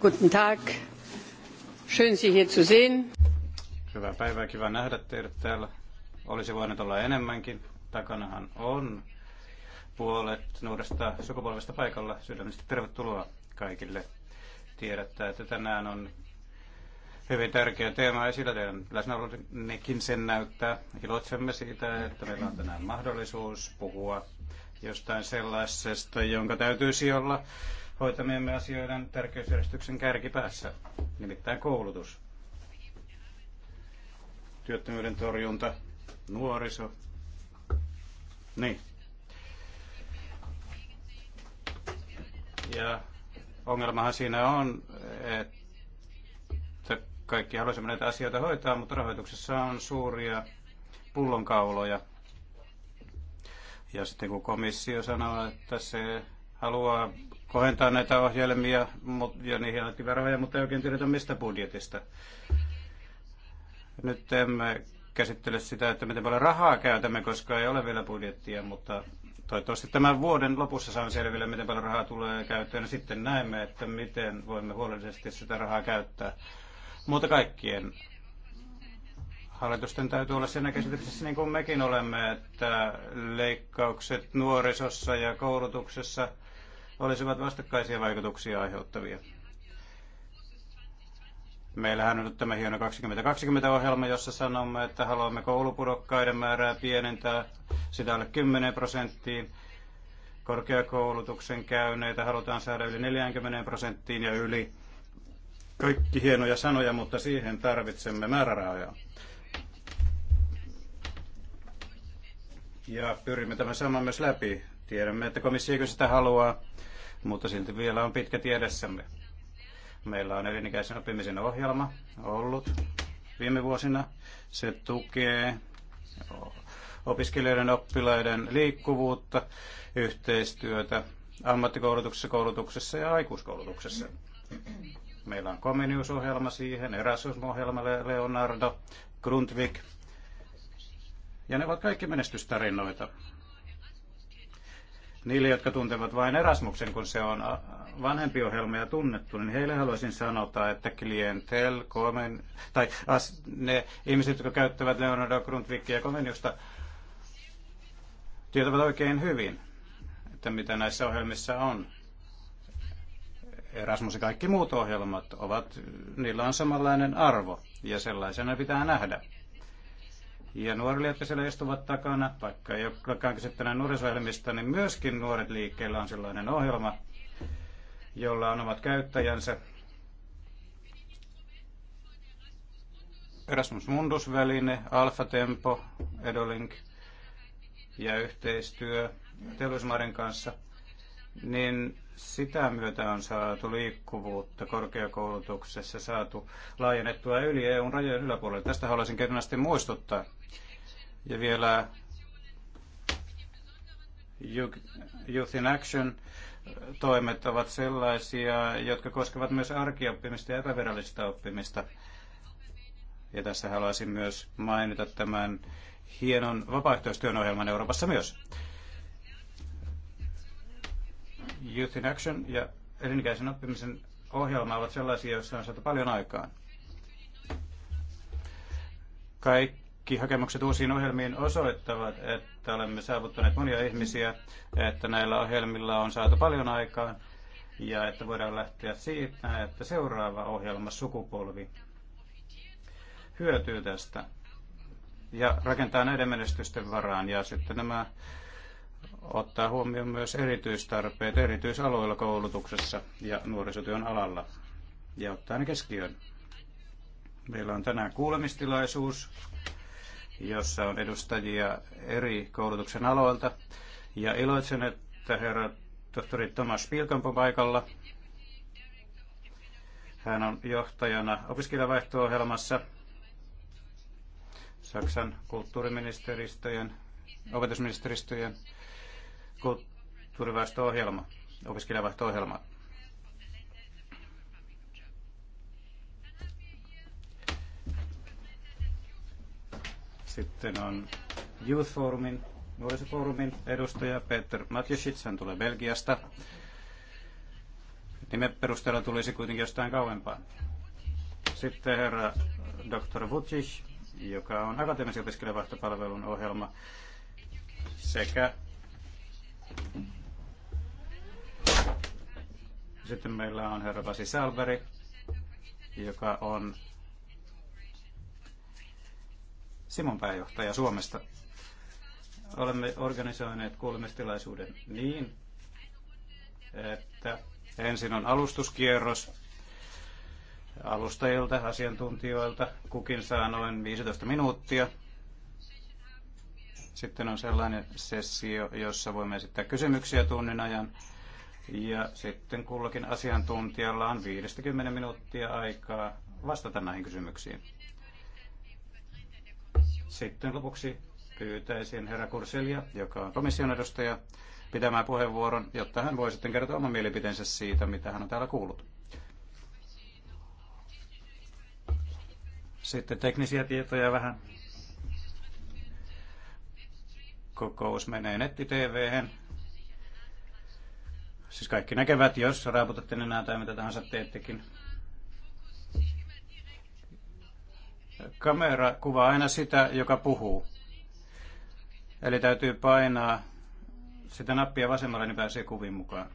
Guten Tag. Schön Sie hier zu sehen. Hyvää päivää, kiva nähdä teidät täällä. Olisi voinut olla enemmänkin. Takanahan on puolet nuoresta sukupolvesta paikalla. Sydämestä tervetuloa kaikille. Tiedätte, että tänään on hyvin tärkeä teema esillä. Teidän läsnäolonnekin sen näyttää. Iloitsemme siitä, että meillä on tänään mahdollisuus puhua jostain sellaisesta, jonka täytyisi olla hoitamiemme asioiden tärkeysjärjestyksen kärkipäässä, nimittäin koulutus, työttömyyden torjunta, nuoriso. Niin. Ja ongelmahan siinä on, että kaikki haluaisimme näitä asioita hoitaa, mutta rahoituksessa on suuria pullonkauloja. Ja sitten kun komissio sanoo, että se haluaa kohentaa näitä ohjelmia ja niihin annettiin varoja, mutta ei oikein tiedetä mistä budjetista. Nyt emme käsittele sitä, että miten paljon rahaa käytämme, koska ei ole vielä budjettia, mutta toivottavasti tämän vuoden lopussa saan selville, miten paljon rahaa tulee käyttöön, ja sitten näemme, että miten voimme huolellisesti sitä rahaa käyttää. Mutta kaikkien hallitusten täytyy olla siinä käsityksessä, niin kuin mekin olemme, että leikkaukset nuorisossa ja koulutuksessa – olisivat vastakkaisia vaikutuksia aiheuttavia. Meillähän on nyt tämä hieno 2020-ohjelma, jossa sanomme, että haluamme koulupudokkaiden määrää pienentää sitä alle 10 prosenttiin. Korkeakoulutuksen käyneitä halutaan saada yli 40 prosenttiin ja yli. Kaikki hienoja sanoja, mutta siihen tarvitsemme määrärahoja. Ja pyrimme tämän saman myös läpi. Tiedämme, että komissio sitä haluaa mutta silti vielä on pitkä tiedessämme. Meillä on elinikäisen oppimisen ohjelma ollut viime vuosina. Se tukee opiskelijoiden oppilaiden liikkuvuutta, yhteistyötä ammattikoulutuksessa, koulutuksessa ja aikuiskoulutuksessa. Meillä on komeniusohjelma siihen, Erasmus-ohjelma, Leonardo, Grundtvig. Ja ne ovat kaikki menestystarinoita. Niille, jotka tuntevat vain Erasmuksen, kun se on äh, vanhempi ohjelma ja tunnettu, niin heille haluaisin sanoa, että klientel, komen, tai as, äh, ne ihmiset, jotka käyttävät Leonardo Grundtvigia ja Komeniusta, tietävät oikein hyvin, että mitä näissä ohjelmissa on. Erasmus ja kaikki muut ohjelmat ovat, niillä on samanlainen arvo ja sellaisena pitää nähdä ja nuorille, jotka siellä istuvat takana, vaikka ei olekaan kyse tänään nuorisohjelmista, niin myöskin Nuoret liikkeellä on sellainen ohjelma, jolla on omat käyttäjänsä. Erasmus Mundus-väline, Alfa Tempo, Edolink ja yhteistyö teollisuusmaiden kanssa, niin sitä myötä on saatu liikkuvuutta korkeakoulutuksessa, saatu laajennettua yli EUn rajojen yläpuolelle. Tästä haluaisin kernaasti muistuttaa. Ja vielä Youth in Action toimet ovat sellaisia, jotka koskevat myös arkioppimista ja epävirallista oppimista. Ja tässä haluaisin myös mainita tämän hienon vapaaehtoistyön ohjelman Euroopassa myös. Youth in Action ja elinikäisen oppimisen ohjelma ovat sellaisia, joissa on saatu paljon aikaan. Kaikki hakemukset uusiin ohjelmiin osoittavat, että olemme saavuttaneet monia ihmisiä, että näillä ohjelmilla on saatu paljon aikaan ja että voidaan lähteä siitä, että seuraava ohjelma sukupolvi hyötyy tästä ja rakentaa näiden menestysten varaan. Ja sitten nämä ottaa huomioon myös erityistarpeet erityisaloilla koulutuksessa ja nuorisotyön alalla ja ottaa ne keskiöön. Meillä on tänään kuulemistilaisuus, jossa on edustajia eri koulutuksen aloilta. Ja iloitsen, että herra tohtori Tomas Pilkampo paikalla. Hän on johtajana opiskelijavaihto-ohjelmassa Saksan kulttuuriministeristöjen, opetusministeristöjen kulttuurivaihto-ohjelma, opiskelijavaihto-ohjelma. Sitten on Youth Forumin, nuorisofoorumin edustaja Peter Matjusits, hän tulee Belgiasta. Nimen perusteella tulisi kuitenkin jostain kauempaa. Sitten herra Dr. Vucic, joka on akateemisen opiskelijavaihtopalvelun ohjelma sekä sitten meillä on herra Pasi Salveri, joka on Simon pääjohtaja Suomesta. Olemme organisoineet kuulemistilaisuuden niin, että ensin on alustuskierros alustajilta, asiantuntijoilta, kukin saa noin 15 minuuttia. Sitten on sellainen sessio, jossa voimme esittää kysymyksiä tunnin ajan. Ja sitten kullakin asiantuntijalla on 50 minuuttia aikaa vastata näihin kysymyksiin. Sitten lopuksi pyytäisin herra Kurselia, joka on komission edustaja, pitämään puheenvuoron, jotta hän voi sitten kertoa oman mielipiteensä siitä, mitä hän on täällä kuullut. Sitten teknisiä tietoja vähän kokous menee netti TVhen. Siis kaikki näkevät, jos raaputatte nenää niin tai mitä tahansa teettekin. Kamera kuvaa aina sitä, joka puhuu. Eli täytyy painaa sitä nappia vasemmalle, niin pääsee kuvin mukaan.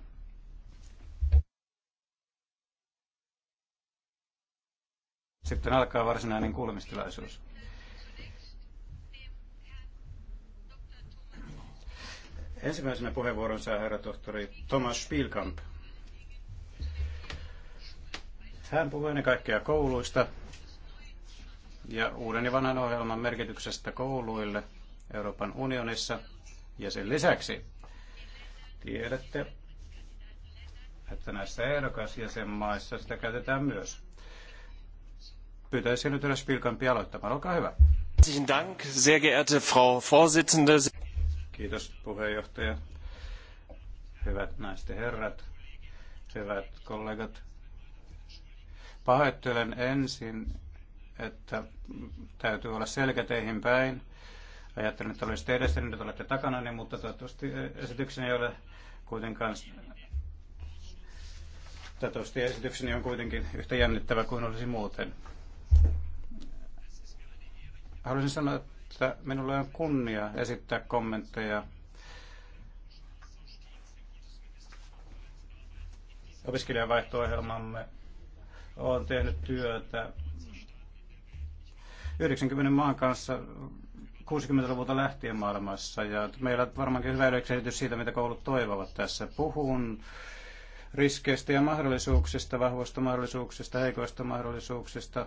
Sitten alkaa varsinainen kuulemistilaisuus. Ensimmäisenä puheenvuoron saa herra tohtori Thomas Spielkamp. Hän puhuu ennen kaikkea kouluista ja uuden ja vanhan ohjelman merkityksestä kouluille Euroopan unionissa. Ja sen lisäksi tiedätte, että näissä ehdokasjäsenmaissa sitä käytetään myös. Pyytäisin nyt ylös Spielkampia aloittamaan. Olkaa hyvä. Herzlichen Dank, sehr geehrte Frau Vorsitzende. Kiitos puheenjohtaja. Hyvät naiset ja herrat, hyvät kollegat. Pahoittelen ensin, että täytyy olla teihin päin. Ajattelin, että olisitte edessä, niin nyt olette takana, niin, mutta toivottavasti esityksen ei ole kuitenkaan Toivottavasti esitykseni on kuitenkin yhtä jännittävä kuin olisi muuten. Haluaisin sanoa, että minulla on kunnia esittää kommentteja opiskelijavaihto-ohjelmamme on tehnyt työtä 90 maan kanssa 60-luvulta lähtien maailmassa ja meillä on varmaankin hyvä yleisesitys siitä, mitä koulut toivovat tässä. Puhun riskeistä ja mahdollisuuksista, vahvoista mahdollisuuksista, heikoista mahdollisuuksista,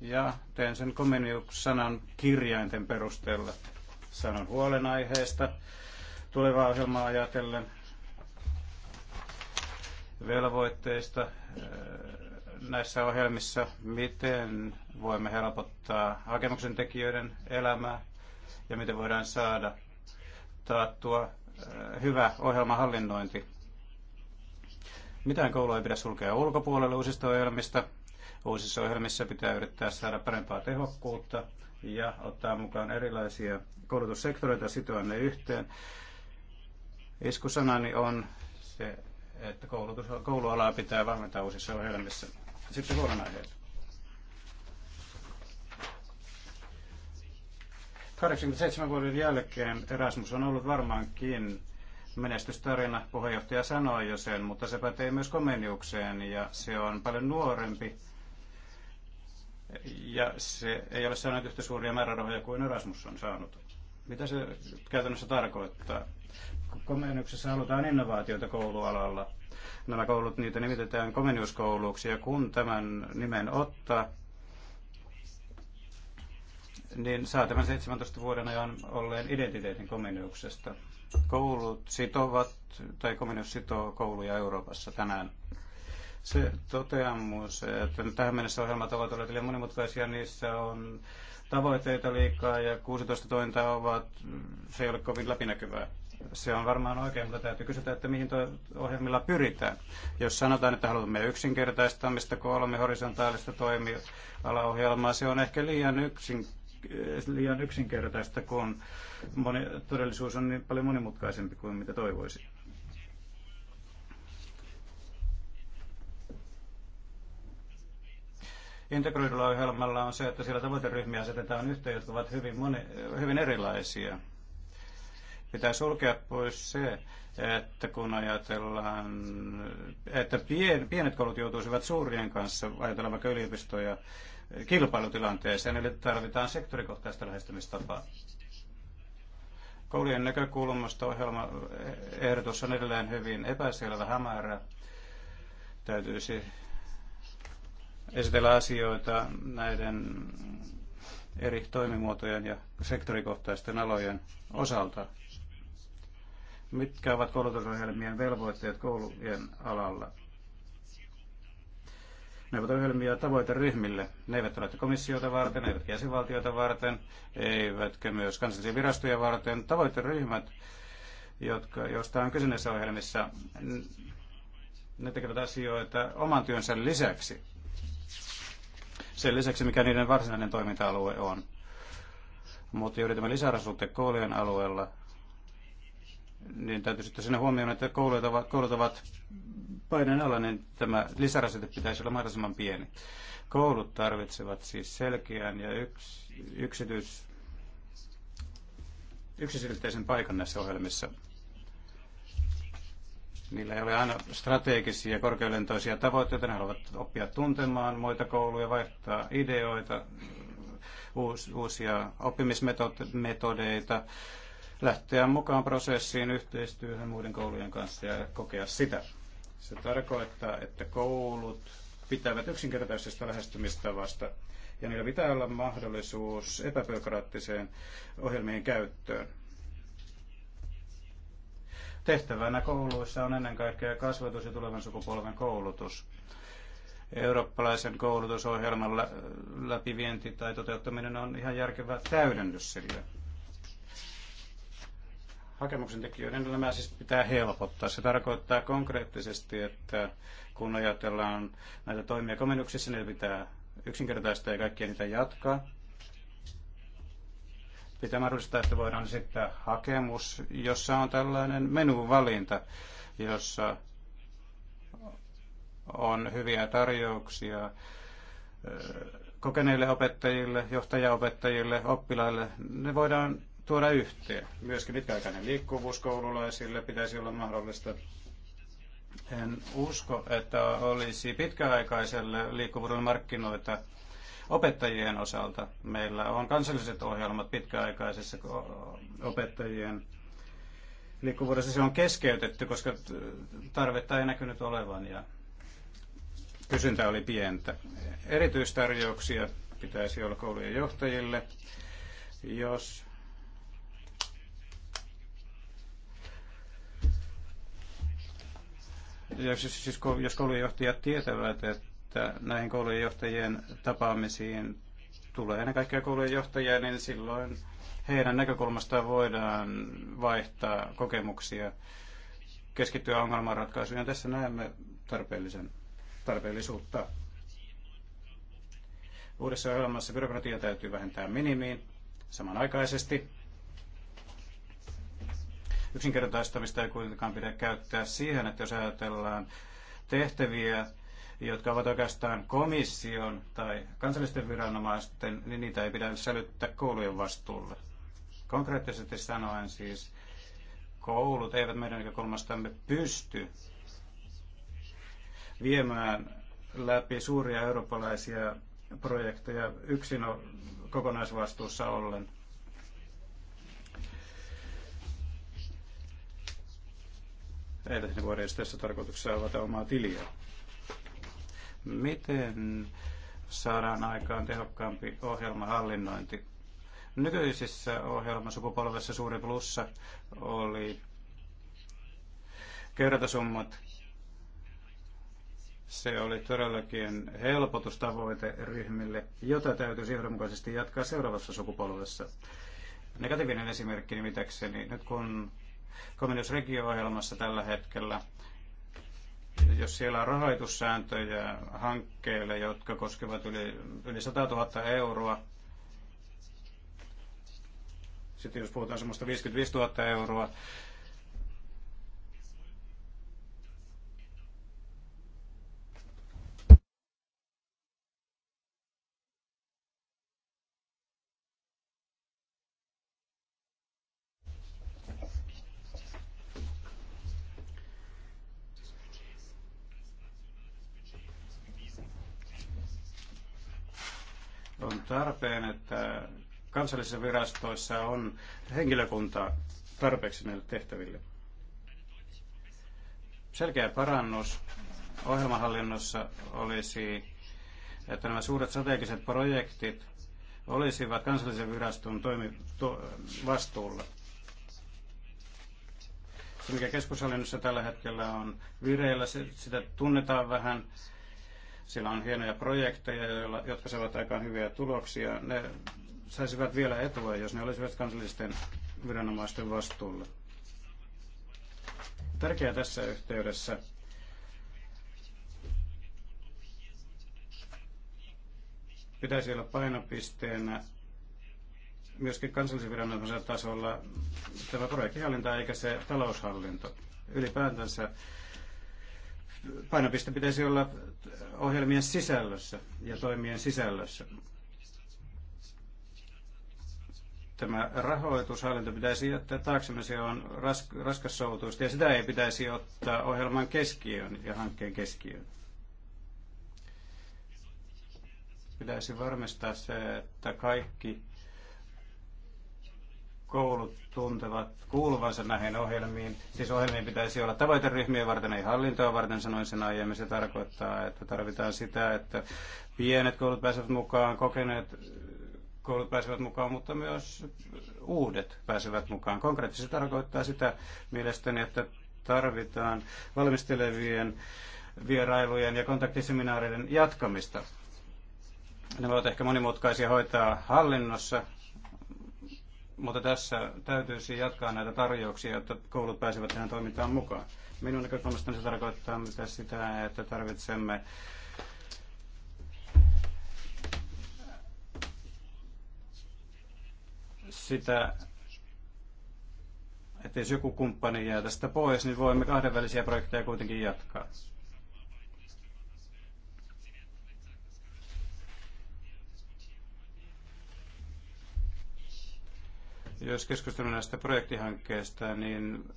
ja teen sen Comenius-sanan kirjainten perusteella. Sanon huolenaiheesta tulevaa ohjelmaa ajatellen, velvoitteista äh, näissä ohjelmissa, miten voimme helpottaa hakemuksen tekijöiden elämää ja miten voidaan saada taattua äh, hyvä ohjelmahallinnointi. Mitään koulua ei pidä sulkea ulkopuolelle uusista ohjelmista, Uusissa ohjelmissa pitää yrittää saada parempaa tehokkuutta ja ottaa mukaan erilaisia koulutussektoreita sitoa ne yhteen. Iskusanani on se, että koulutus, koulualaa pitää valmentaa uusissa ohjelmissa. Sitten huolenaiheet. 87 vuoden jälkeen Erasmus on ollut varmaankin menestystarina, puheenjohtaja sanoi jo sen, mutta se pätee myös Komeniukseen ja se on paljon nuorempi ja se ei ole saanut yhtä suuria määrärahoja kuin Erasmus on saanut. Mitä se käytännössä tarkoittaa? Komennuksessa halutaan innovaatioita koulualalla. Nämä koulut, niitä nimitetään komennuskouluksi, ja kun tämän nimen ottaa, niin saa tämän 17 vuoden ajan olleen identiteetin komennuksesta. Koulut sitovat, tai komennus sitoo kouluja Euroopassa tänään. Se toteamus, että tähän mennessä ohjelmat ovat olleet liian monimutkaisia, niissä on tavoitteita liikaa ja 16 tointa ovat, se ei ole kovin läpinäkyvää. Se on varmaan oikein, mutta täytyy kysytä, että mihin tuo ohjelmilla pyritään. Jos sanotaan, että haluamme yksinkertaistamista, kolme horisontaalista toimialaohjelmaa, se on ehkä liian, yksin, liian yksinkertaista, kun moni, todellisuus on niin paljon monimutkaisempi kuin mitä toivoisin. Integroidulla ohjelmalla on se, että siellä tavoiteryhmiä asetetaan yhteen, jotka ovat hyvin, moni, hyvin erilaisia. Pitää sulkea pois se, että kun ajatellaan, että pien, pienet koulut joutuisivat suurien kanssa, ajatellaan vaikka yliopistoja, kilpailutilanteeseen, eli tarvitaan sektorikohtaista lähestymistapaa. Koulujen näkökulmasta ohjelma ehdotus on edelleen hyvin epäselvä, hämärä. Täytyisi esitellä asioita näiden eri toimimuotojen ja sektorikohtaisten alojen osalta. Mitkä ovat koulutusohjelmien velvoitteet koulujen alalla? Ne ovat ohjelmia tavoiteryhmille. Ne eivät ole komissiota varten, ne eivät jäsenvaltioita varten, eivätkä myös kansallisia virastoja varten. Tavoiteryhmät, jotka, joista on kyse näissä ohjelmissa, ne tekevät asioita oman työnsä lisäksi sen lisäksi, mikä niiden varsinainen toiminta-alue on. Mutta yritämme lisärasute koulujen alueella, niin täytyy sitten sinne huomioon, että koulut ovat, koulut ovat paineen alla, niin tämä lisärasite pitäisi olla mahdollisimman pieni. Koulut tarvitsevat siis selkeän ja yks, yksityis, yksisilteisen paikan näissä ohjelmissa. Niillä ei ole aina strategisia korkealentoisia tavoitteita, ne haluavat oppia tuntemaan muita kouluja, vaihtaa ideoita, uusia oppimismetodeita, lähteä mukaan prosessiin, yhteistyöhön muiden koulujen kanssa ja kokea sitä. Se tarkoittaa, että koulut pitävät yksinkertaisesta lähestymistavasta ja niillä pitää olla mahdollisuus epäbyrokraattiseen ohjelmien käyttöön. Tehtävänä kouluissa on ennen kaikkea kasvatus ja tulevan sukupolven koulutus. Eurooppalaisen koulutusohjelman lä- läpivienti tai toteuttaminen on ihan järkevä täydennys sille. Hakemuksen tekijöiden elämää siis pitää helpottaa. Se tarkoittaa konkreettisesti, että kun ajatellaan näitä toimia komennuksissa, niitä pitää yksinkertaista ja kaikkia niitä jatkaa pitää mahdollistaa, että voidaan esittää hakemus, jossa on tällainen menuvalinta, jossa on hyviä tarjouksia kokeneille opettajille, johtajaopettajille, oppilaille. Ne voidaan tuoda yhteen. Myöskin pitkäaikainen liikkuvuus koululaisille pitäisi olla mahdollista. En usko, että olisi pitkäaikaiselle liikkuvuudelle markkinoita Opettajien osalta meillä on kansalliset ohjelmat pitkäaikaisessa opettajien liikkuvuudessa. Se on keskeytetty, koska tarvetta ei näkynyt olevan ja kysyntä oli pientä. Erityistarjouksia pitäisi olla koulujen johtajille, jos jos, siis, siis jos koulujenjohtajat tietävät, että että näihin koulujen johtajien tapaamisiin tulee ennen kaikkea koulujen johtajia, niin silloin heidän näkökulmastaan voidaan vaihtaa kokemuksia, keskittyä ongelmanratkaisuun. Ja tässä näemme tarpeellisen, tarpeellisuutta. Uudessa ohjelmassa byrokratia täytyy vähentää minimiin samanaikaisesti. Yksinkertaistamista ei kuitenkaan pidä käyttää siihen, että jos ajatellaan tehtäviä, jotka ovat oikeastaan komission tai kansallisten viranomaisten, niin niitä ei pidä sälyttää koulujen vastuulle. Konkreettisesti sanoen siis, koulut eivät meidän näkökulmastamme pysty viemään läpi suuria eurooppalaisia projekteja yksin kokonaisvastuussa ollen. Eivät ne niin tässä tarkoituksessa avata omaa tiliä. Miten saadaan aikaan tehokkaampi ohjelmahallinnointi? Nykyisissä ohjelmasukupolvessa suuri plussa oli kertasummat. Se oli todellakin helpotustavoite ryhmille, jota täytyisi johdonmukaisesti jatkaa seuraavassa sukupolvessa. Negatiivinen esimerkki nimittäkseni, nyt kun Comenius ohjelmassa tällä hetkellä jos siellä on rahoitussääntöjä hankkeille, jotka koskevat yli, yli 100 000 euroa, sitten jos puhutaan semmoista 55 000 euroa, tarpeen, että kansallisissa virastoissa on henkilökunta tarpeeksi näille tehtäville. Selkeä parannus ohjelmahallinnossa olisi, että nämä suuret strategiset projektit olisivat kansallisen viraston toimi, to, vastuulla. Se, mikä keskushallinnossa tällä hetkellä on vireillä, se, sitä tunnetaan vähän siellä on hienoja projekteja, jotka saavat aikaan hyviä tuloksia. Ne saisivat vielä etua, jos ne olisivat kansallisten viranomaisten vastuulla. Tärkeää tässä yhteydessä pitäisi olla painopisteenä myöskin kansallisen viranomaisen tasolla tämä projektihallinta eikä se taloushallinto. Ylipäätänsä painopiste pitäisi olla ohjelmien sisällössä ja toimien sisällössä. Tämä rahoitushallinto pitäisi jättää taakse, se on ras, raskas soutuista ja sitä ei pitäisi ottaa ohjelman keskiöön ja hankkeen keskiöön. Pitäisi varmistaa se, että kaikki koulut tuntevat kuuluvansa näihin ohjelmiin. Siis ohjelmiin pitäisi olla tavoiteryhmiä varten, ei hallintoa varten, sanoin sen aiemmin. Se tarkoittaa, että tarvitaan sitä, että pienet koulut pääsevät mukaan, kokeneet koulut pääsevät mukaan, mutta myös uudet pääsevät mukaan. Konkreettisesti tarkoittaa sitä mielestäni, että tarvitaan valmistelevien vierailujen ja kontaktiseminaareiden jatkamista. Ne ovat ehkä monimutkaisia hoitaa hallinnossa, mutta tässä täytyisi jatkaa näitä tarjouksia, jotta koulut pääsevät tähän toimintaan mukaan. Minun näkökulmastani se tarkoittaa mitä sitä, että tarvitsemme sitä, että jos joku kumppani jää tästä pois, niin voimme kahdenvälisiä projekteja kuitenkin jatkaa. Jos keskustelemme näistä projektihankkeista, niin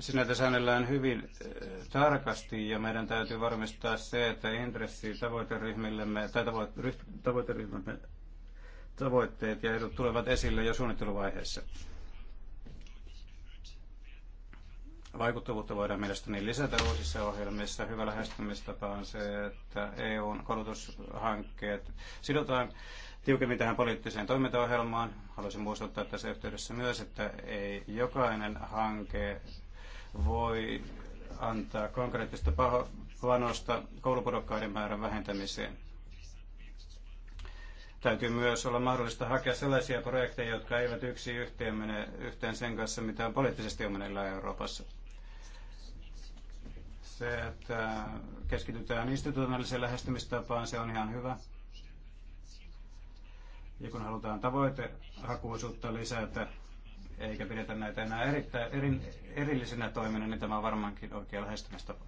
sinätä siis säännellään hyvin eh, tarkasti ja meidän täytyy varmistaa se, että intressi tavoiteryhmillemme tai tavoiteryhmämme tavoitteet ja edut tulevat esille jo suunnitteluvaiheessa. Vaikuttavuutta voidaan mielestäni lisätä uusissa ohjelmissa. Hyvä lähestymistapa on se, että EUn koulutushankkeet sidotaan tiukemmin tähän poliittiseen toimintaohjelmaan. Haluaisin muistuttaa tässä yhteydessä myös, että ei jokainen hanke voi antaa konkreettista panosta koulupudokkaiden määrän vähentämiseen. Täytyy myös olla mahdollista hakea sellaisia projekteja, jotka eivät yksi yhteen mene yhteen sen kanssa, mitä on poliittisesti on Euroopassa. Se, että keskitytään institutionaaliseen lähestymistapaan, se on ihan hyvä ja kun halutaan tavoitehakuisuutta lisätä, eikä pidetä näitä enää erittäin, eri, erillisinä toimina, niin tämä on varmaankin oikea lähestymistapa.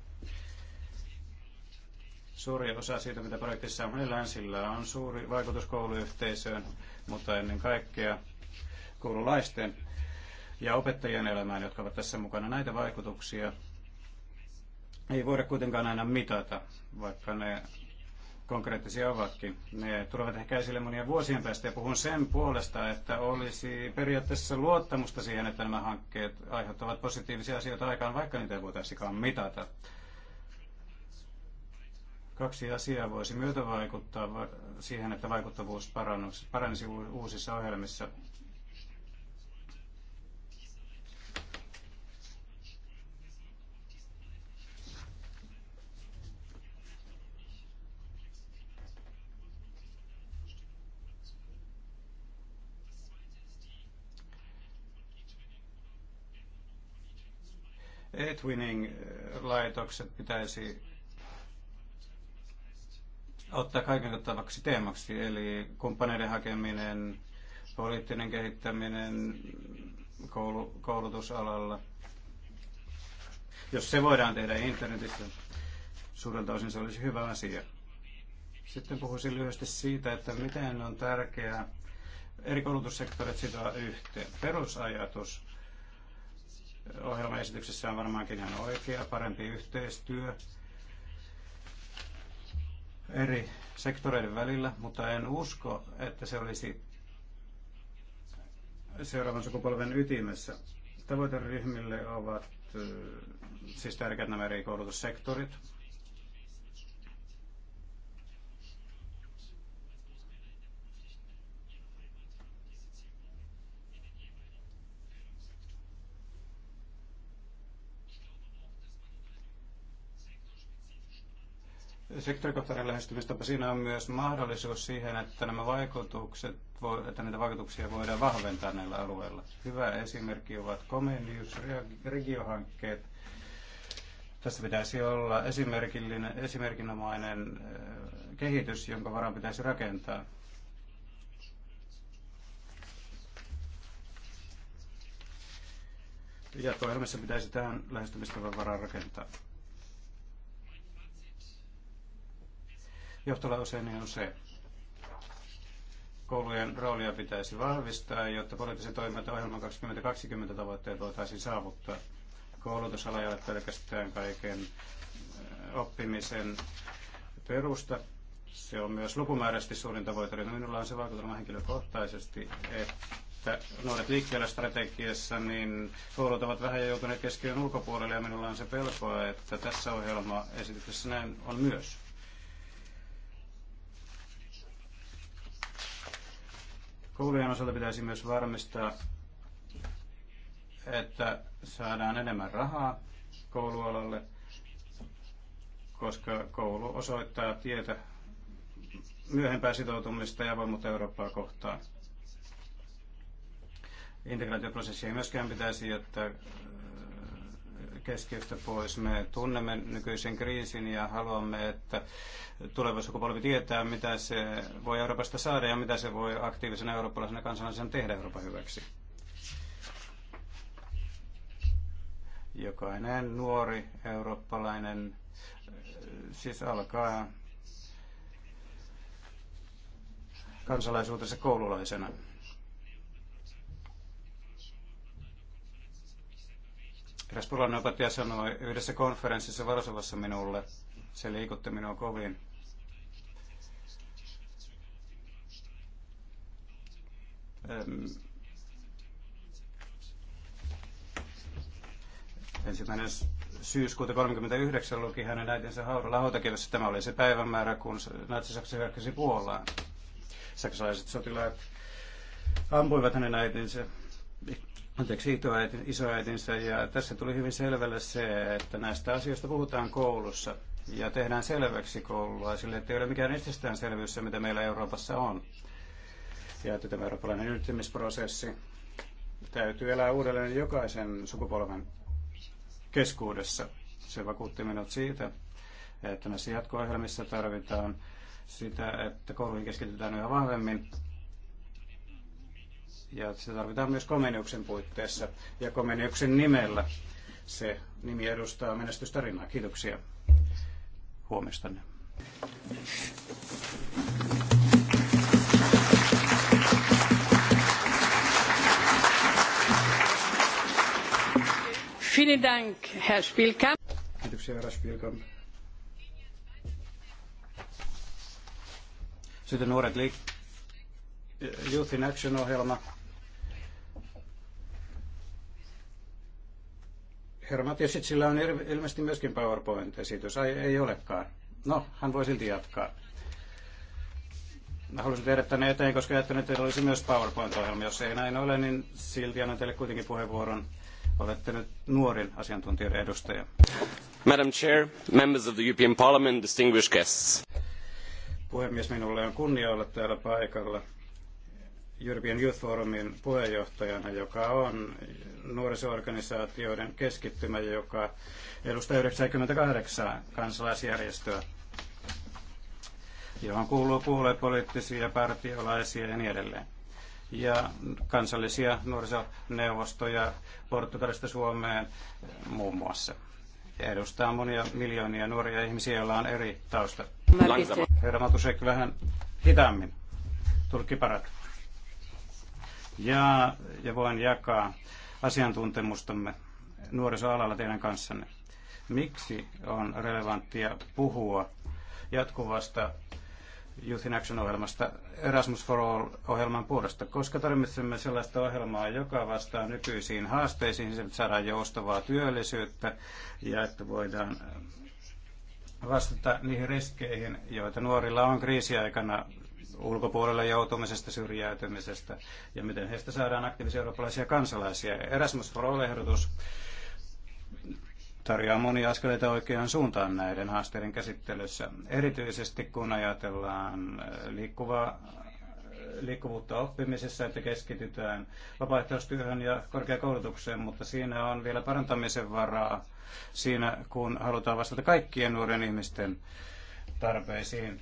Suuri osa siitä, mitä projektissa on länsillä, on suuri vaikutus kouluyhteisöön, mutta ennen kaikkea koululaisten ja opettajien elämään, jotka ovat tässä mukana. Näitä vaikutuksia ei voida kuitenkaan aina mitata, vaikka ne konkreettisia ovatkin. Ne tulevat ehkä esille monia vuosien päästä ja puhun sen puolesta, että olisi periaatteessa luottamusta siihen, että nämä hankkeet aiheuttavat positiivisia asioita aikaan, vaikka niitä ei voitaisikaan mitata. Kaksi asiaa voisi myötä vaikuttaa siihen, että vaikuttavuus paranisi uusissa ohjelmissa. Edwinning-laitokset äh, pitäisi ottaa kaiken kattavaksi teemaksi, eli kumppaneiden hakeminen, poliittinen kehittäminen koulu, koulutusalalla. Jos se voidaan tehdä internetissä, suurelta osin se olisi hyvä asia. Sitten puhuisin lyhyesti siitä, että miten on tärkeää eri koulutussektorit sitoa yhteen. Perusajatus ohjelmaesityksessä on varmaankin ihan oikea, parempi yhteistyö eri sektoreiden välillä, mutta en usko, että se olisi seuraavan sukupolven ytimessä. Tavoiteryhmille ovat siis tärkeät nämä eri koulutussektorit, sektorikohtainen lähestymistapa, siinä on myös mahdollisuus siihen, että nämä vaikutukset, että niitä vaikutuksia voidaan vahventaa näillä alueilla. Hyvä esimerkki ovat Comenius-regiohankkeet. Tässä pitäisi olla esimerkillinen, esimerkinomainen eh, kehitys, jonka varaan pitäisi rakentaa. toimessa pitäisi tähän lähestymistavan varaan rakentaa. johtolauseeni on se, koulujen roolia pitäisi vahvistaa, jotta poliittisen toimet ohjelman 2020 tavoitteet voitaisiin saavuttaa. Koulutusala ei ole pelkästään kaiken oppimisen perusta. Se on myös lukumääräisesti suurin tavoite. Minulla on se vaikutelma henkilökohtaisesti, että nuoret liikkeellä strategiassa, niin koulut ovat vähän joutuneet keskiön ulkopuolelle ja minulla on se pelkoa, että tässä ohjelma esityksessä näin on myös. Koulujen osalta pitäisi myös varmistaa, että saadaan enemmän rahaa koulualalle, koska koulu osoittaa tietä myöhempää sitoutumista ja avoimuutta Eurooppaa kohtaan. Integraatioprosessia ei myöskään pitäisi jättää keskiöstä pois. Me tunnemme nykyisen kriisin ja haluamme, että tuleva sukupolvi tietää, mitä se voi Euroopasta saada ja mitä se voi aktiivisen eurooppalaisen kansalaisen tehdä Euroopan hyväksi. Jokainen nuori eurooppalainen siis alkaa kansalaisuutensa koululaisena. Eräs polainen opettaja sanoi yhdessä konferenssissa Varsovassa minulle, se liikutti minua kovin. Ensimmäinen syyskuuta 39 luki hänen äitinsä haudalla hautakivessä. Tämä oli se päivämäärä, kun natsi-Saksa hyökkäsi Puolaan. Saksalaiset sotilaat ampuivat hänen äitinsä anteeksi, isoäitinsä. Ja tässä tuli hyvin selvälle se, että näistä asioista puhutaan koulussa ja tehdään selväksi koululaisille, että ei ole mikään itsestäänselvyys se, mitä meillä Euroopassa on. Ja että tämä eurooppalainen yhtymisprosessi täytyy elää uudelleen jokaisen sukupolven keskuudessa. Se vakuutti minut siitä, että näissä jatko-ohjelmissa tarvitaan sitä, että kouluihin keskitytään yhä vahvemmin ja se tarvitaan myös komennuksen puitteissa ja komennuksen nimellä. Se nimi edustaa menestystarinaa. Kiitoksia huomestanne. Vielen Dank, Herr Spielkamp. Kiitoksia, herra Spielkamp. Sitten nuoret liik- Youth in Action-ohjelma. Herra Matiasit, sillä on ilmeisesti myöskin PowerPoint-esitys. Ai, ei olekaan. No, hän voi silti jatkaa. Mä haluaisin tehdä tänne eteen, koska ajattelin, että teillä olisi myös PowerPoint-ohjelma. Jos ei näin ole, niin silti annan teille kuitenkin puheenvuoron. Olette nyt nuorin asiantuntijoiden edustaja. Madam Chair, members of the European Parliament, distinguished guests. Puhemies, minulle on kunnia olla täällä paikalla European Youth Forumin puheenjohtajana, joka on nuorisoorganisaatioiden keskittymä, joka edustaa 98 kansalaisjärjestöä, johon kuuluu puoluepoliittisia, partiolaisia ja niin edelleen. Ja kansallisia nuorisoneuvostoja Portugalista Suomeen muun muassa. Ja edustaa monia miljoonia nuoria ihmisiä, joilla on eri tausta. Herra Matusek, vähän hitaammin. Tulkki parat ja, ja voin jakaa asiantuntemustamme nuorisoalalla teidän kanssanne. Miksi on relevanttia puhua jatkuvasta Youth in Action-ohjelmasta Erasmus for All-ohjelman puolesta, koska tarvitsemme sellaista ohjelmaa, joka vastaa nykyisiin haasteisiin, niin että saadaan joustavaa työllisyyttä ja että voidaan vastata niihin riskeihin, joita nuorilla on kriisiaikana ulkopuolelle joutumisesta, syrjäytymisestä ja miten heistä saadaan aktiivisia eurooppalaisia kansalaisia. Erasmus Pro-ehdotus tarjoaa monia askeleita oikeaan suuntaan näiden haasteiden käsittelyssä, erityisesti kun ajatellaan äh, liikkuvaa liikkuvuutta oppimisessa, että keskitytään vapaaehtoistyöhön ja korkeakoulutukseen, mutta siinä on vielä parantamisen varaa siinä, kun halutaan vastata kaikkien nuorien ihmisten tarpeisiin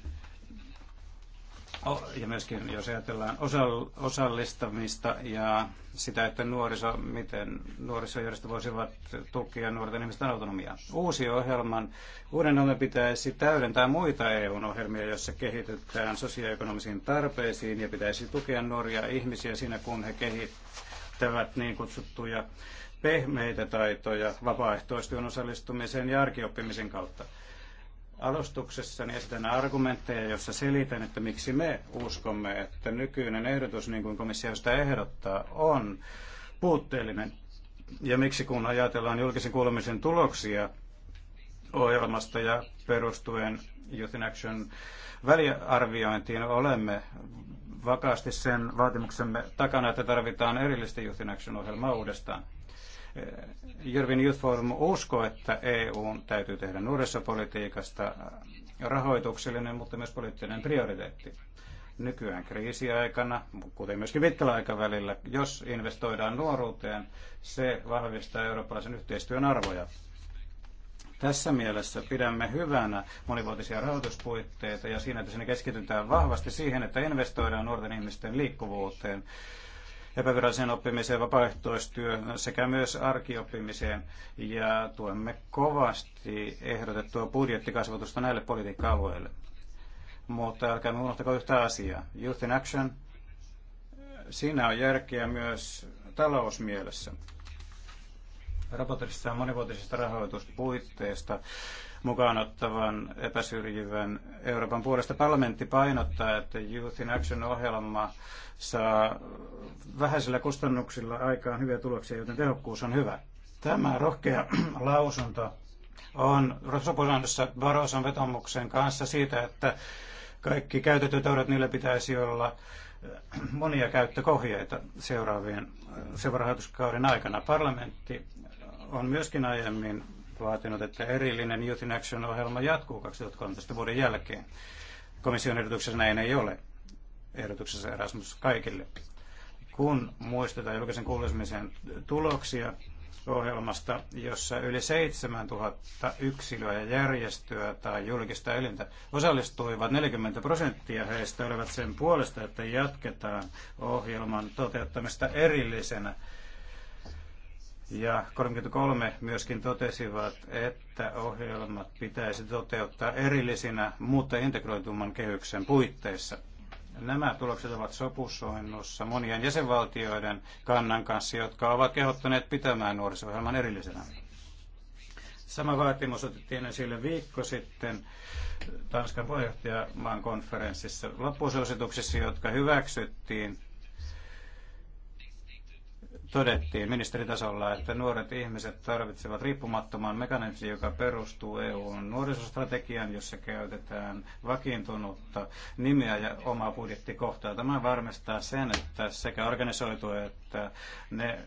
ja myöskin jos ajatellaan osallistamista ja sitä, että nuoriso, miten nuorisojärjestö voisivat tukea nuorten ihmisten autonomiaa. Uusi ohjelman, uuden ohjelman pitäisi täydentää muita EU-ohjelmia, joissa kehitetään sosioekonomisiin tarpeisiin ja pitäisi tukea nuoria ihmisiä siinä, kun he kehittävät niin kutsuttuja pehmeitä taitoja vapaaehtoistyön osallistumisen ja arkioppimisen kautta alustuksessani niin esitän argumentteja, joissa selitän, että miksi me uskomme, että nykyinen ehdotus, niin kuin komissio sitä ehdottaa, on puutteellinen. Ja miksi kun ajatellaan julkisen kuulemisen tuloksia ohjelmasta ja perustuen Youth in Action väliarviointiin, olemme vakaasti sen vaatimuksemme takana, että tarvitaan erillistä Youth in Action-ohjelmaa uudestaan. Jörvin Youth Forum uskoo, että EU täytyy tehdä nuorisopolitiikasta rahoituksellinen, mutta myös poliittinen prioriteetti. Nykyään kriisiaikana, kuten myöskin pitkällä aikavälillä, jos investoidaan nuoruuteen, se vahvistaa eurooppalaisen yhteistyön arvoja. Tässä mielessä pidämme hyvänä monivuotisia rahoituspuitteita ja siinä, että sinne keskitytään vahvasti siihen, että investoidaan nuorten ihmisten liikkuvuuteen epäviralliseen oppimiseen, vapaaehtoistyöhön sekä myös arkioppimiseen. Ja tuemme kovasti ehdotettua budjettikasvatusta näille politiikka-alueille. Mutta älkää unohtako yhtä asiaa. Youth in Action, siinä on järkeä myös talousmielessä raportissa monivuotisesta rahoituspuitteesta mukaan ottavan epäsyrjivän Euroopan puolesta. Parlamentti painottaa, että Youth in Action-ohjelma saa vähäisillä kustannuksilla aikaan hyviä tuloksia, joten tehokkuus on hyvä. Tämä rohkea lausunto on sopusoinnussa Baroson vetomuksen kanssa siitä, että kaikki käytetyt eurot, niillä pitäisi olla äh, monia käyttökohjeita seuraavien äh, seuraavaisen aikana. Parlamentti on myöskin aiemmin vaatinut, että erillinen Youth in Action-ohjelma jatkuu 2013 vuoden jälkeen. Komission ehdotuksessa näin ei ole. Ehdotuksessa Erasmus kaikille. Kun muistetaan julkisen kuulemisen tuloksia ohjelmasta, jossa yli 7000 yksilöä ja järjestöä tai julkista elintä osallistuivat, 40 prosenttia heistä olivat sen puolesta, että jatketaan ohjelman toteuttamista erillisenä ja 33 myöskin totesivat, että ohjelmat pitäisi toteuttaa erillisinä, mutta integroitumman kehyksen puitteissa. Nämä tulokset ovat sopusoinnussa monien jäsenvaltioiden kannan kanssa, jotka ovat kehottaneet pitämään nuorisohjelman erillisenä. Sama vaatimus otettiin esille viikko sitten Tanskan puheenjohtajamaan konferenssissa loppusuosituksissa, jotka hyväksyttiin todettiin ministeritasolla, että nuoret ihmiset tarvitsevat riippumattoman mekanismin, joka perustuu EUn nuorisostrategiaan, jossa käytetään vakiintunutta nimeä ja omaa budjettikohtaa. Tämä varmistaa sen, että sekä organisoitu että ne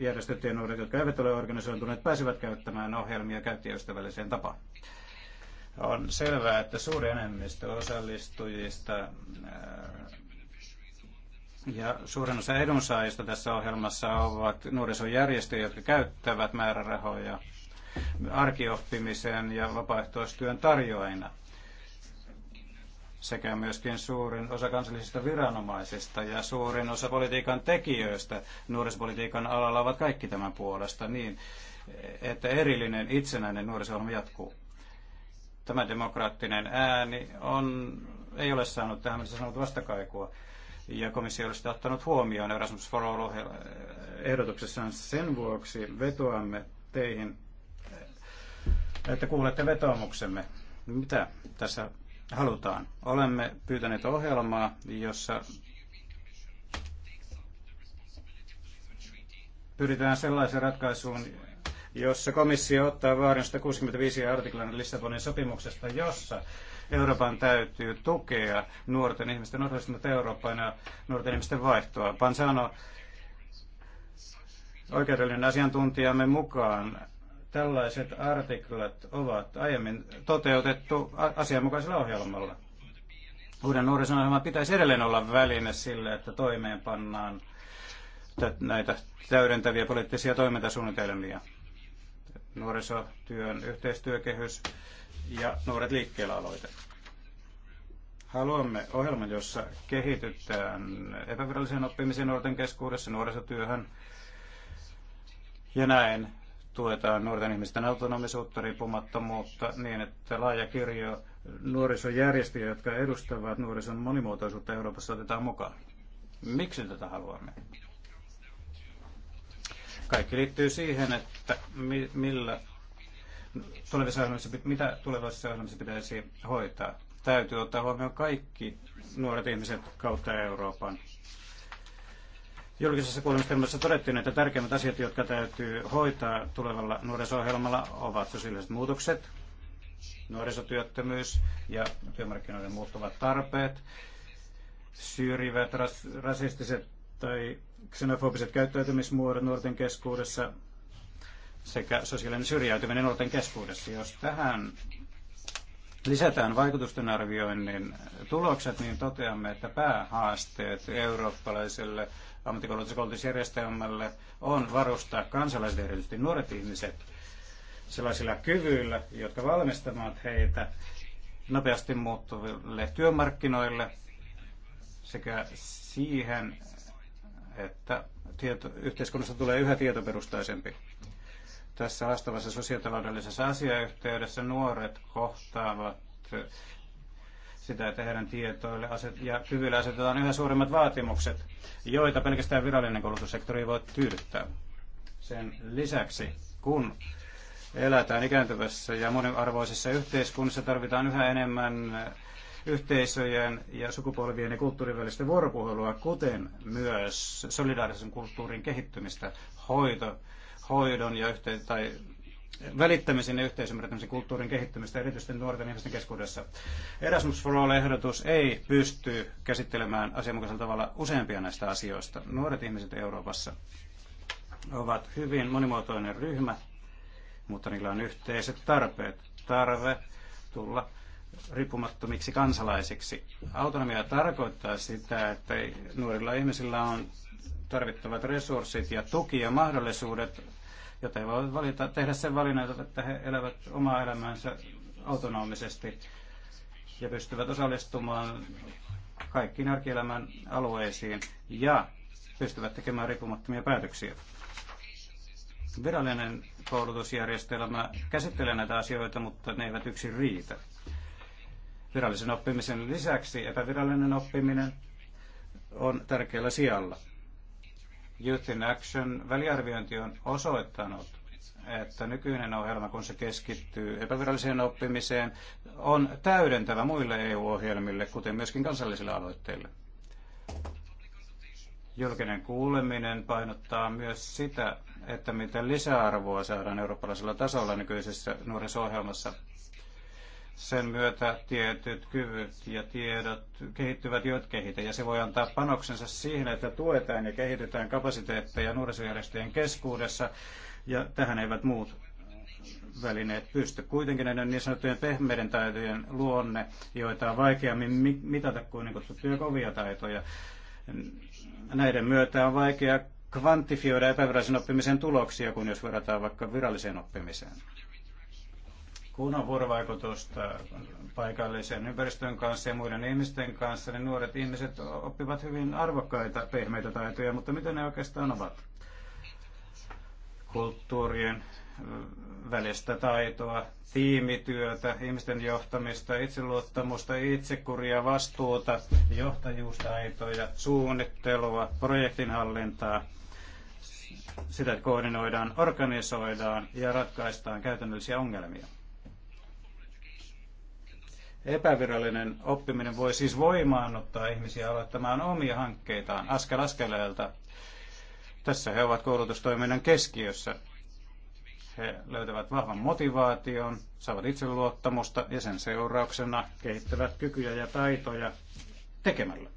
järjestöt ja nuoret, jotka eivät ole organisoituneet, pääsevät käyttämään ohjelmia käyttäjäystävälliseen tapaan. On selvää, että suuri enemmistö osallistujista ja suurin osa edunsaajista tässä ohjelmassa ovat nuorisojärjestöjä, jotka käyttävät määrärahoja arkioppimiseen ja vapaaehtoistyön tarjoajina sekä myöskin suurin osa kansallisista viranomaisista ja suurin osa politiikan tekijöistä nuorisopolitiikan alalla ovat kaikki tämän puolesta niin, että erillinen itsenäinen nuorisohjelma jatkuu. Tämä demokraattinen ääni on, ei ole saanut tähän mennessä sanottu vastakaikua ja komissio olisi ottanut huomioon Erasmus for All ehdotuksessaan. Sen vuoksi vetoamme teihin, että kuulette vetoamuksemme, Mitä tässä halutaan? Olemme pyytäneet ohjelmaa, jossa pyritään sellaiseen ratkaisuun, jossa komissio ottaa vaarin 165 artiklan Lissabonin sopimuksesta, jossa Euroopan täytyy tukea nuorten ihmisten osallistumista Eurooppaan ja nuorten ihmisten vaihtoa. Pansano, oikeudellinen asiantuntijamme mukaan, tällaiset artiklat ovat aiemmin toteutettu asianmukaisella ohjelmalla. Uuden nuorisohjelman pitäisi edelleen olla väline sille, että toimeenpannaan näitä täydentäviä poliittisia toimintasuunnitelmia. Nuorisotyön yhteistyökehys ja Nuoret liikkeellä aloite. Haluamme ohjelman, jossa kehitytään epävirallisen oppimisen nuorten keskuudessa nuorisotyöhön ja näin tuetaan nuorten ihmisten autonomisuutta, riippumattomuutta niin, että laaja kirjo nuorisojärjestöjä, jotka edustavat nuorison monimuotoisuutta Euroopassa, otetaan mukaan. Miksi tätä haluamme? Kaikki liittyy siihen, että millä tulevissa ohjelmissa, mitä tulevissa ohjelmissa pitäisi hoitaa. Täytyy ottaa huomioon kaikki nuoret ihmiset kautta Euroopan. Julkisessa kuulemistelmassa todettiin, että tärkeimmät asiat, jotka täytyy hoitaa tulevalla nuorisohjelmalla, ovat sosiaaliset muutokset, nuorisotyöttömyys ja työmarkkinoiden muuttuvat tarpeet, syrjivät ras- rasistiset tai xenofobiset käyttäytymismuodot nuorten keskuudessa, sekä sosiaalinen syrjäytyminen nuorten keskuudessa. Jos tähän lisätään vaikutusten arvioinnin tulokset, niin toteamme, että päähaasteet eurooppalaiselle ammattikoulutusjärjestelmälle on varustaa kansalaiset, erityisesti nuoret ihmiset, sellaisilla kyvyillä, jotka valmistavat heitä nopeasti muuttuville työmarkkinoille sekä siihen, että tieto, yhteiskunnasta tulee yhä tietoperustaisempi tässä haastavassa sosiaalitaloudellisessa asiayhteydessä nuoret kohtaavat sitä, että heidän tietoille aset ja kyvyille asetetaan yhä suuremmat vaatimukset, joita pelkästään virallinen koulutussektori voi tyydyttää. Sen lisäksi, kun elätään ikääntyvässä ja moniarvoisessa yhteiskunnassa, tarvitaan yhä enemmän yhteisöjen ja sukupolvien ja kulttuurin välistä vuoropuhelua, kuten myös solidaarisen kulttuurin kehittymistä, hoito, hoidon ja yhteen, tai välittämisen ja yhteisymmärtämisen kulttuurin kehittämistä erityisesti nuorten ihmisten keskuudessa. Erasmus for All-ehdotus ei pysty käsittelemään asianmukaisella tavalla useampia näistä asioista. Nuoret ihmiset Euroopassa ovat hyvin monimuotoinen ryhmä, mutta niillä on yhteiset tarpeet. Tarve tulla riippumattomiksi kansalaisiksi. Autonomia tarkoittaa sitä, että nuorilla ihmisillä on tarvittavat resurssit ja tuki ja mahdollisuudet joten voivat valita, tehdä sen valinnan, että he elävät omaa elämäänsä autonomisesti ja pystyvät osallistumaan kaikkiin arkielämän alueisiin ja pystyvät tekemään riippumattomia päätöksiä. Virallinen koulutusjärjestelmä käsittelee näitä asioita, mutta ne eivät yksin riitä. Virallisen oppimisen lisäksi epävirallinen oppiminen on tärkeällä sijalla. Youth in Action väliarviointi on osoittanut, että nykyinen ohjelma, kun se keskittyy epäviralliseen oppimiseen, on täydentävä muille EU-ohjelmille, kuten myöskin kansallisille aloitteille. Julkinen kuuleminen painottaa myös sitä, että miten lisäarvoa saadaan eurooppalaisella tasolla nykyisessä nuorisohjelmassa. Sen myötä tietyt kyvyt ja tiedot kehittyvät, joit kehitä, ja se voi antaa panoksensa siihen, että tuetaan ja kehitetään kapasiteetteja nuorisojärjestöjen keskuudessa, ja tähän eivät muut välineet pysty. Kuitenkin näiden niin sanottujen pehmeiden taitojen luonne, joita on vaikeammin mitata kuin niin kutsuttuja kovia taitoja, näiden myötä on vaikea kvantifioida epävirallisen oppimisen tuloksia, kun jos verrataan vaikka viralliseen oppimiseen kun on vuorovaikutusta paikallisen ympäristön kanssa ja muiden ihmisten kanssa, niin nuoret ihmiset oppivat hyvin arvokkaita pehmeitä taitoja, mutta mitä ne oikeastaan ovat? Kulttuurien välistä taitoa, tiimityötä, ihmisten johtamista, itseluottamusta, itsekuria, vastuuta, johtajuustaitoja, suunnittelua, projektinhallintaa, sitä koordinoidaan, organisoidaan ja ratkaistaan käytännöllisiä ongelmia. Epävirallinen oppiminen voi siis voimaannuttaa ihmisiä aloittamaan omia hankkeitaan askel askeleelta. Tässä he ovat koulutustoiminnan keskiössä. He löytävät vahvan motivaation, saavat itseluottamusta ja sen seurauksena kehittävät kykyjä ja taitoja tekemällä.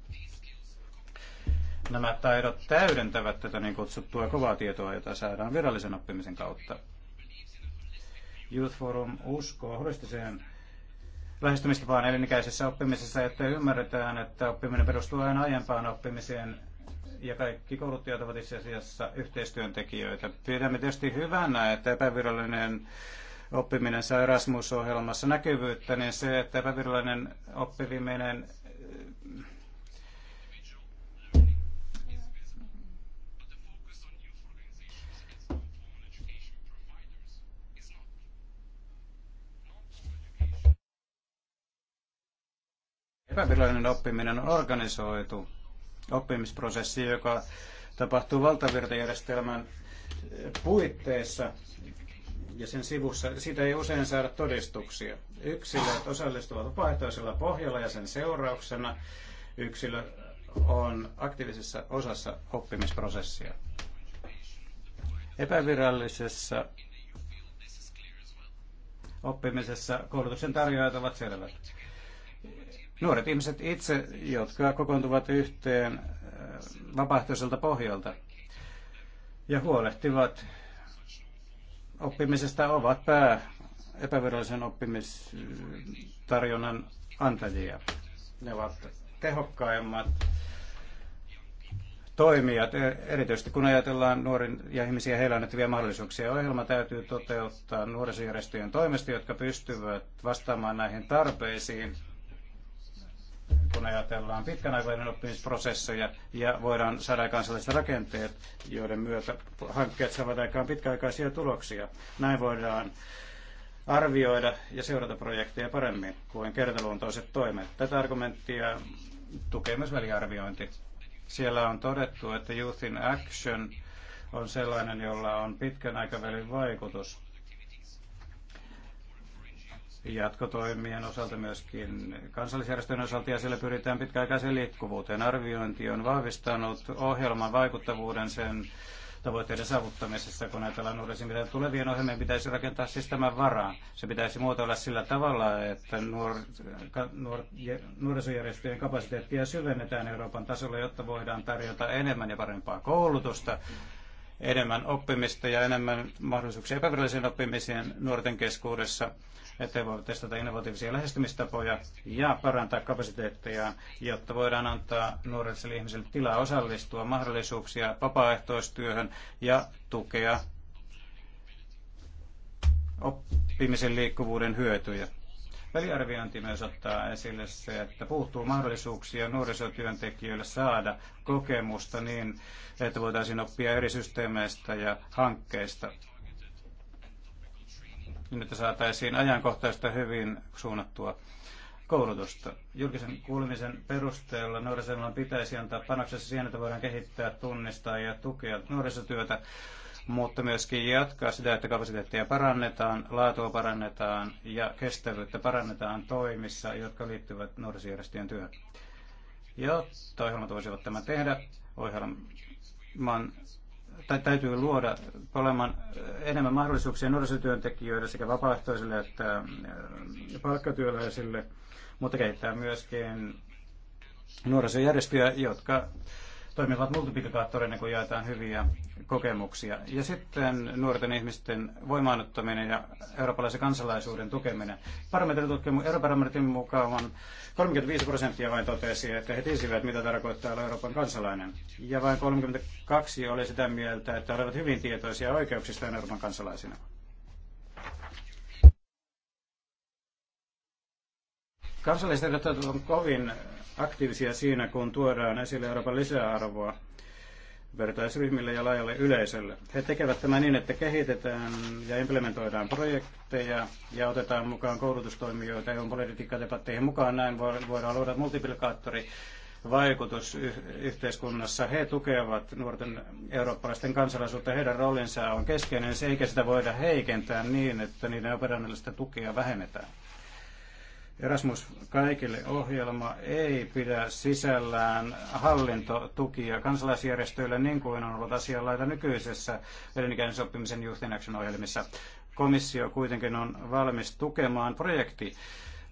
Nämä taidot täydentävät tätä niin kutsuttua kovaa tietoa, jota saadaan virallisen oppimisen kautta. Youth Forum uskoo holistiseen lähestymistapaan elinikäisessä oppimisessa, että ymmärretään, että oppiminen perustuu aina aiempaan oppimiseen ja kaikki kouluttajat ovat itse asiassa yhteistyöntekijöitä. Pidämme tietysti hyvänä, että epävirallinen oppiminen saa Erasmus-ohjelmassa näkyvyyttä, niin se, että epävirallinen oppiminen Epävirallinen oppiminen on organisoitu oppimisprosessi, joka tapahtuu valtavirtajärjestelmän eh, puitteissa ja sen sivussa. Siitä ei usein saada todistuksia. Yksilöt osallistuvat vapaaehtoisella pohjalla ja sen seurauksena yksilö on aktiivisessa osassa oppimisprosessia. Epävirallisessa oppimisessa koulutuksen tarjoajat ovat selvät nuoret ihmiset itse, jotka kokoontuvat yhteen äh, vapaaehtoiselta pohjalta ja huolehtivat oppimisesta, ovat pää epävirallisen oppimistarjonnan antajia. Ne ovat tehokkaimmat toimijat, e- erityisesti kun ajatellaan nuorin ja ihmisiä heillä annettavia mahdollisuuksia. Ohjelma täytyy toteuttaa nuorisojärjestöjen toimesta, jotka pystyvät vastaamaan näihin tarpeisiin kun ajatellaan pitkän aikavälin oppimisprosesseja ja voidaan saada aikaan sellaiset rakenteet, joiden myötä hankkeet saavat aikaan pitkäaikaisia tuloksia. Näin voidaan arvioida ja seurata projekteja paremmin kuin kertaluontoiset toimet. Tätä argumenttia tukee myös väliarviointi. Siellä on todettu, että Youth in Action on sellainen, jolla on pitkän aikavälin vaikutus jatkotoimien osalta, myöskin kansallisjärjestöjen osalta, ja siellä pyritään pitkäaikaiseen liikkuvuuteen. Arviointi on vahvistanut ohjelman vaikuttavuuden sen tavoitteiden saavuttamisessa, kun ajatellaan nuorisiin, mitä tulevien ohjelmien pitäisi rakentaa siis tämän varaan. Se pitäisi muotoilla sillä tavalla, että nuor, nuor, nuorisojärjestöjen kapasiteettia syvennetään Euroopan tasolla, jotta voidaan tarjota enemmän ja parempaa koulutusta, enemmän oppimista ja enemmän mahdollisuuksia epävirallisen oppimiseen nuorten keskuudessa että voivat testata innovatiivisia lähestymistapoja ja parantaa kapasiteettia, jotta voidaan antaa nuorille ihmisille tilaa osallistua, mahdollisuuksia vapaaehtoistyöhön ja tukea oppimisen liikkuvuuden hyötyjä. Väliarviointi myös ottaa esille se, että puuttuu mahdollisuuksia nuorisotyöntekijöille saada kokemusta niin, että voitaisiin oppia eri systeemeistä ja hankkeista niin että saataisiin ajankohtaista hyvin suunnattua koulutusta. Julkisen kuulemisen perusteella nuorisoelämän pitäisi antaa panoksessa siihen, että voidaan kehittää, tunnistaa ja tukea nuorisotyötä, mutta myöskin jatkaa sitä, että kapasiteettia parannetaan, laatua parannetaan ja kestävyyttä parannetaan toimissa, jotka liittyvät nuorisojärjestöjen työhön. Jotta ohjelmat voisivat tämän tehdä, ohjelman tai täytyy luoda olemaan enemmän mahdollisuuksia nuorisotyöntekijöille sekä vapaaehtoisille että äh, palkkatyöläisille, mutta kehittää myöskin nuorisojärjestöjä, jotka toimivat multiplikaattoreina, kun jaetaan hyviä kokemuksia. Ja sitten nuorten ihmisten voimaanottaminen ja eurooppalaisen kansalaisuuden tukeminen. Eurobarometrin mukaan on 35 prosenttia vain totesi, että he tiesivät, mitä tarkoittaa olla Euroopan kansalainen. Ja vain 32 oli sitä mieltä, että olivat hyvin tietoisia oikeuksista Euroopan kansalaisina. Kansalliset ovat kovin aktiivisia siinä, kun tuodaan esille Euroopan lisäarvoa vertaisryhmille ja laajalle yleisölle. He tekevät tämän niin, että kehitetään ja implementoidaan projekteja ja otetaan mukaan koulutustoimijoita EUn politiikkadebatteihin mukaan. Näin voidaan luoda multiplikaattori vaikutus yhteiskunnassa. He tukevat nuorten eurooppalaisten kansalaisuutta. Heidän roolinsa on keskeinen, se eikä sitä voida heikentää niin, että niiden operationaalista tukea vähennetään. Erasmus kaikille ohjelma ei pidä sisällään hallintotukia kansalaisjärjestöille niin kuin on ollut asianlaita nykyisessä elinikäisen sopimisen Youth in Action ohjelmissa. Komissio kuitenkin on valmis tukemaan projekti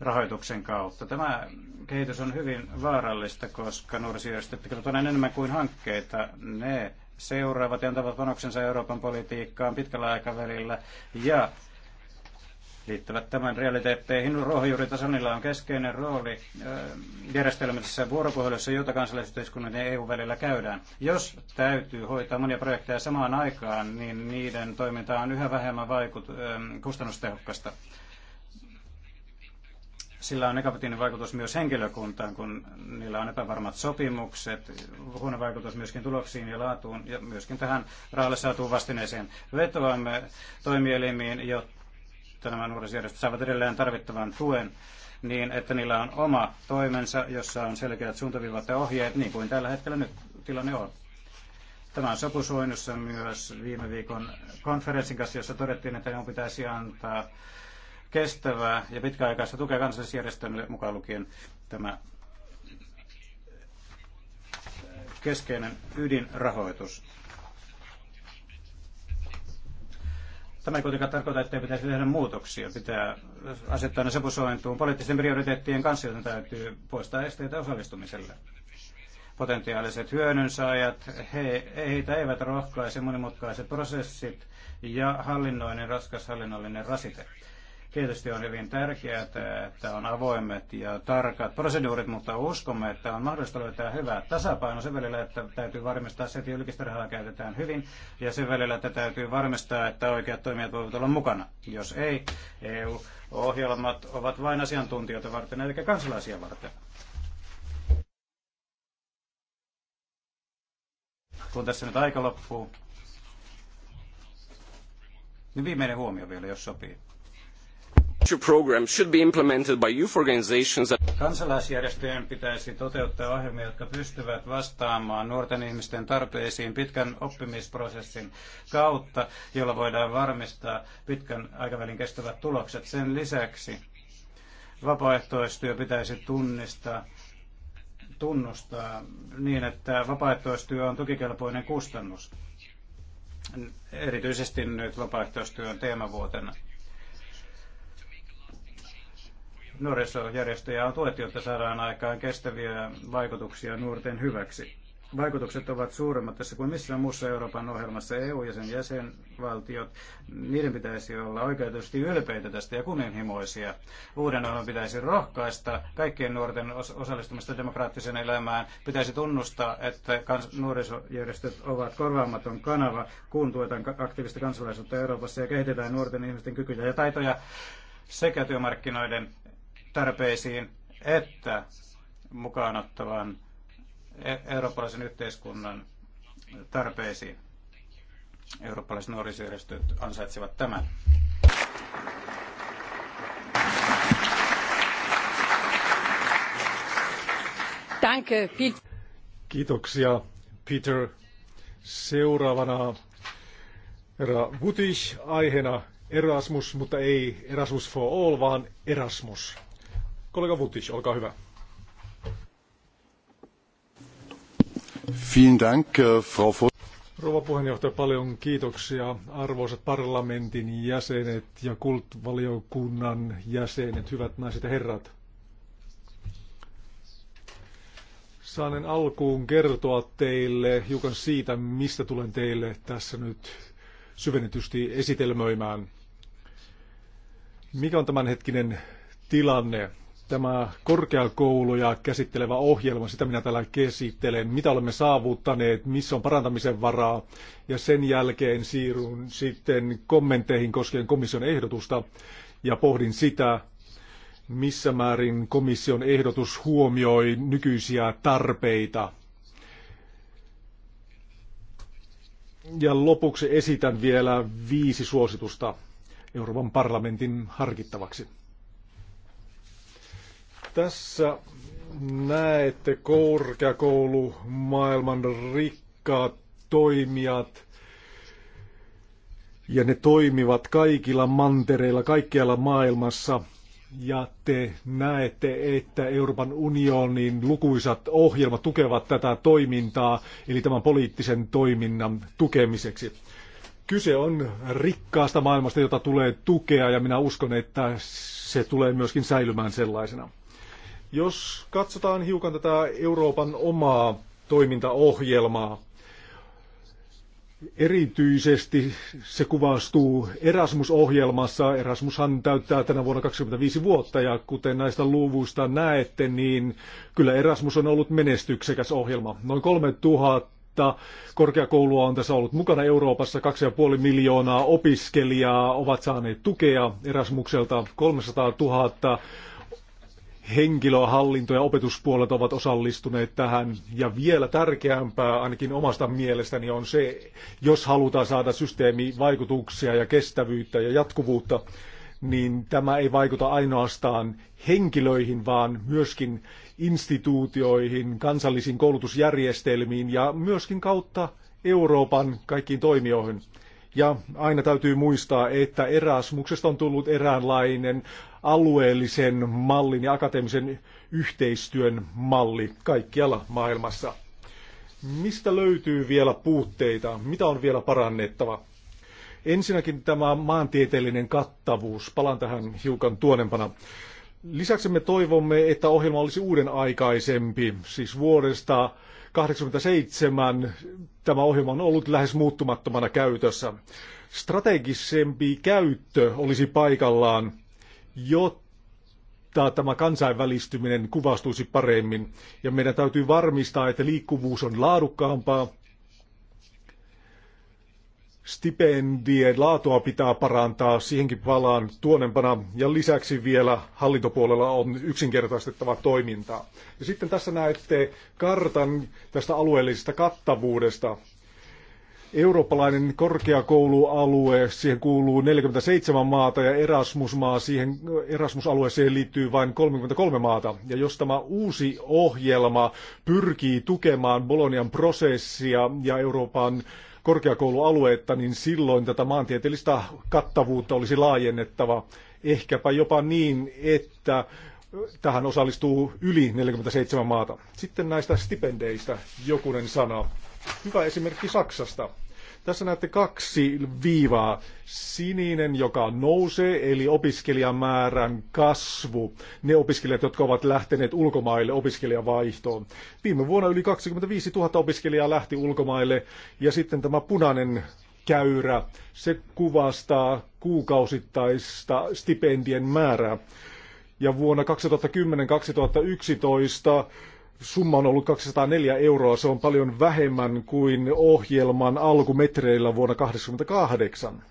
rahoituksen kautta. Tämä kehitys on hyvin vaarallista, koska nuorisojärjestöt tekevät enemmän kuin hankkeita. Ne seuraavat ja antavat panoksensa Euroopan politiikkaan pitkällä aikavälillä ja liittyvät tämän realiteetteihin. Ruohonjuuritasonilla on keskeinen rooli järjestelmässä vuoropuhelussa, jota kansalaisyhteiskunnan ja EU välillä käydään. Jos täytyy hoitaa monia projekteja samaan aikaan, niin niiden toiminta on yhä vähemmän vaikut, kustannustehokkaista. Sillä on negatiivinen vaikutus myös henkilökuntaan, kun niillä on epävarmat sopimukset, huono vaikutus myöskin tuloksiin ja laatuun ja myöskin tähän rahalle saatuun vastineeseen. Vetoamme toimielimiin, jotta että nämä nuorisojärjestöt saavat edelleen tarvittavan tuen niin, että niillä on oma toimensa, jossa on selkeät suuntaviivat ja ohjeet, niin kuin tällä hetkellä nyt tilanne on. Tämä on sopusoinnussa myös viime viikon konferenssin kanssa, jossa todettiin, että on pitäisi antaa kestävää ja pitkäaikaista tukea kansallisjärjestöille mukaan lukien tämä keskeinen ydinrahoitus. Tämä ei kuitenkaan tarkoita, että ei pitäisi tehdä muutoksia. Pitää asettaa ne sopusointuun poliittisten prioriteettien kanssa, joten täytyy poistaa esteitä osallistumiselle. Potentiaaliset hyödynsaajat, he, heitä eivät rohkaise monimutkaiset prosessit ja hallinnoinen, raskas hallinnollinen rasite. Tietysti on hyvin tärkeää, että on avoimet ja tarkat proseduurit, mutta uskomme, että on mahdollista löytää hyvä tasapaino sen välillä, että täytyy varmistaa se, että julkista rahaa käytetään hyvin, ja sen välillä, että täytyy varmistaa, että oikeat toimijat voivat olla mukana. Jos ei, EU-ohjelmat ovat vain asiantuntijoita varten, eikä kansalaisia varten. Kun tässä nyt aika loppuu, niin viimeinen huomio vielä, jos sopii program should be implemented by youth organizations Kansalaisjärjestöjen pitäisi toteuttaa ohjelmia, jotka pystyvät vastaamaan nuorten ihmisten tarpeisiin pitkän oppimisprosessin kautta, jolla voidaan varmistaa pitkän aikavälin kestävät tulokset. Sen lisäksi vapaaehtoistyö pitäisi tunnistaa tunnustaa niin, että vapaaehtoistyö on tukikelpoinen kustannus, erityisesti nyt vapaaehtoistyön teemavuotena nuorisojärjestöjä on tuettu, jotta saadaan aikaan kestäviä vaikutuksia nuorten hyväksi. Vaikutukset ovat suuremmat tässä kuin missään muussa Euroopan ohjelmassa. EU ja sen jäsenvaltiot, niiden pitäisi olla oikeutusti ylpeitä tästä ja kunnianhimoisia. Uuden ohjelman pitäisi rohkaista kaikkien nuorten osallistumista demokraattiseen elämään. Pitäisi tunnustaa, että kans- nuorisojärjestöt ovat korvaamaton kanava, kun tuetaan aktiivista kansalaisuutta Euroopassa ja kehitetään nuorten ihmisten kykyjä ja taitoja sekä työmarkkinoiden tarpeisiin että mukaan ottavan e- eurooppalaisen yhteiskunnan tarpeisiin. Eurooppalaiset nuorisojärjestöt ansaitsevat tämän. Danke, Peter. Kiitoksia, Peter. Seuraavana herra Butis, aiheena Erasmus, mutta ei Erasmus for all, vaan Erasmus. Kollega Vutic, olkaa hyvä. Vielen Dank, äh, Frau Rouva puheenjohtaja, paljon kiitoksia arvoisat parlamentin jäsenet ja kultvaliokunnan jäsenet, hyvät naiset ja herrat. Saanen alkuun kertoa teille hiukan siitä, mistä tulen teille tässä nyt syvennetysti esitelmöimään. Mikä on tämänhetkinen tilanne? tämä korkeakouluja käsittelevä ohjelma, sitä minä täällä käsittelen, mitä olemme saavuttaneet, missä on parantamisen varaa, ja sen jälkeen siirryn sitten kommentteihin koskien komission ehdotusta, ja pohdin sitä, missä määrin komission ehdotus huomioi nykyisiä tarpeita. Ja lopuksi esitän vielä viisi suositusta Euroopan parlamentin harkittavaksi. Tässä näette korkeakoulumaailman rikkaat toimijat. Ja ne toimivat kaikilla mantereilla, kaikkialla maailmassa. Ja te näette, että Euroopan unionin lukuisat ohjelmat tukevat tätä toimintaa, eli tämän poliittisen toiminnan tukemiseksi. Kyse on rikkaasta maailmasta, jota tulee tukea, ja minä uskon, että se tulee myöskin säilymään sellaisena. Jos katsotaan hiukan tätä Euroopan omaa toimintaohjelmaa, erityisesti se kuvastuu Erasmus-ohjelmassa. Erasmushan täyttää tänä vuonna 25 vuotta ja kuten näistä luvuista näette, niin kyllä Erasmus on ollut menestyksekäs ohjelma. Noin 3000 korkeakoulua on tässä ollut mukana Euroopassa. 2,5 miljoonaa opiskelijaa ovat saaneet tukea Erasmukselta. 300 000 henkilöhallinto ja opetuspuolet ovat osallistuneet tähän. Ja vielä tärkeämpää ainakin omasta mielestäni on se, jos halutaan saada systeemivaikutuksia ja kestävyyttä ja jatkuvuutta, niin tämä ei vaikuta ainoastaan henkilöihin, vaan myöskin instituutioihin, kansallisiin koulutusjärjestelmiin ja myöskin kautta Euroopan kaikkiin toimijoihin. Ja aina täytyy muistaa, että Erasmuksesta on tullut eräänlainen alueellisen mallin ja akateemisen yhteistyön malli kaikkialla maailmassa. Mistä löytyy vielä puutteita? Mitä on vielä parannettava? Ensinnäkin tämä maantieteellinen kattavuus. Palaan tähän hiukan tuonempana. Lisäksi me toivomme, että ohjelma olisi uuden aikaisempi, siis vuodesta 87 tämä ohjelma on ollut lähes muuttumattomana käytössä. Strategisempi käyttö olisi paikallaan, jotta tämä kansainvälistyminen kuvastuisi paremmin. Ja meidän täytyy varmistaa, että liikkuvuus on laadukkaampaa stipendien laatua pitää parantaa, siihenkin palaan tuonempana. Ja lisäksi vielä hallintopuolella on yksinkertaistettava toimintaa. Ja sitten tässä näette kartan tästä alueellisesta kattavuudesta. Eurooppalainen korkeakoulualue, siihen kuuluu 47 maata ja Erasmus-maa, siihen Erasmus-alueeseen liittyy vain 33 maata. Ja jos tämä uusi ohjelma pyrkii tukemaan Bolonian prosessia ja Euroopan korkeakoulualuetta, niin silloin tätä maantieteellistä kattavuutta olisi laajennettava ehkäpä jopa niin, että tähän osallistuu yli 47 maata. Sitten näistä stipendeistä jokunen sana. Hyvä esimerkki Saksasta. Tässä näette kaksi viivaa. Sininen, joka nousee, eli opiskelijamäärän kasvu. Ne opiskelijat, jotka ovat lähteneet ulkomaille opiskelijavaihtoon. Viime vuonna yli 25 000 opiskelijaa lähti ulkomaille. Ja sitten tämä punainen käyrä, se kuvastaa kuukausittaista stipendien määrää. Ja vuonna 2010-2011 summa on ollut 204 euroa. Se on paljon vähemmän kuin ohjelman alkumetreillä vuonna 1988.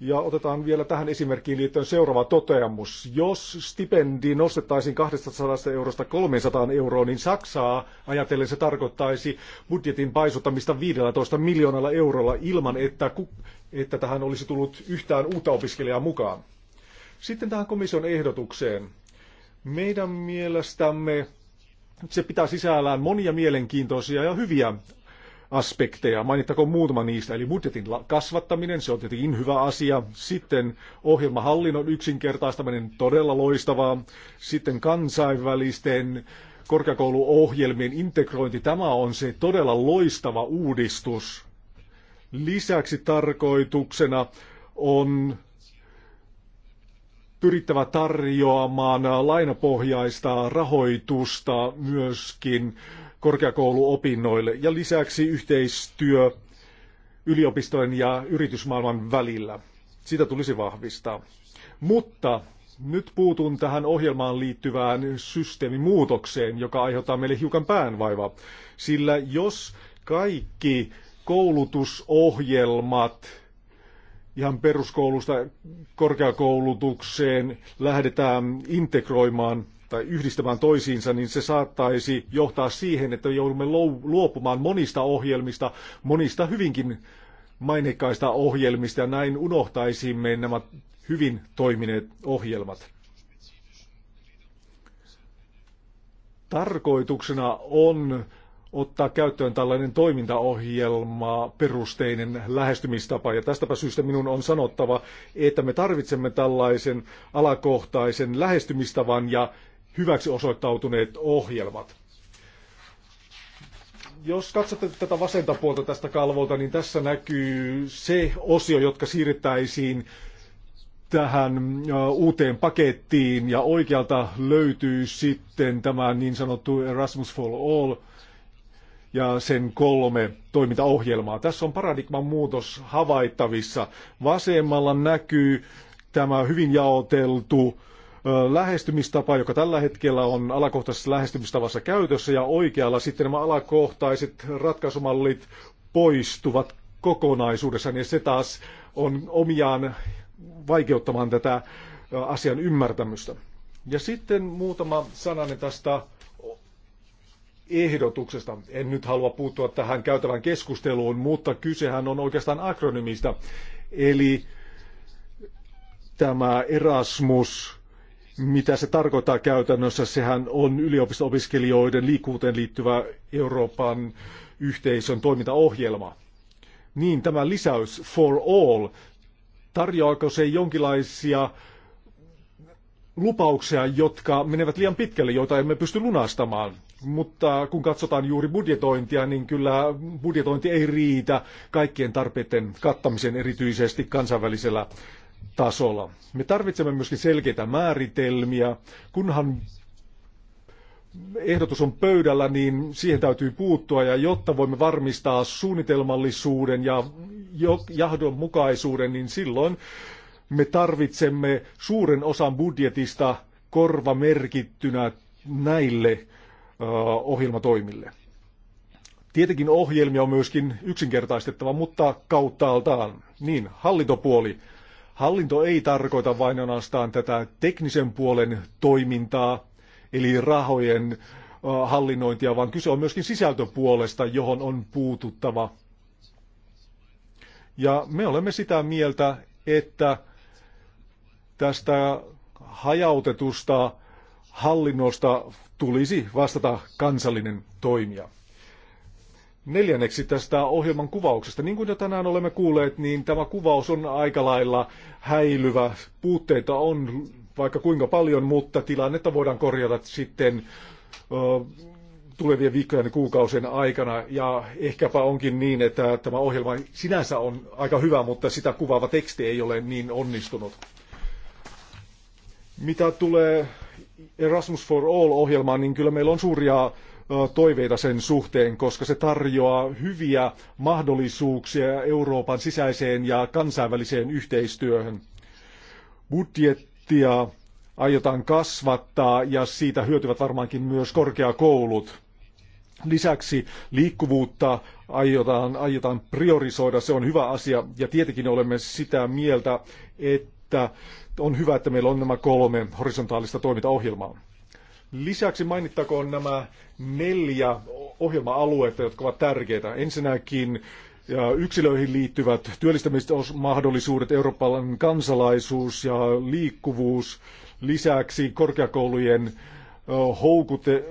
Ja otetaan vielä tähän esimerkkiin liittyen seuraava toteamus. Jos stipendi nostettaisiin 200 eurosta 300 euroa, niin Saksaa ajatellen se tarkoittaisi budjetin paisuttamista 15 miljoonalla eurolla ilman, että, että tähän olisi tullut yhtään uutta opiskelijaa mukaan. Sitten tähän komission ehdotukseen. Meidän mielestämme se pitää sisällään monia mielenkiintoisia ja hyviä aspekteja. Mainittakoon muutama niistä, eli budjetin kasvattaminen, se on tietenkin hyvä asia. Sitten ohjelmahallinnon yksinkertaistaminen, todella loistavaa. Sitten kansainvälisten korkeakouluohjelmien integrointi, tämä on se todella loistava uudistus. Lisäksi tarkoituksena on pyrittävä tarjoamaan lainapohjaista rahoitusta myöskin korkeakouluopinnoille ja lisäksi yhteistyö yliopistojen ja yritysmaailman välillä. Sitä tulisi vahvistaa. Mutta nyt puutun tähän ohjelmaan liittyvään systeemimuutokseen, joka aiheuttaa meille hiukan päänvaivaa. Sillä jos kaikki koulutusohjelmat ihan peruskoulusta korkeakoulutukseen lähdetään integroimaan tai yhdistämään toisiinsa, niin se saattaisi johtaa siihen, että joudumme luopumaan monista ohjelmista, monista hyvinkin mainekkaista ohjelmista ja näin unohtaisimme nämä hyvin toimineet ohjelmat. Tarkoituksena on ottaa käyttöön tällainen toimintaohjelma perusteinen lähestymistapa. Ja tästäpä syystä minun on sanottava, että me tarvitsemme tällaisen alakohtaisen lähestymistavan ja hyväksi osoittautuneet ohjelmat. Jos katsotte tätä vasenta puolta tästä kalvolta, niin tässä näkyy se osio, jotka siirrettäisiin tähän uuteen pakettiin ja oikealta löytyy sitten tämä niin sanottu Erasmus for All – ja sen kolme toimintaohjelmaa. Tässä on paradigman muutos havaittavissa. Vasemmalla näkyy tämä hyvin jaoteltu lähestymistapa, joka tällä hetkellä on alakohtaisessa lähestymistavassa käytössä, ja oikealla sitten nämä alakohtaiset ratkaisumallit poistuvat kokonaisuudessaan, ja se taas on omiaan vaikeuttamaan tätä asian ymmärtämystä. Ja sitten muutama sananen tästä ehdotuksesta. En nyt halua puuttua tähän käytävän keskusteluun, mutta kysehän on oikeastaan akronymista. Eli tämä Erasmus, mitä se tarkoittaa käytännössä, sehän on yliopisto-opiskelijoiden liikkuvuuteen liittyvä Euroopan yhteisön toimintaohjelma. Niin tämä lisäys for all, tarjoako se jonkinlaisia lupauksia, jotka menevät liian pitkälle, joita emme pysty lunastamaan. Mutta kun katsotaan juuri budjetointia, niin kyllä budjetointi ei riitä kaikkien tarpeiden kattamisen erityisesti kansainvälisellä tasolla. Me tarvitsemme myöskin selkeitä määritelmiä. Kunhan ehdotus on pöydällä, niin siihen täytyy puuttua ja jotta voimme varmistaa suunnitelmallisuuden ja johdonmukaisuuden, niin silloin me tarvitsemme suuren osan budjetista korvamerkittynä näille ohjelmatoimille. Tietenkin ohjelmia on myöskin yksinkertaistettava, mutta kauttaaltaan. Niin, hallintopuoli. Hallinto ei tarkoita vain ainoastaan tätä teknisen puolen toimintaa, eli rahojen hallinnointia, vaan kyse on myöskin sisältöpuolesta, johon on puututtava. Ja me olemme sitä mieltä, että tästä hajautetusta hallinnosta tulisi vastata kansallinen toimija. Neljänneksi tästä ohjelman kuvauksesta. Niin kuin jo tänään olemme kuulleet, niin tämä kuvaus on aika lailla häilyvä. Puutteita on vaikka kuinka paljon, mutta tilannetta voidaan korjata sitten ö, tulevien viikkojen ja kuukausien aikana. Ja ehkäpä onkin niin, että tämä ohjelma sinänsä on aika hyvä, mutta sitä kuvaava teksti ei ole niin onnistunut. Mitä tulee Erasmus for All-ohjelmaan, niin kyllä meillä on suuria toiveita sen suhteen, koska se tarjoaa hyviä mahdollisuuksia Euroopan sisäiseen ja kansainväliseen yhteistyöhön. Budjettia aiotaan kasvattaa ja siitä hyötyvät varmaankin myös korkeakoulut. Lisäksi liikkuvuutta aiotaan, aiotaan priorisoida, se on hyvä asia ja tietenkin olemme sitä mieltä, että että on hyvä, että meillä on nämä kolme horisontaalista toimintaohjelmaa. Lisäksi mainittakoon nämä neljä ohjelma-aluetta, jotka ovat tärkeitä. Ensinnäkin yksilöihin liittyvät työllistämismahdollisuudet, Euroopan kansalaisuus ja liikkuvuus. Lisäksi korkeakoulujen houkute,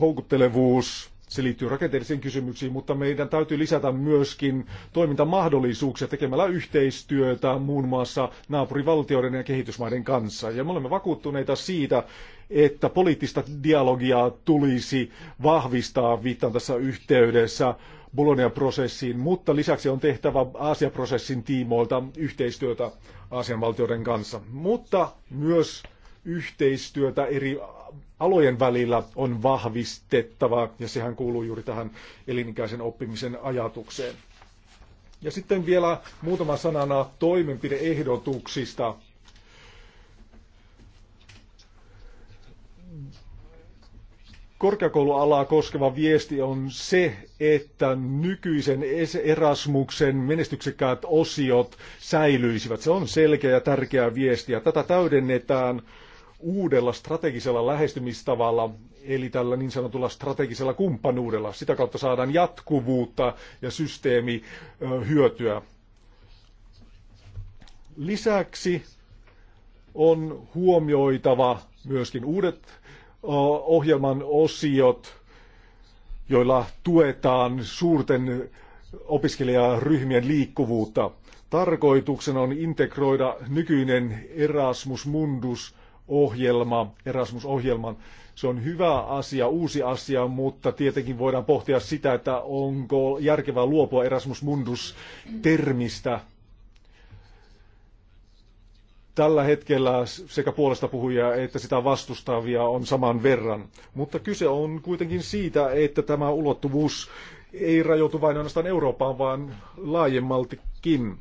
houkuttelevuus, se liittyy rakenteellisiin kysymyksiin, mutta meidän täytyy lisätä myöskin toimintamahdollisuuksia tekemällä yhteistyötä muun muassa naapurivaltioiden ja kehitysmaiden kanssa. Ja me olemme vakuuttuneita siitä, että poliittista dialogia tulisi vahvistaa, viittaan tässä yhteydessä, Bolonian prosessiin, mutta lisäksi on tehtävä Aasia-prosessin tiimoilta yhteistyötä Aasian valtioiden kanssa, mutta myös yhteistyötä eri alojen välillä on vahvistettava, ja sehän kuuluu juuri tähän elinikäisen oppimisen ajatukseen. Ja sitten vielä muutama sanana toimenpideehdotuksista. korkeakoulualaa koskeva viesti on se, että nykyisen Erasmuksen menestyksekkäät osiot säilyisivät. Se on selkeä ja tärkeä viesti ja tätä täydennetään uudella strategisella lähestymistavalla, eli tällä niin sanotulla strategisella kumppanuudella. Sitä kautta saadaan jatkuvuutta ja systeemi hyötyä. Lisäksi on huomioitava myöskin uudet ohjelman osiot, joilla tuetaan suurten opiskelijaryhmien liikkuvuutta. Tarkoituksena on integroida nykyinen Erasmus Mundus ohjelma, Erasmus-ohjelman. Se on hyvä asia, uusi asia, mutta tietenkin voidaan pohtia sitä, että onko järkevää luopua Erasmus Mundus-termistä. Tällä hetkellä sekä puolesta puhujia että sitä vastustavia on saman verran. Mutta kyse on kuitenkin siitä, että tämä ulottuvuus ei rajoitu vain ainoastaan Eurooppaan, vaan laajemmaltikin.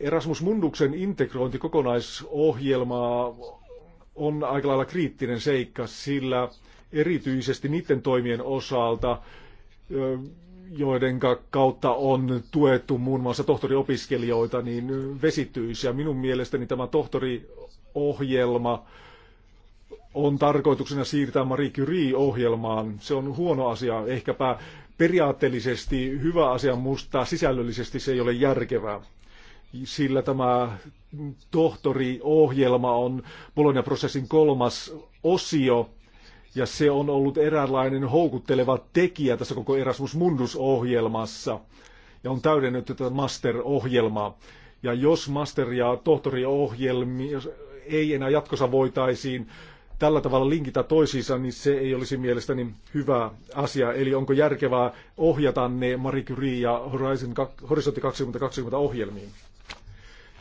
Erasmus Munduksen integrointi kokonaisohjelmaa on aika lailla kriittinen seikka, sillä erityisesti niiden toimien osalta, joiden kautta on tuettu muun muassa tohtoriopiskelijoita, niin vesityisi. Ja minun mielestäni tämä tohtoriohjelma on tarkoituksena siirtää Marie Curie-ohjelmaan. Se on huono asia, ehkäpä periaatteellisesti hyvä asia, mutta sisällöllisesti se ei ole järkevää sillä tämä tohtoriohjelma on Bologna-prosessin kolmas osio, ja se on ollut eräänlainen houkutteleva tekijä tässä koko Erasmus Mundus-ohjelmassa, ja on täydennetty tätä master-ohjelmaa. Ja jos master- ja tohtoriohjelmia ei enää jatkossa voitaisiin tällä tavalla linkitä toisiinsa, niin se ei olisi mielestäni hyvä asia. Eli onko järkevää ohjata ne Marie Curie ja Horizon, 2020 ohjelmiin?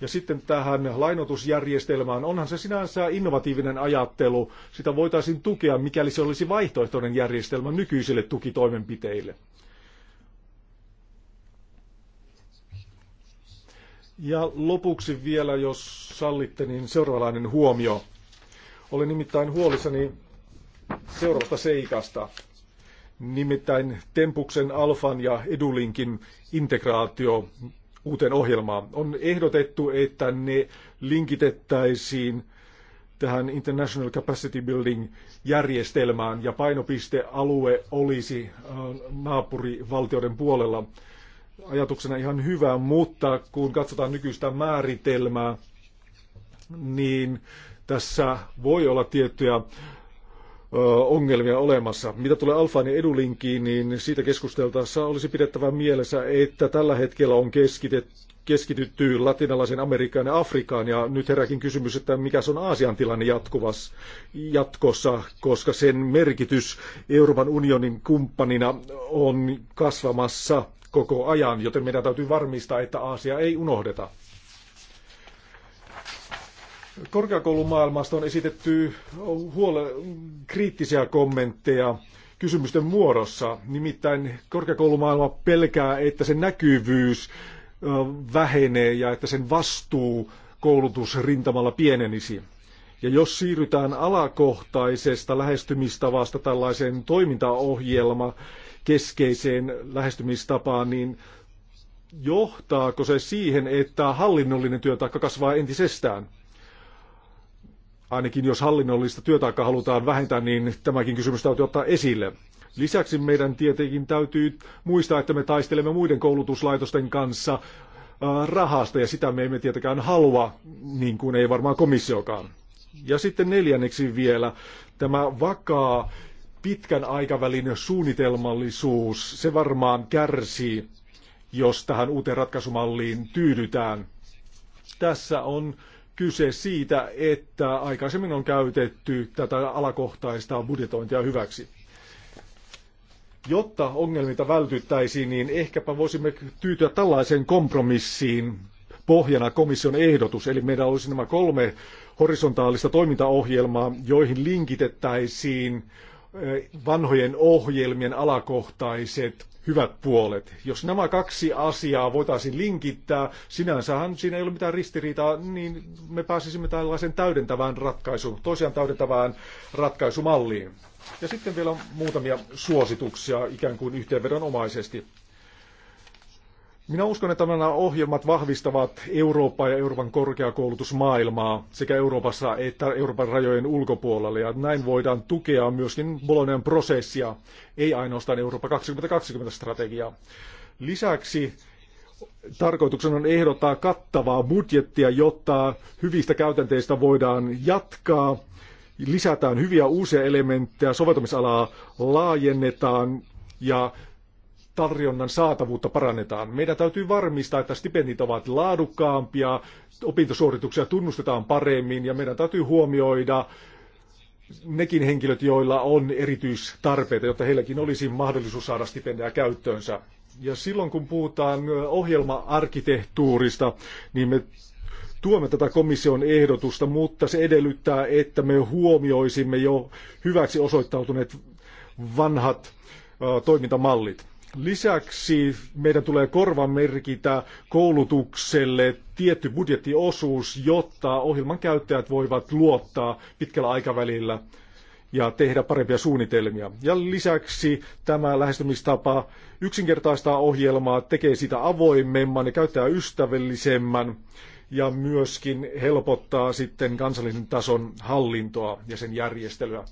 Ja sitten tähän lainotusjärjestelmään, onhan se sinänsä innovatiivinen ajattelu. Sitä voitaisiin tukea, mikäli se olisi vaihtoehtoinen järjestelmä nykyisille tukitoimenpiteille. Ja lopuksi vielä, jos sallitte, niin seuraavalainen huomio. Olen nimittäin huolissani seuraavasta seikasta. Nimittäin Tempuksen, Alfan ja Edulinkin integraatio uuteen ohjelmaan. On ehdotettu, että ne linkitettäisiin tähän International Capacity Building-järjestelmään ja painopistealue olisi äh, naapurivaltioiden puolella. Ajatuksena ihan hyvä, mutta kun katsotaan nykyistä määritelmää, niin tässä voi olla tiettyjä ongelmia olemassa. Mitä tulee alfaan ja edulinkiin, niin siitä keskusteltaessa olisi pidettävä mielessä, että tällä hetkellä on keskitytty latinalaisen Amerikkaan ja Afrikaan, ja nyt heräkin kysymys, että mikä on Aasian tilanne jatkuvas, jatkossa, koska sen merkitys Euroopan unionin kumppanina on kasvamassa koko ajan, joten meidän täytyy varmistaa, että Aasia ei unohdeta. Korkeakoulumaailmasta on esitetty huole kriittisiä kommentteja kysymysten muodossa. Nimittäin korkeakoulumaailma pelkää, että sen näkyvyys vähenee ja että sen vastuu koulutusrintamalla pienenisi. Ja jos siirrytään alakohtaisesta lähestymistavasta tällaiseen toimintaohjelma keskeiseen lähestymistapaan, niin johtaako se siihen, että hallinnollinen työtaakka kasvaa entisestään? Ainakin jos hallinnollista työtaakkaa halutaan vähentää, niin tämäkin kysymys täytyy ottaa esille. Lisäksi meidän tietenkin täytyy muistaa, että me taistelemme muiden koulutuslaitosten kanssa äh, rahasta, ja sitä me emme tietenkään halua, niin kuin ei varmaan komissiokaan. Ja sitten neljänneksi vielä tämä vakaa pitkän aikavälin suunnitelmallisuus, se varmaan kärsii, jos tähän uuteen ratkaisumalliin tyydytään. Tässä on kyse siitä, että aikaisemmin on käytetty tätä alakohtaista budjetointia hyväksi. Jotta ongelmita vältyttäisiin, niin ehkäpä voisimme tyytyä tällaiseen kompromissiin pohjana komission ehdotus. Eli meillä olisi nämä kolme horisontaalista toimintaohjelmaa, joihin linkitettäisiin vanhojen ohjelmien alakohtaiset hyvät puolet. Jos nämä kaksi asiaa voitaisiin linkittää, sinänsähän siinä ei ole mitään ristiriitaa, niin me pääsisimme tällaisen täydentävään ratkaisuun, toisiaan täydentävään ratkaisumalliin. Ja sitten vielä muutamia suosituksia ikään kuin yhteenvedonomaisesti. Minä uskon, että nämä ohjelmat vahvistavat Eurooppaa ja Euroopan korkeakoulutusmaailmaa sekä Euroopassa että Euroopan rajojen ulkopuolella. Ja näin voidaan tukea myöskin Bolonian prosessia, ei ainoastaan Eurooppa 2020-strategiaa. Lisäksi tarkoituksena on ehdottaa kattavaa budjettia, jotta hyvistä käytänteistä voidaan jatkaa. Lisätään hyviä uusia elementtejä, soveltamisalaa laajennetaan ja tarjonnan saatavuutta parannetaan. Meidän täytyy varmistaa, että stipendit ovat laadukkaampia, opintosuorituksia tunnustetaan paremmin ja meidän täytyy huomioida nekin henkilöt, joilla on erityistarpeita, jotta heilläkin olisi mahdollisuus saada stipendejä käyttöönsä. Ja silloin kun puhutaan ohjelma-arkkitehtuurista, niin me tuemme tätä komission ehdotusta, mutta se edellyttää, että me huomioisimme jo hyväksi osoittautuneet vanhat toimintamallit. Lisäksi meidän tulee korvamerkitä koulutukselle tietty budjettiosuus, jotta ohjelman käyttäjät voivat luottaa pitkällä aikavälillä ja tehdä parempia suunnitelmia. Ja lisäksi tämä lähestymistapa yksinkertaistaa ohjelmaa, tekee sitä avoimemman ja käyttäjäystävällisemmän ja myöskin helpottaa sitten kansallisen tason hallintoa ja sen järjestelyä.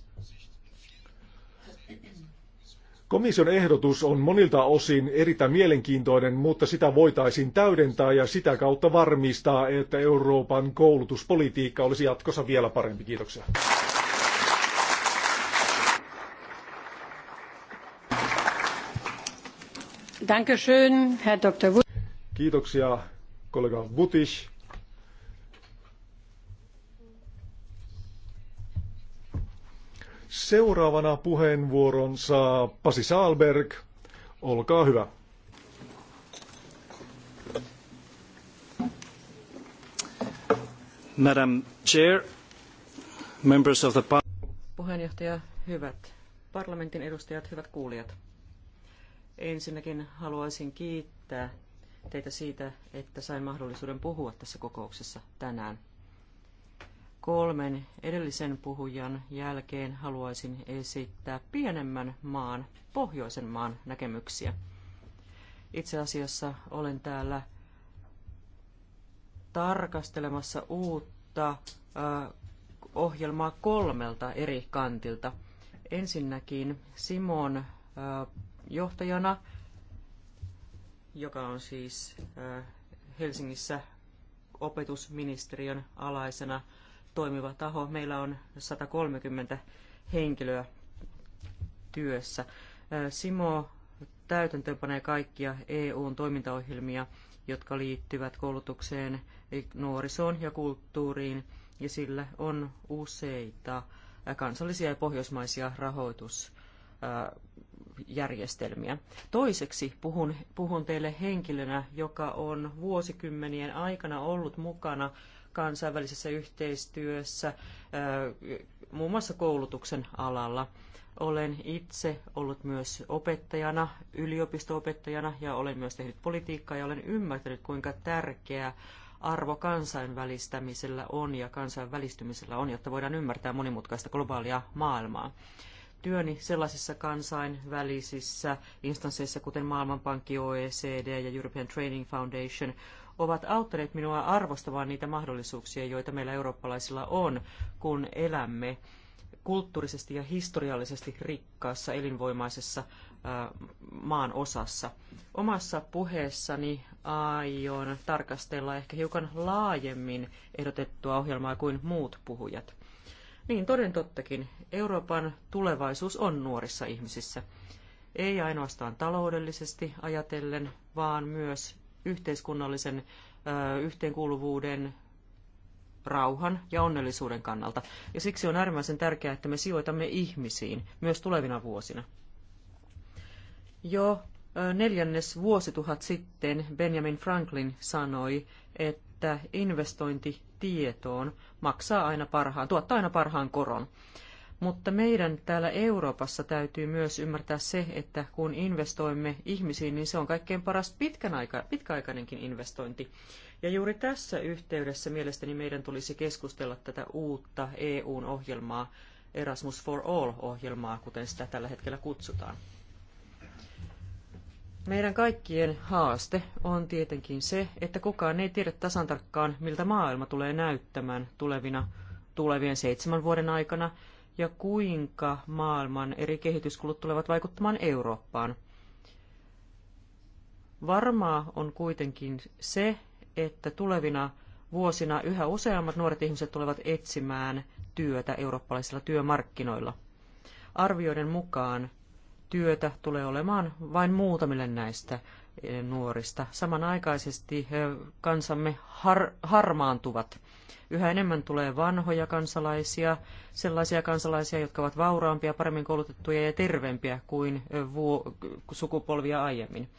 Komission ehdotus on monilta osin erittäin mielenkiintoinen, mutta sitä voitaisiin täydentää ja sitä kautta varmistaa, että Euroopan koulutuspolitiikka olisi jatkossa vielä parempi. Kiitoksia. Dankeschön, Herr Dr. Kiitoksia kollega Vutis. Seuraavana puheenvuoron saa Pasi Saalberg. Olkaa hyvä. Madam Chair, members of the Puheenjohtaja, hyvät parlamentin edustajat, hyvät kuulijat. Ensinnäkin haluaisin kiittää teitä siitä, että sain mahdollisuuden puhua tässä kokouksessa tänään kolmen edellisen puhujan jälkeen haluaisin esittää pienemmän maan, pohjoisen maan näkemyksiä. Itse asiassa olen täällä tarkastelemassa uutta ohjelmaa kolmelta eri kantilta. Ensinnäkin Simon johtajana, joka on siis Helsingissä opetusministeriön alaisena toimiva taho. Meillä on 130 henkilöä työssä. Simo täytäntöönpanee kaikkia EUn toimintaohjelmia, jotka liittyvät koulutukseen, nuorisoon ja kulttuuriin, ja sillä on useita kansallisia ja pohjoismaisia rahoitusjärjestelmiä. Toiseksi puhun, puhun teille henkilönä, joka on vuosikymmenien aikana ollut mukana kansainvälisessä yhteistyössä, muun muassa koulutuksen alalla. Olen itse ollut myös opettajana, yliopistoopettajana ja olen myös tehnyt politiikkaa ja olen ymmärtänyt, kuinka tärkeä arvo kansainvälistämisellä on ja kansainvälistymisellä on, jotta voidaan ymmärtää monimutkaista globaalia maailmaa. Työni sellaisissa kansainvälisissä instansseissa, kuten Maailmanpankki, OECD ja European Training Foundation, ovat auttaneet minua arvostamaan niitä mahdollisuuksia, joita meillä eurooppalaisilla on, kun elämme kulttuurisesti ja historiallisesti rikkaassa elinvoimaisessa maan osassa. Omassa puheessani aion tarkastella ehkä hiukan laajemmin ehdotettua ohjelmaa kuin muut puhujat. Niin, toden tottakin, Euroopan tulevaisuus on nuorissa ihmisissä. Ei ainoastaan taloudellisesti ajatellen, vaan myös yhteiskunnallisen yhteenkuuluvuuden, rauhan ja onnellisuuden kannalta. Ja siksi on äärimmäisen tärkeää, että me sijoitamme ihmisiin myös tulevina vuosina. Jo neljännes vuosituhat sitten Benjamin Franklin sanoi, että investointi tietoon maksaa aina parhaan, tuottaa aina parhaan koron. Mutta meidän täällä Euroopassa täytyy myös ymmärtää se, että kun investoimme ihmisiin, niin se on kaikkein paras pitkän aika, pitkäaikainenkin investointi. Ja juuri tässä yhteydessä mielestäni meidän tulisi keskustella tätä uutta EUn ohjelmaa, Erasmus for All-ohjelmaa, kuten sitä tällä hetkellä kutsutaan. Meidän kaikkien haaste on tietenkin se, että kukaan ei tiedä tasan tarkkaan, miltä maailma tulee näyttämään tulevina, tulevien seitsemän vuoden aikana, ja kuinka maailman eri kehityskulut tulevat vaikuttamaan Eurooppaan. Varmaa on kuitenkin se, että tulevina vuosina yhä useammat nuoret ihmiset tulevat etsimään työtä eurooppalaisilla työmarkkinoilla. Arvioiden mukaan työtä tulee olemaan vain muutamille näistä nuorista. Samanaikaisesti eh, kansamme har- harmaantuvat. Yhä enemmän tulee vanhoja kansalaisia, sellaisia kansalaisia, jotka ovat vauraampia, paremmin koulutettuja ja terveempiä kuin eh, vuo- sukupolvia aiemmin.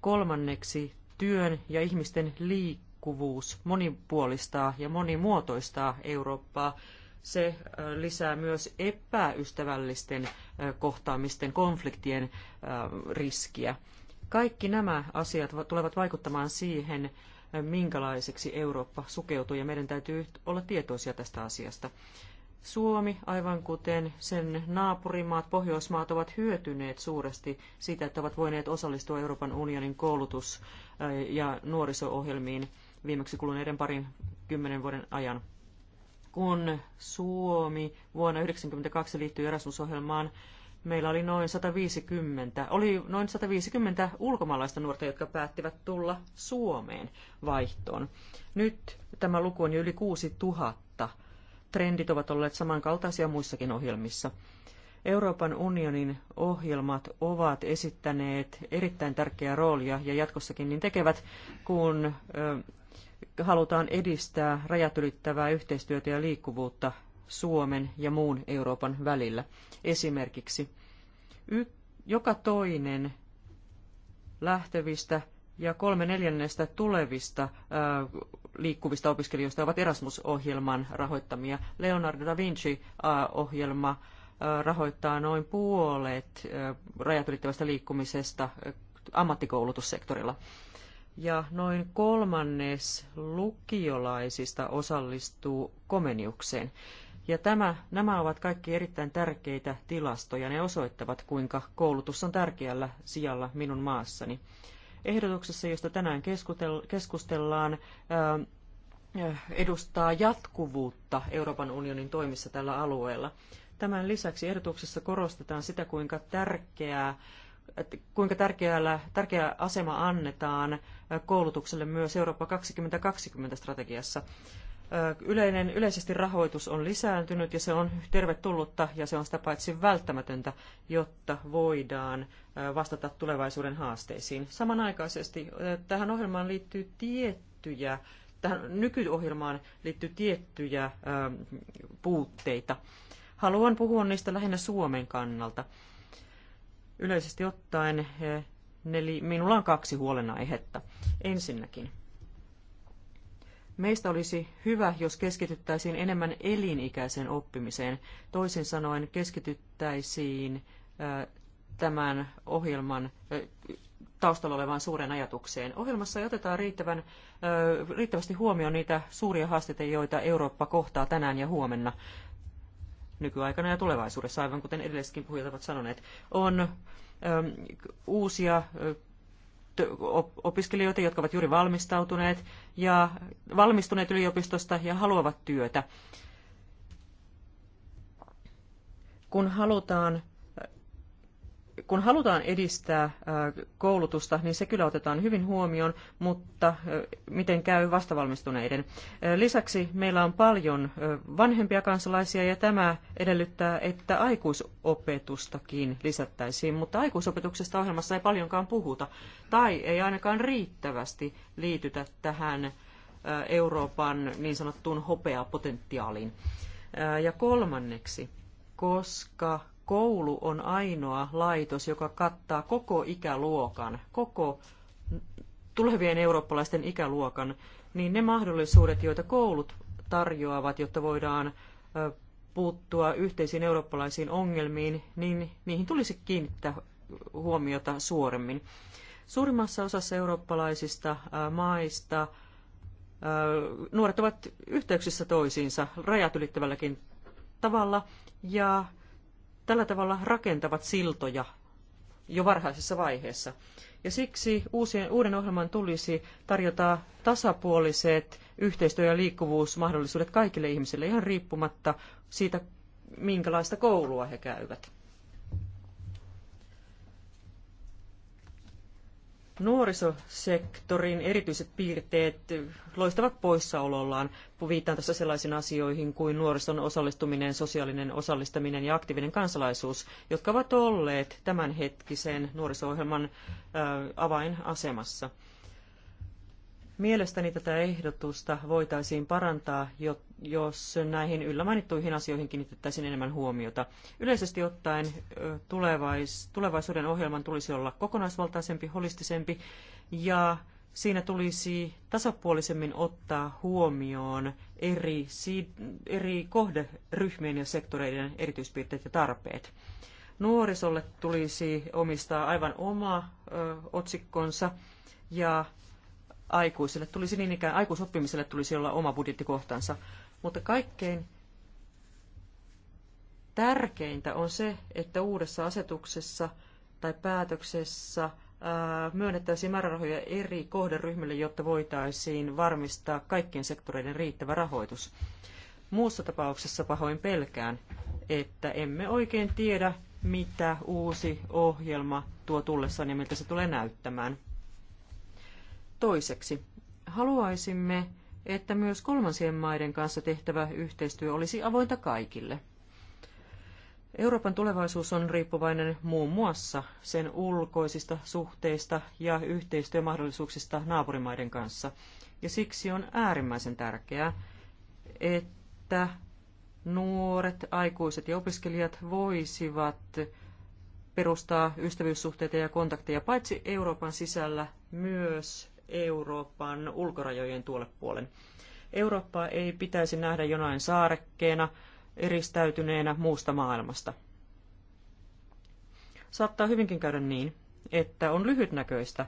Kolmanneksi työn ja ihmisten liikkuvuus monipuolistaa ja monimuotoistaa Eurooppaa. Se eh, lisää myös epäystävällisten kohtaamisten konfliktien riskiä. Kaikki nämä asiat tulevat vaikuttamaan siihen, minkälaiseksi Eurooppa sukeutuu, ja meidän täytyy olla tietoisia tästä asiasta. Suomi, aivan kuten sen naapurimaat, Pohjoismaat, ovat hyötyneet suuresti siitä, että ovat voineet osallistua Euroopan unionin koulutus- ja nuoriso-ohjelmiin viimeksi kuluneiden parin kymmenen vuoden ajan. Kun Suomi vuonna 1992 liittyi Erasmus-ohjelmaan, meillä oli noin 150, oli noin 150 ulkomaalaista nuorta, jotka päättivät tulla Suomeen vaihtoon. Nyt tämä luku on jo yli 6000. Trendit ovat olleet samankaltaisia muissakin ohjelmissa. Euroopan unionin ohjelmat ovat esittäneet erittäin tärkeää roolia ja jatkossakin niin tekevät, kun halutaan edistää rajat ylittävää yhteistyötä ja liikkuvuutta Suomen ja muun Euroopan välillä. Esimerkiksi joka toinen lähtevistä ja kolme neljännestä tulevista liikkuvista opiskelijoista ovat Erasmus-ohjelman rahoittamia. Leonardo da Vinci-ohjelma rahoittaa noin puolet rajat ylittävästä liikkumisesta ammattikoulutussektorilla. Ja noin kolmannes lukiolaisista osallistuu komeniukseen. Ja tämä, nämä ovat kaikki erittäin tärkeitä tilastoja. Ne osoittavat, kuinka koulutus on tärkeällä sijalla minun maassani. Ehdotuksessa, josta tänään keskustellaan, edustaa jatkuvuutta Euroopan unionin toimissa tällä alueella. Tämän lisäksi ehdotuksessa korostetaan sitä, kuinka tärkeää kuinka tärkeällä, tärkeä asema annetaan koulutukselle myös Eurooppa 2020 strategiassa. Yleinen, yleisesti rahoitus on lisääntynyt ja se on tervetullutta ja se on sitä paitsi välttämätöntä, jotta voidaan vastata tulevaisuuden haasteisiin. Samanaikaisesti tähän ohjelmaan liittyy tiettyjä, tähän nykyohjelmaan liittyy tiettyjä puutteita. Haluan puhua niistä lähinnä Suomen kannalta. Yleisesti ottaen Neli, minulla on kaksi huolenaihetta. Ensinnäkin Meistä olisi hyvä, jos keskityttäisiin enemmän elinikäiseen oppimiseen. Toisin sanoen keskityttäisiin tämän ohjelman taustalla olevaan suureen ajatukseen. Ohjelmassa ei oteta riittävän, riittävästi huomioon niitä suuria haasteita, joita Eurooppa kohtaa tänään ja huomenna nykyaikana ja tulevaisuudessa, aivan kuten edellisetkin puhujat ovat sanoneet. On uusia opiskelijoita, jotka ovat juuri valmistautuneet ja valmistuneet yliopistosta ja haluavat työtä. Kun halutaan kun halutaan edistää äh, koulutusta, niin se kyllä otetaan hyvin huomioon, mutta äh, miten käy vastavalmistuneiden. Äh, lisäksi meillä on paljon vanhempia kansalaisia ja tämä edellyttää, että aikuisopetustakin lisättäisiin, mutta aikuisopetuksesta ohjelmassa ei paljonkaan puhuta tai ei ainakaan riittävästi liitytä tähän Euroopan niin sanottuun hopeapotentiaaliin. Ja kolmanneksi, koska koulu on ainoa laitos, joka kattaa koko ikäluokan, koko tulevien eurooppalaisten ikäluokan, niin ne mahdollisuudet, joita koulut tarjoavat, jotta voidaan puuttua yhteisiin eurooppalaisiin ongelmiin, niin niihin tulisi kiinnittää huomiota suoremmin. Suurimmassa osassa eurooppalaisista maista nuoret ovat yhteyksissä toisiinsa rajat ylittävälläkin tavalla ja tällä tavalla rakentavat siltoja jo varhaisessa vaiheessa. Ja siksi uusien, uuden ohjelman tulisi tarjota tasapuoliset yhteistyö- ja liikkuvuusmahdollisuudet kaikille ihmisille ihan riippumatta siitä, minkälaista koulua he käyvät. Nuorisosektorin erityiset piirteet loistavat poissaolollaan. Viittaan tässä sellaisiin asioihin kuin nuorison osallistuminen, sosiaalinen osallistaminen ja aktiivinen kansalaisuus, jotka ovat olleet tämänhetkisen nuoriso-ohjelman avainasemassa. Mielestäni tätä ehdotusta voitaisiin parantaa, jos näihin yllä mainittuihin asioihin kiinnitettäisiin enemmän huomiota. Yleisesti ottaen tulevaisuuden ohjelman tulisi olla kokonaisvaltaisempi, holistisempi ja siinä tulisi tasapuolisemmin ottaa huomioon eri, eri kohderyhmien ja sektoreiden erityispiirteet ja tarpeet. Nuorisolle tulisi omistaa aivan oma ö, otsikkonsa ja aikuisille tulisi niin ikään, aikuisoppimiselle tulisi olla oma budjettikohtansa. Mutta kaikkein tärkeintä on se, että uudessa asetuksessa tai päätöksessä myönnettäisiin määrärahoja eri kohderyhmille, jotta voitaisiin varmistaa kaikkien sektoreiden riittävä rahoitus. Muussa tapauksessa pahoin pelkään, että emme oikein tiedä, mitä uusi ohjelma tuo tullessaan ja miltä se tulee näyttämään. Toiseksi, haluaisimme, että myös kolmansien maiden kanssa tehtävä yhteistyö olisi avointa kaikille. Euroopan tulevaisuus on riippuvainen muun muassa sen ulkoisista suhteista ja yhteistyömahdollisuuksista naapurimaiden kanssa. Ja siksi on äärimmäisen tärkeää, että nuoret, aikuiset ja opiskelijat voisivat perustaa ystävyyssuhteita ja kontakteja paitsi Euroopan sisällä myös Euroopan ulkorajojen tuolle puolen. Eurooppaa ei pitäisi nähdä jonain saarekkeena, eristäytyneenä muusta maailmasta. Saattaa hyvinkin käydä niin, että on lyhytnäköistä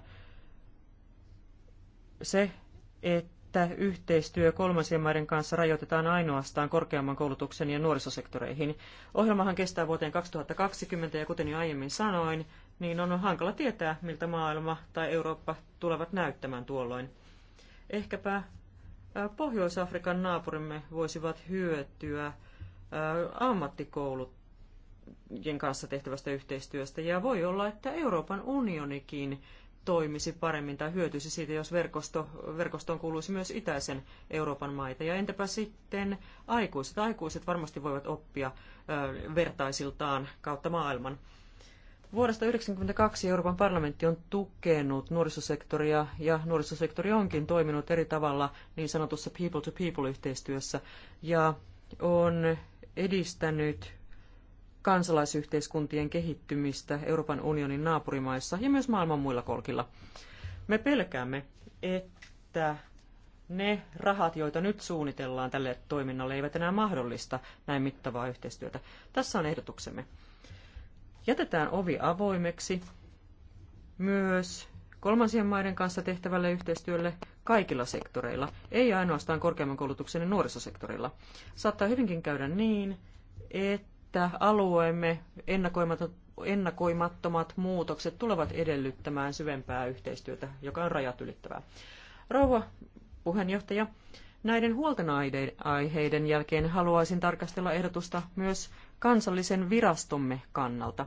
se, että yhteistyö kolmansien maiden kanssa rajoitetaan ainoastaan korkeamman koulutuksen ja nuorisosektoreihin. Ohjelmahan kestää vuoteen 2020 ja kuten jo aiemmin sanoin, niin on hankala tietää, miltä maailma tai Eurooppa tulevat näyttämään tuolloin. Ehkäpä Pohjois-Afrikan naapurimme voisivat hyötyä ammattikoulujen kanssa tehtävästä yhteistyöstä, ja voi olla, että Euroopan unionikin toimisi paremmin tai hyötyisi siitä, jos verkosto, verkostoon kuuluisi myös itäisen Euroopan maita. Ja entäpä sitten aikuiset? Aikuiset varmasti voivat oppia ö, vertaisiltaan kautta maailman. Vuodesta 1992 Euroopan parlamentti on tukenut nuorisosektoria ja nuorisosektori onkin toiminut eri tavalla niin sanotussa people-to-people-yhteistyössä ja on edistänyt kansalaisyhteiskuntien kehittymistä Euroopan unionin naapurimaissa ja myös maailman muilla kolkilla. Me pelkäämme, että ne rahat, joita nyt suunnitellaan tälle toiminnalle, eivät enää mahdollista näin mittavaa yhteistyötä. Tässä on ehdotuksemme. Jätetään ovi avoimeksi myös kolmansien maiden kanssa tehtävälle yhteistyölle kaikilla sektoreilla, ei ainoastaan korkeamman koulutuksen ja nuorisosektorilla. Saattaa hyvinkin käydä niin, että alueemme ennakoimattomat muutokset tulevat edellyttämään syvempää yhteistyötä, joka on rajat ylittävää. Rouva puheenjohtaja, näiden aiheiden jälkeen haluaisin tarkastella ehdotusta myös kansallisen virastomme kannalta.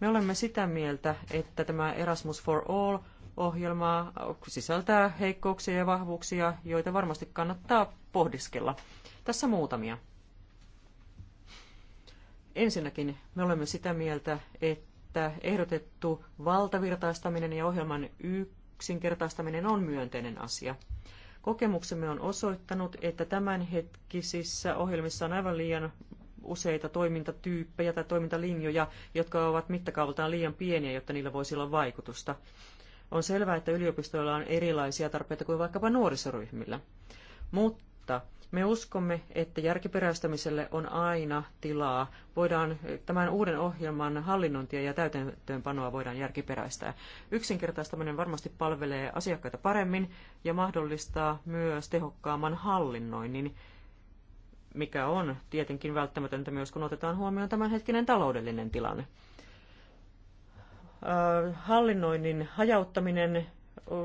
Me olemme sitä mieltä, että tämä Erasmus for All ohjelma sisältää heikkouksia ja vahvuuksia, joita varmasti kannattaa pohdiskella. Tässä muutamia. Ensinnäkin me olemme sitä mieltä, että ehdotettu valtavirtaistaminen ja ohjelman yksinkertaistaminen on myönteinen asia. Kokemuksemme on osoittanut, että tämänhetkisissä ohjelmissa on aivan liian useita toimintatyyppejä tai toimintalinjoja, jotka ovat mittakaavaltaan liian pieniä, jotta niillä voisi olla vaikutusta. On selvää, että yliopistoilla on erilaisia tarpeita kuin vaikkapa nuorisoryhmillä. Mutta me uskomme, että järkiperäistämiselle on aina tilaa. Voidaan tämän uuden ohjelman hallinnointia ja täytäntöönpanoa voidaan järkiperäistää. Yksinkertaistaminen varmasti palvelee asiakkaita paremmin ja mahdollistaa myös tehokkaamman hallinnoinnin mikä on tietenkin välttämätöntä myös, kun otetaan huomioon tämänhetkinen taloudellinen tilanne. Hallinnoinnin hajauttaminen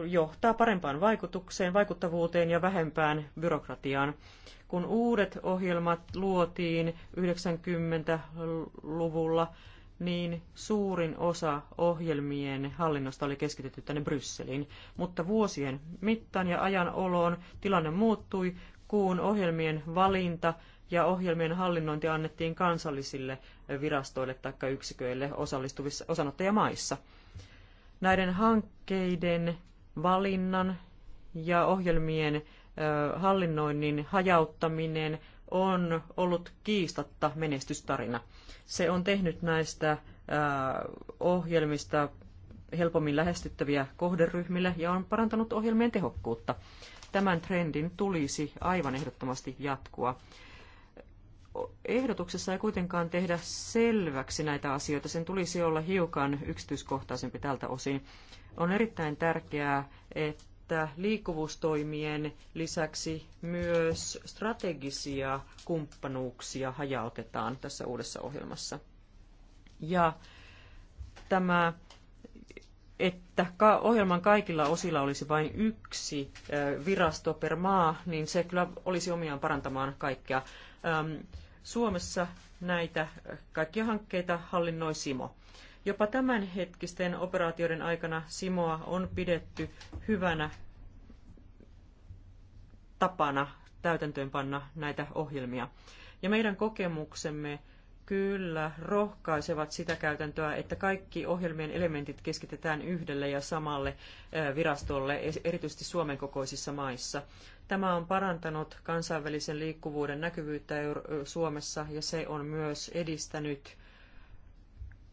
johtaa parempaan vaikutukseen, vaikuttavuuteen ja vähempään byrokratiaan. Kun uudet ohjelmat luotiin 90-luvulla, niin suurin osa ohjelmien hallinnosta oli keskitetty tänne Brysseliin. Mutta vuosien mittaan ja ajan oloon tilanne muuttui, kuun ohjelmien valinta ja ohjelmien hallinnointi annettiin kansallisille virastoille tai yksiköille osallistuvissa osanottajamaissa. Näiden hankkeiden valinnan ja ohjelmien hallinnoinnin hajauttaminen on ollut kiistatta menestystarina. Se on tehnyt näistä ohjelmista helpommin lähestyttäviä kohderyhmille ja on parantanut ohjelmien tehokkuutta. Tämän trendin tulisi aivan ehdottomasti jatkua. Ehdotuksessa ei kuitenkaan tehdä selväksi näitä asioita. Sen tulisi olla hiukan yksityiskohtaisempi tältä osin. On erittäin tärkeää, että liikkuvuustoimien lisäksi myös strategisia kumppanuuksia hajautetaan tässä uudessa ohjelmassa. Ja tämä että ohjelman kaikilla osilla olisi vain yksi virasto per maa, niin se kyllä olisi omiaan parantamaan kaikkea. Suomessa näitä kaikkia hankkeita hallinnoi Simo. Jopa tämänhetkisten operaatioiden aikana Simoa on pidetty hyvänä tapana täytäntöönpanna näitä ohjelmia. Ja meidän kokemuksemme kyllä rohkaisevat sitä käytäntöä, että kaikki ohjelmien elementit keskitetään yhdelle ja samalle virastolle, erityisesti Suomen kokoisissa maissa. Tämä on parantanut kansainvälisen liikkuvuuden näkyvyyttä Suomessa ja se on myös edistänyt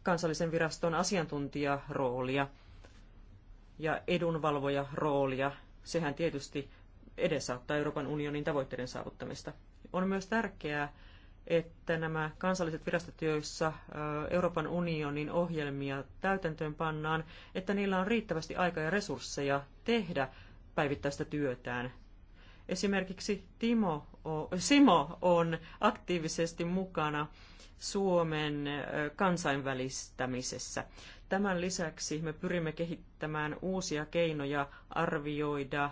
kansallisen viraston asiantuntijaroolia ja edunvalvojaroolia. Sehän tietysti edesauttaa Euroopan unionin tavoitteiden saavuttamista. On myös tärkeää, että nämä kansalliset virastot, joissa Euroopan unionin ohjelmia täytäntöön pannaan, että niillä on riittävästi aikaa ja resursseja tehdä päivittäistä työtään. Esimerkiksi Timo, Simo on aktiivisesti mukana Suomen kansainvälistämisessä. Tämän lisäksi me pyrimme kehittämään uusia keinoja arvioida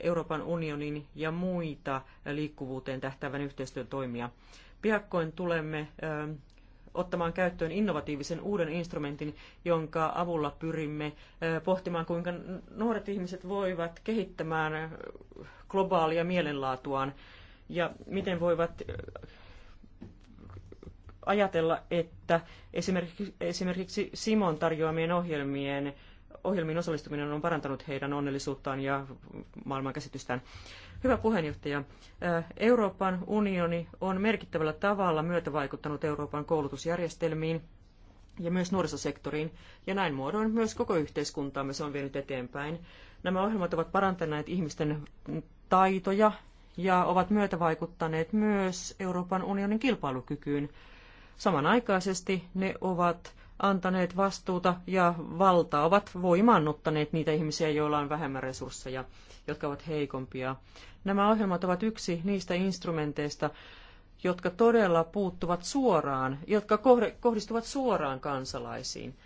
Euroopan unionin ja muita liikkuvuuteen tähtävän yhteistyön toimia. Piakkoin tulemme ottamaan käyttöön innovatiivisen uuden instrumentin, jonka avulla pyrimme pohtimaan, kuinka nuoret ihmiset voivat kehittämään globaalia mielenlaatuaan ja miten voivat ajatella, että esimerkiksi Simon tarjoamien ohjelmien ohjelmiin osallistuminen on parantanut heidän onnellisuuttaan ja maailmankäsitystään. Hyvä puheenjohtaja, Euroopan unioni on merkittävällä tavalla myötävaikuttanut Euroopan koulutusjärjestelmiin ja myös nuorisosektoriin, ja näin muodoin myös koko yhteiskuntaamme se on vienyt eteenpäin. Nämä ohjelmat ovat parantaneet ihmisten taitoja ja ovat myötävaikuttaneet myös Euroopan unionin kilpailukykyyn. Samanaikaisesti ne ovat antaneet vastuuta ja valtaa, ovat voimannuttaneet niitä ihmisiä, joilla on vähemmän resursseja, jotka ovat heikompia. Nämä ohjelmat ovat yksi niistä instrumenteista, jotka todella puuttuvat suoraan, jotka kohdistuvat suoraan kansalaisiin.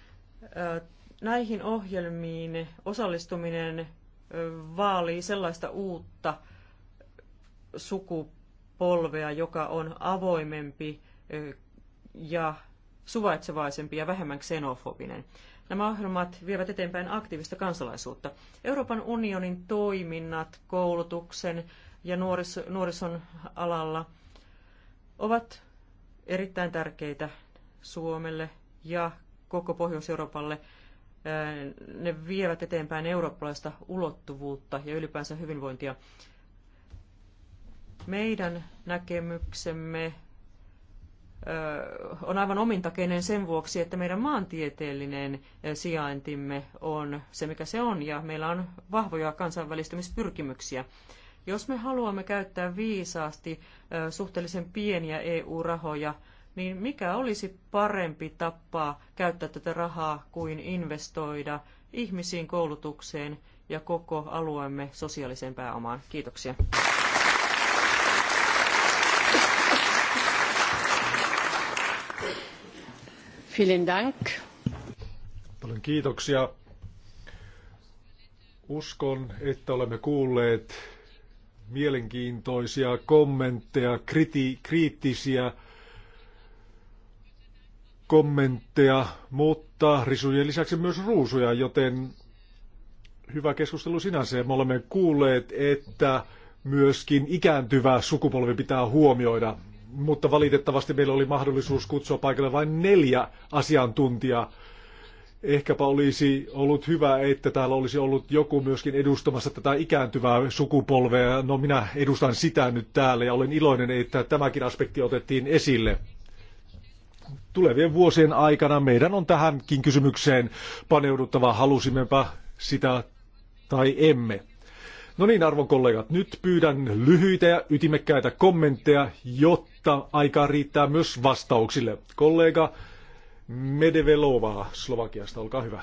Näihin ohjelmiin osallistuminen vaalii sellaista uutta sukupolvea, joka on avoimempi ja suvaitsevaisempi ja vähemmän xenofobinen. Nämä ohjelmat vievät eteenpäin aktiivista kansalaisuutta. Euroopan unionin toiminnat koulutuksen ja nuoris- nuorison alalla ovat erittäin tärkeitä Suomelle ja koko Pohjois-Euroopalle. Ne vievät eteenpäin eurooppalaista ulottuvuutta ja ylipäänsä hyvinvointia. Meidän näkemyksemme on aivan omintakeinen sen vuoksi, että meidän maantieteellinen sijaintimme on se, mikä se on, ja meillä on vahvoja kansainvälistymispyrkimyksiä. Jos me haluamme käyttää viisaasti suhteellisen pieniä EU-rahoja, niin mikä olisi parempi tapa käyttää tätä rahaa kuin investoida ihmisiin, koulutukseen ja koko alueemme sosiaaliseen pääomaan? Kiitoksia. Vielen Dank. Paljon kiitoksia. Uskon, että olemme kuulleet mielenkiintoisia kommentteja, kriti, kriittisiä kommentteja, mutta risujen lisäksi myös ruusuja, joten hyvä keskustelu sinänsä. Me olemme kuulleet, että myöskin ikääntyvä sukupolvi pitää huomioida mutta valitettavasti meillä oli mahdollisuus kutsua paikalle vain neljä asiantuntijaa. Ehkäpä olisi ollut hyvä, että täällä olisi ollut joku myöskin edustamassa tätä ikääntyvää sukupolvea. No minä edustan sitä nyt täällä ja olen iloinen, että tämäkin aspekti otettiin esille. Tulevien vuosien aikana meidän on tähänkin kysymykseen paneuduttava, halusimmepa sitä tai emme. No niin, arvon kollegat, nyt pyydän lyhyitä ja ytimekkäitä kommentteja, jotta aikaa riittää myös vastauksille. Kollega Medevelova Slovakiasta, olkaa hyvä.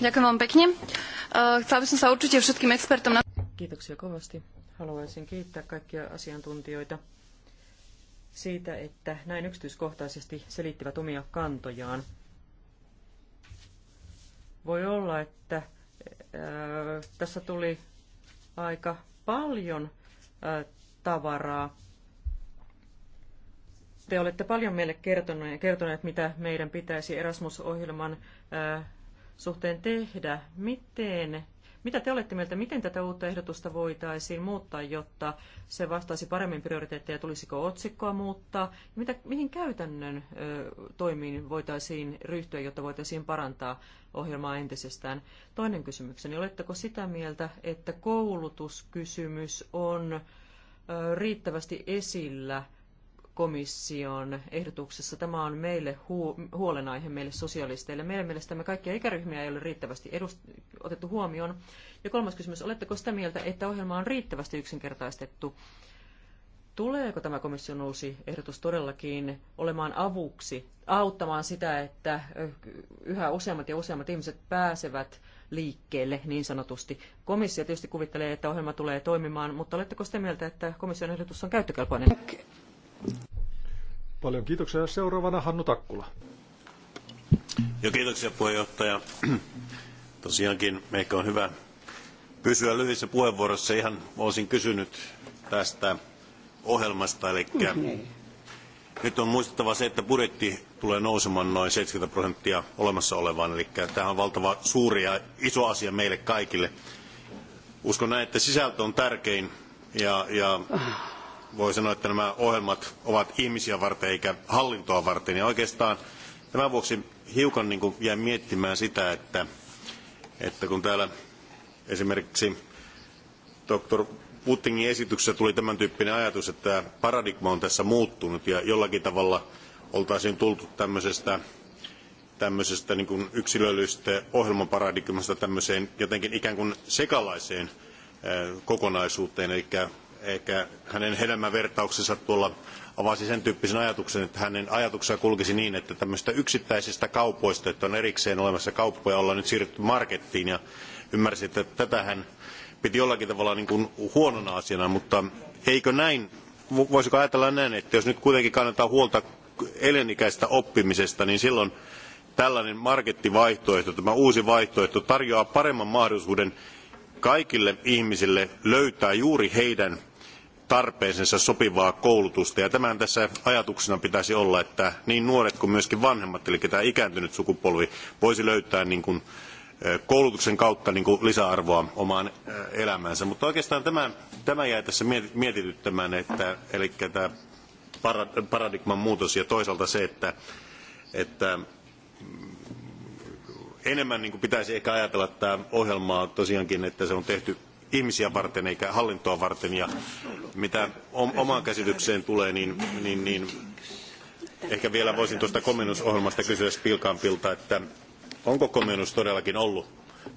E, Kiitoksia kovasti. Haluaisin kiittää kaikkia asiantuntijoita siitä, että näin yksityiskohtaisesti selittivät omia kantojaan. Voi olla, että tässä tuli aika paljon tavaraa. Te olette paljon meille kertoneet, kertoneet mitä meidän pitäisi Erasmus-ohjelman suhteen tehdä. Miten mitä te olette mieltä, miten tätä uutta ehdotusta voitaisiin muuttaa, jotta se vastaisi paremmin prioriteetteja, tulisiko otsikkoa muuttaa? Mitä, mihin käytännön ö, toimiin voitaisiin ryhtyä, jotta voitaisiin parantaa ohjelmaa entisestään? Toinen kysymykseni, oletteko sitä mieltä, että koulutuskysymys on ö, riittävästi esillä – komission ehdotuksessa. Tämä on meille huolenaihe, meille sosialisteille. Meidän mielestämme kaikkia ikäryhmiä ei ole riittävästi otettu huomioon. Ja kolmas kysymys, oletteko sitä mieltä, että ohjelma on riittävästi yksinkertaistettu? Tuleeko tämä komission uusi ehdotus todellakin olemaan avuksi, auttamaan sitä, että yhä useammat ja useammat ihmiset pääsevät liikkeelle niin sanotusti. Komissio tietysti kuvittelee, että ohjelma tulee toimimaan, mutta oletteko sitä mieltä, että komission ehdotus on käyttökelpoinen? Paljon kiitoksia. Seuraavana Hannu Takkula. Jo kiitoksia puheenjohtaja. Tosiaankin ehkä on hyvä pysyä lyhyissä puheenvuorossa. Ihan olisin kysynyt tästä ohjelmasta. Eli okay. nyt on muistettava se, että budjetti tulee nousemaan noin 70 prosenttia olemassa olevaan. Eli tämä on valtava suuri ja iso asia meille kaikille. Uskon näin, että sisältö on tärkein ja, ja ah voi sanoa, että nämä ohjelmat ovat ihmisiä varten eikä hallintoa varten. Ja oikeastaan tämän vuoksi hiukan niin kuin jäin miettimään sitä, että, että kun täällä esimerkiksi Dr. Puttingin esityksessä tuli tämän tyyppinen ajatus, että paradigma on tässä muuttunut ja jollakin tavalla oltaisiin tultu tämmöisestä tämmöisestä niin kuin yksilöllisestä ohjelmaparadigmasta tämmöiseen jotenkin ikään kuin sekalaiseen kokonaisuuteen, eli eikä hänen hedelmävertauksensa tuolla avasi sen tyyppisen ajatuksen, että hänen ajatuksensa kulkisi niin, että tämmöistä yksittäisistä kaupoista, että on erikseen olemassa kauppoja, ollaan nyt siirrytty markettiin ja ymmärsin, että tätä hän piti jollakin tavalla niin kuin huonona asiana, mutta eikö näin, voisiko ajatella näin, että jos nyt kuitenkin kannetaan huolta elinikäisestä oppimisesta, niin silloin tällainen markettivaihtoehto, tämä uusi vaihtoehto tarjoaa paremman mahdollisuuden kaikille ihmisille löytää juuri heidän tarpeeseensa sopivaa koulutusta. Ja tämän tässä ajatuksena pitäisi olla, että niin nuoret kuin myöskin vanhemmat, eli tämä ikääntynyt sukupolvi, voisi löytää niin kuin koulutuksen kautta niin kuin lisäarvoa omaan elämäänsä. Mutta oikeastaan tämä, tämä jäi tässä mietityttämään, että, eli tämä paradigman muutos ja toisaalta se, että, että enemmän niin kuin pitäisi ehkä ajatella tämä ohjelmaa tosiaankin, että se on tehty ihmisiä varten eikä hallintoa varten. Ja mitä omaan käsitykseen tulee, niin, niin, niin ehkä vielä voisin tuosta komennusohjelmasta kysyä Spilkaanpilta, että onko komennus todellakin ollut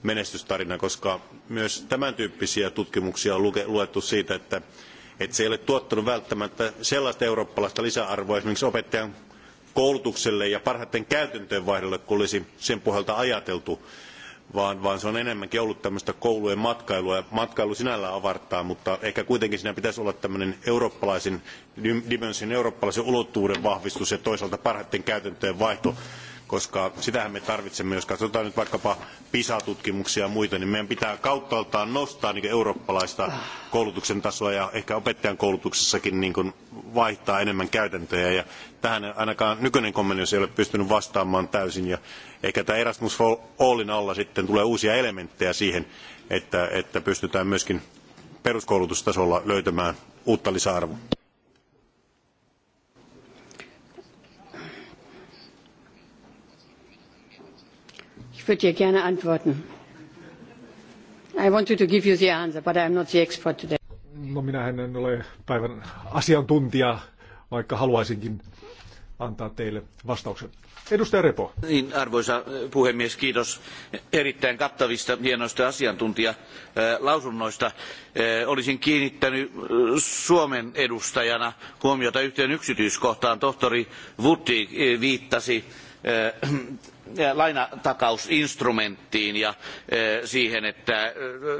menestystarina, koska myös tämän tyyppisiä tutkimuksia on luettu siitä, että, että se ei ole tuottanut välttämättä sellaista eurooppalaista lisäarvoa esimerkiksi opettajan koulutukselle ja parhaiten käytäntöjen vaihdolle, kun olisi sen pohjalta ajateltu vaan, vaan se on enemmänkin ollut tämmöistä koulujen matkailua. Ja matkailu sinällään avartaa, mutta ehkä kuitenkin siinä pitäisi olla tämmöinen eurooppalaisen dimension, eurooppalaisen ulottuvuuden vahvistus ja toisaalta parhaiten käytäntöjen vaihto koska sitähän me tarvitsemme. Jos katsotaan nyt vaikkapa PISA-tutkimuksia ja muita, niin meidän pitää kauttaaltaan nostaa niin eurooppalaista koulutuksen tasoa ja ehkä opettajan koulutuksessakin niin vaihtaa enemmän käytäntöjä. Ja tähän ainakaan nykyinen komissio ei ole pystynyt vastaamaan täysin. Ja ehkä tämä Erasmus for Allin alla sitten tulee uusia elementtejä siihen, että, että pystytään myöskin peruskoulutustasolla löytämään uutta lisäarvoa. Ich würde dir gerne antworten. I wanted to give you the answer, but not the expert today. No minähän en ole päivän asiantuntija, vaikka haluaisinkin antaa teille vastauksen. Edustaja Repo. Niin, arvoisa eh, puhemies, kiitos erittäin kattavista hienoista asiantuntijalausunnoista. Eh, eh, olisin kiinnittänyt Suomen edustajana huomiota yhteen yksityiskohtaan. Tohtori Vutti viittasi lainatakausinstrumenttiin ja siihen, että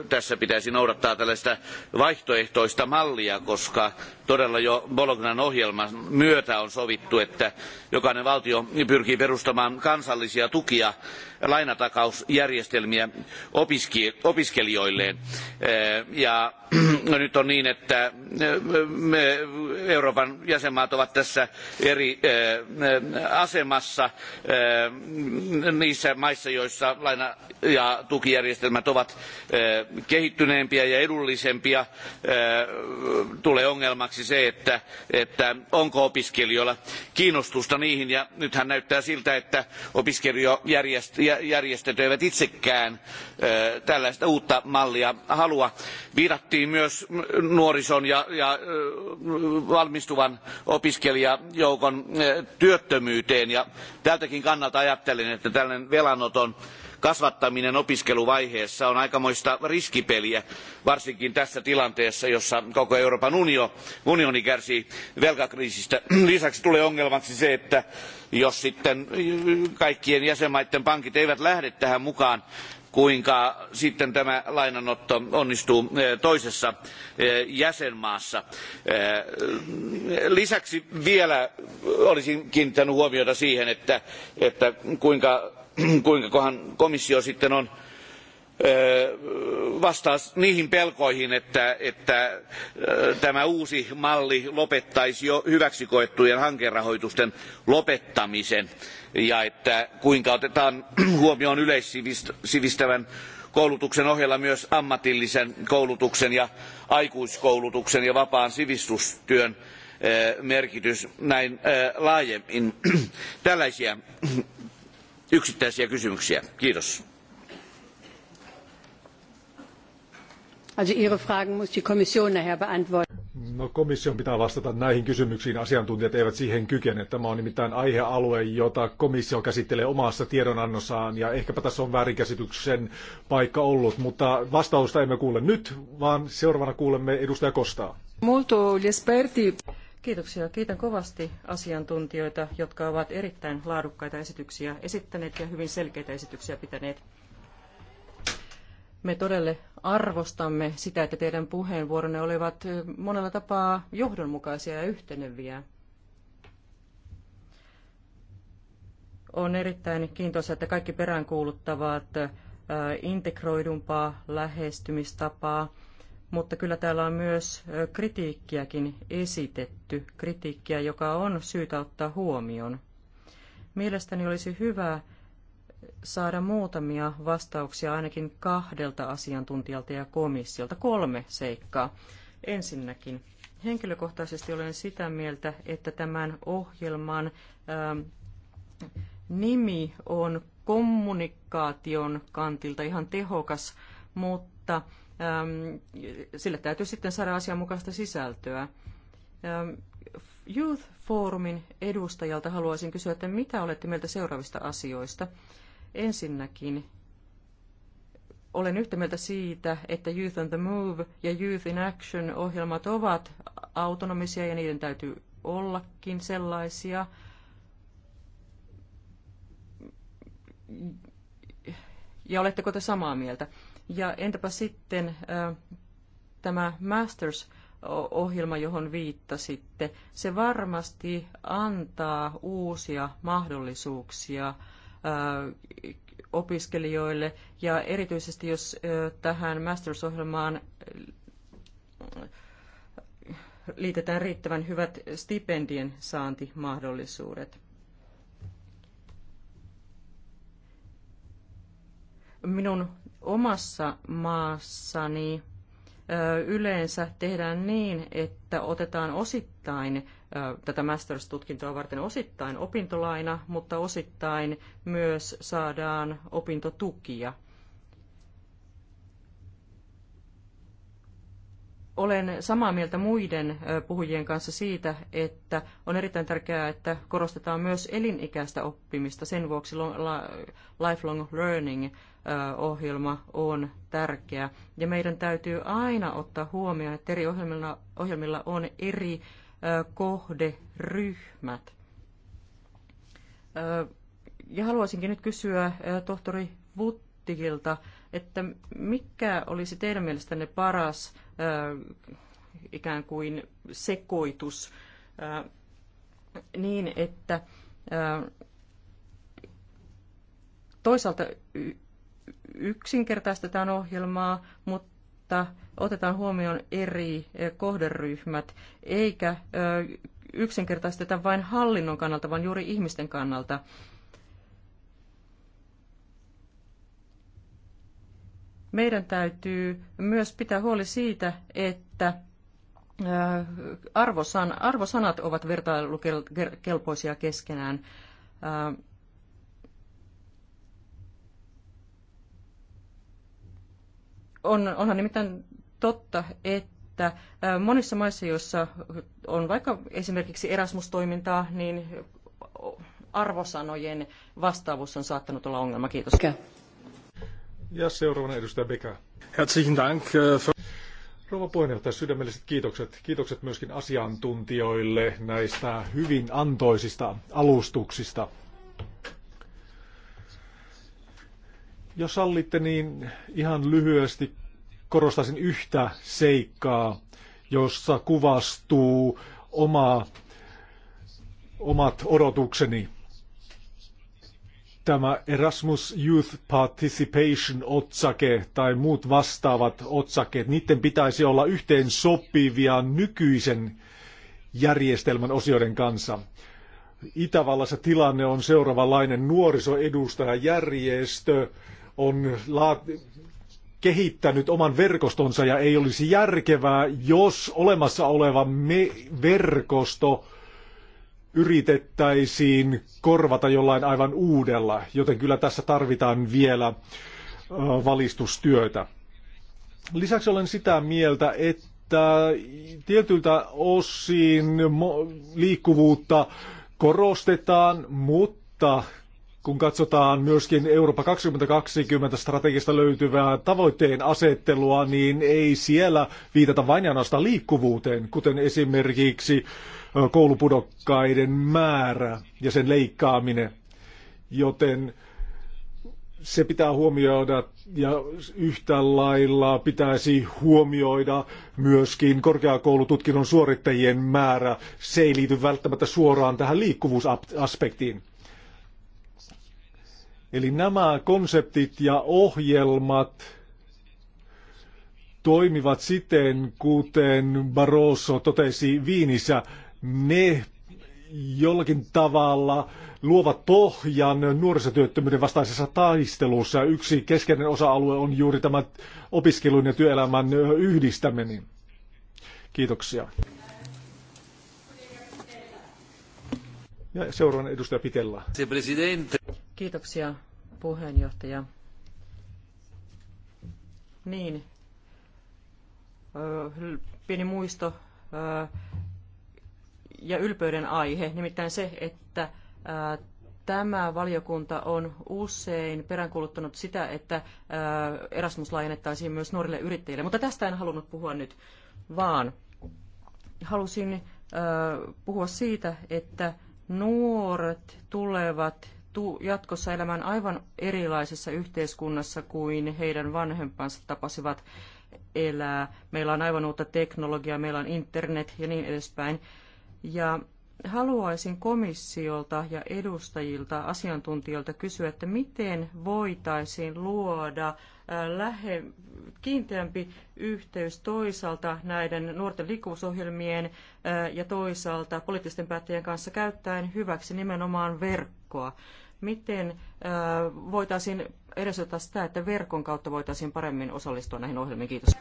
tässä pitäisi noudattaa tällaista vaihtoehtoista mallia, koska todella jo Bolognan ohjelman myötä on sovittu, että jokainen valtio pyrkii perustamaan kansallisia tukia lainatakausjärjestelmiä opiskelijoilleen. Eh, ja nyt on niin, että eh, Euroopan jäsenmaat ovat tässä eri eh, asemassa niissä maissa, joissa laina- ja tukijärjestelmät ovat kehittyneempiä ja edullisempia. Tulee ongelmaksi se, että, että onko opiskelijoilla kiinnostusta niihin. Ja nythän näyttää siltä, että opiskelijajärjestöt järjestöt eivät itsekään tällaista uutta mallia halua. viitattiin myös nuorison ja, ja valmistuvan opiskelijajoukon työttömyyteen ja tältäkin kannalta ajattelen että tällainen velanoton kasvattaminen opiskeluvaiheessa on aikamoista riskipeliä varsinkin tässä tilanteessa jossa koko euroopan unioni kärsii velkakriisistä. lisäksi tulee ongelmaksi se että jos sitten kaikkien jäsenvaltioiden pankit eivät lähde tähän mukaan kuinka sitten tämä lainanotto onnistuu eh, toisessa eh, jäsenmaassa. Eh, lisäksi vielä olisin kiinnittänyt huomiota siihen, että, että kuinka kuinka kohan komissio sitten on vastaa niihin pelkoihin, että, että tämä uusi malli lopettaisi jo hyväksi koettujen hankerahoitusten lopettamisen ja että kuinka otetaan huomioon yleissivistävän koulutuksen ohella myös ammatillisen koulutuksen ja aikuiskoulutuksen ja vapaan sivistystyön merkitys näin laajemmin. Tällaisia yksittäisiä kysymyksiä. Kiitos. Also Ihre Fragen muss die Kommission nachher beantworten. No komission pitää vastata näihin kysymyksiin, asiantuntijat eivät siihen kykene. Tämä on nimittäin aihealue, jota komissio käsittelee omassa tiedonannossaan ja ehkäpä tässä on väärinkäsityksen paikka ollut, mutta vastausta emme kuule nyt, vaan seuraavana kuulemme edustaja Kostaa. Molto gli esperti. Kiitoksia. Kiitän kovasti asiantuntijoita, jotka ovat erittäin laadukkaita esityksiä esittäneet ja hyvin selkeitä esityksiä pitäneet. Me todelle arvostamme sitä, että teidän puheenvuoronne olivat monella tapaa johdonmukaisia ja yhteneviä. On erittäin kiintoisaa, että kaikki peräänkuuluttavat äh, integroidumpaa lähestymistapaa mutta kyllä täällä on myös kritiikkiäkin esitetty, kritiikkiä, joka on syytä ottaa huomioon. Mielestäni olisi hyvä saada muutamia vastauksia ainakin kahdelta asiantuntijalta ja komissiolta. Kolme seikkaa. Ensinnäkin, henkilökohtaisesti olen sitä mieltä, että tämän ohjelman ää, ähm, nimi on kommunikaation kantilta ihan tehokas, mutta – Ähm, sille täytyy sitten saada asianmukaista sisältöä. Ähm, Youth Forumin edustajalta haluaisin kysyä, että mitä olette mieltä seuraavista asioista? Ensinnäkin olen yhtä mieltä siitä, että Youth on the Move ja Youth in Action ohjelmat ovat autonomisia ja niiden täytyy ollakin sellaisia. Ja oletteko te samaa mieltä? Ja entäpä sitten äh, tämä Masters ohjelma, johon viittasitte, se varmasti antaa uusia mahdollisuuksia äh, opiskelijoille ja erityisesti jos äh, tähän masters-ohjelmaan liitetään riittävän hyvät stipendien saantimahdollisuudet. Minun Omassa maassani yleensä tehdään niin, että otetaan osittain tätä masters-tutkintoa varten osittain opintolaina, mutta osittain myös saadaan opintotukia. Olen samaa mieltä muiden puhujien kanssa siitä, että on erittäin tärkeää, että korostetaan myös elinikäistä oppimista. Sen vuoksi lifelong learning ohjelma on tärkeä. Ja meidän täytyy aina ottaa huomioon, että eri ohjelmilla, ohjelmilla on eri kohderyhmät. Ja haluaisinkin nyt kysyä tohtori Vuttikilta, että mikä olisi teidän mielestänne paras ikään kuin sekoitus niin, että toisaalta yksinkertaistetaan ohjelmaa, mutta otetaan huomioon eri eh, kohderyhmät, eikä eh, yksinkertaisteta vain hallinnon kannalta, vaan juuri ihmisten kannalta. Meidän täytyy myös pitää huoli siitä, että eh, arvosanat ovat vertailukelpoisia keskenään. On, onhan nimittäin totta, että monissa maissa, joissa on vaikka esimerkiksi Erasmus-toimintaa, niin arvosanojen vastaavuus on saattanut olla ongelma. Kiitos. Ja seuraavana edustaja Beka. Herzlichen Dank. Äh, Rouva puheenjohtaja, sydämelliset kiitokset. Kiitokset myöskin asiantuntijoille näistä hyvin antoisista alustuksista. Jos sallitte, niin ihan lyhyesti korostaisin yhtä seikkaa, jossa kuvastuu oma, omat odotukseni. Tämä Erasmus Youth Participation-otsake tai muut vastaavat otsakeet, niiden pitäisi olla yhteen sopivia nykyisen järjestelmän osioiden kanssa. Itävallassa tilanne on seuraavanlainen nuorisoedustajajärjestö, järjestö on kehittänyt oman verkostonsa ja ei olisi järkevää, jos olemassa oleva verkosto yritettäisiin korvata jollain aivan uudella, joten kyllä tässä tarvitaan vielä valistustyötä. Lisäksi olen sitä mieltä, että tietyiltä osin liikkuvuutta korostetaan, mutta kun katsotaan myöskin Eurooppa 2020 strategista löytyvää tavoitteen asettelua, niin ei siellä viitata vain ja liikkuvuuteen, kuten esimerkiksi koulupudokkaiden määrä ja sen leikkaaminen. Joten se pitää huomioida ja yhtä lailla pitäisi huomioida myöskin korkeakoulututkinnon suorittajien määrä. Se ei liity välttämättä suoraan tähän liikkuvuusaspektiin. Eli nämä konseptit ja ohjelmat toimivat siten, kuten Barroso totesi Viinissä, ne jollakin tavalla luovat pohjan nuorisotyöttömyyden vastaisessa taistelussa. Yksi keskeinen osa-alue on juuri tämä opiskelun ja työelämän yhdistäminen. Kiitoksia. Ja seuraavan edustaja Pitella. Se presidente. Kiitoksia puheenjohtaja. Niin, pieni muisto ja ylpeyden aihe, nimittäin se, että tämä valiokunta on usein peräänkuuluttanut sitä, että Erasmus laajennettaisiin myös nuorille yrittäjille. Mutta tästä en halunnut puhua nyt, vaan halusin puhua siitä, että nuoret tulevat jatkossa elämään aivan erilaisessa yhteiskunnassa kuin heidän vanhempansa tapasivat elää. Meillä on aivan uutta teknologiaa, meillä on internet ja niin edespäin. Ja haluaisin komissiolta ja edustajilta, asiantuntijoilta kysyä, että miten voitaisiin luoda lähe, kiinteämpi yhteys toisaalta näiden nuorten liikkuvuusohjelmien ja toisaalta poliittisten päättäjien kanssa käyttäen hyväksi nimenomaan verkkoa. Miten voitaisiin edesauttaa sitä, että verkon kautta voitaisiin paremmin osallistua näihin ohjelmiin? Kiitos.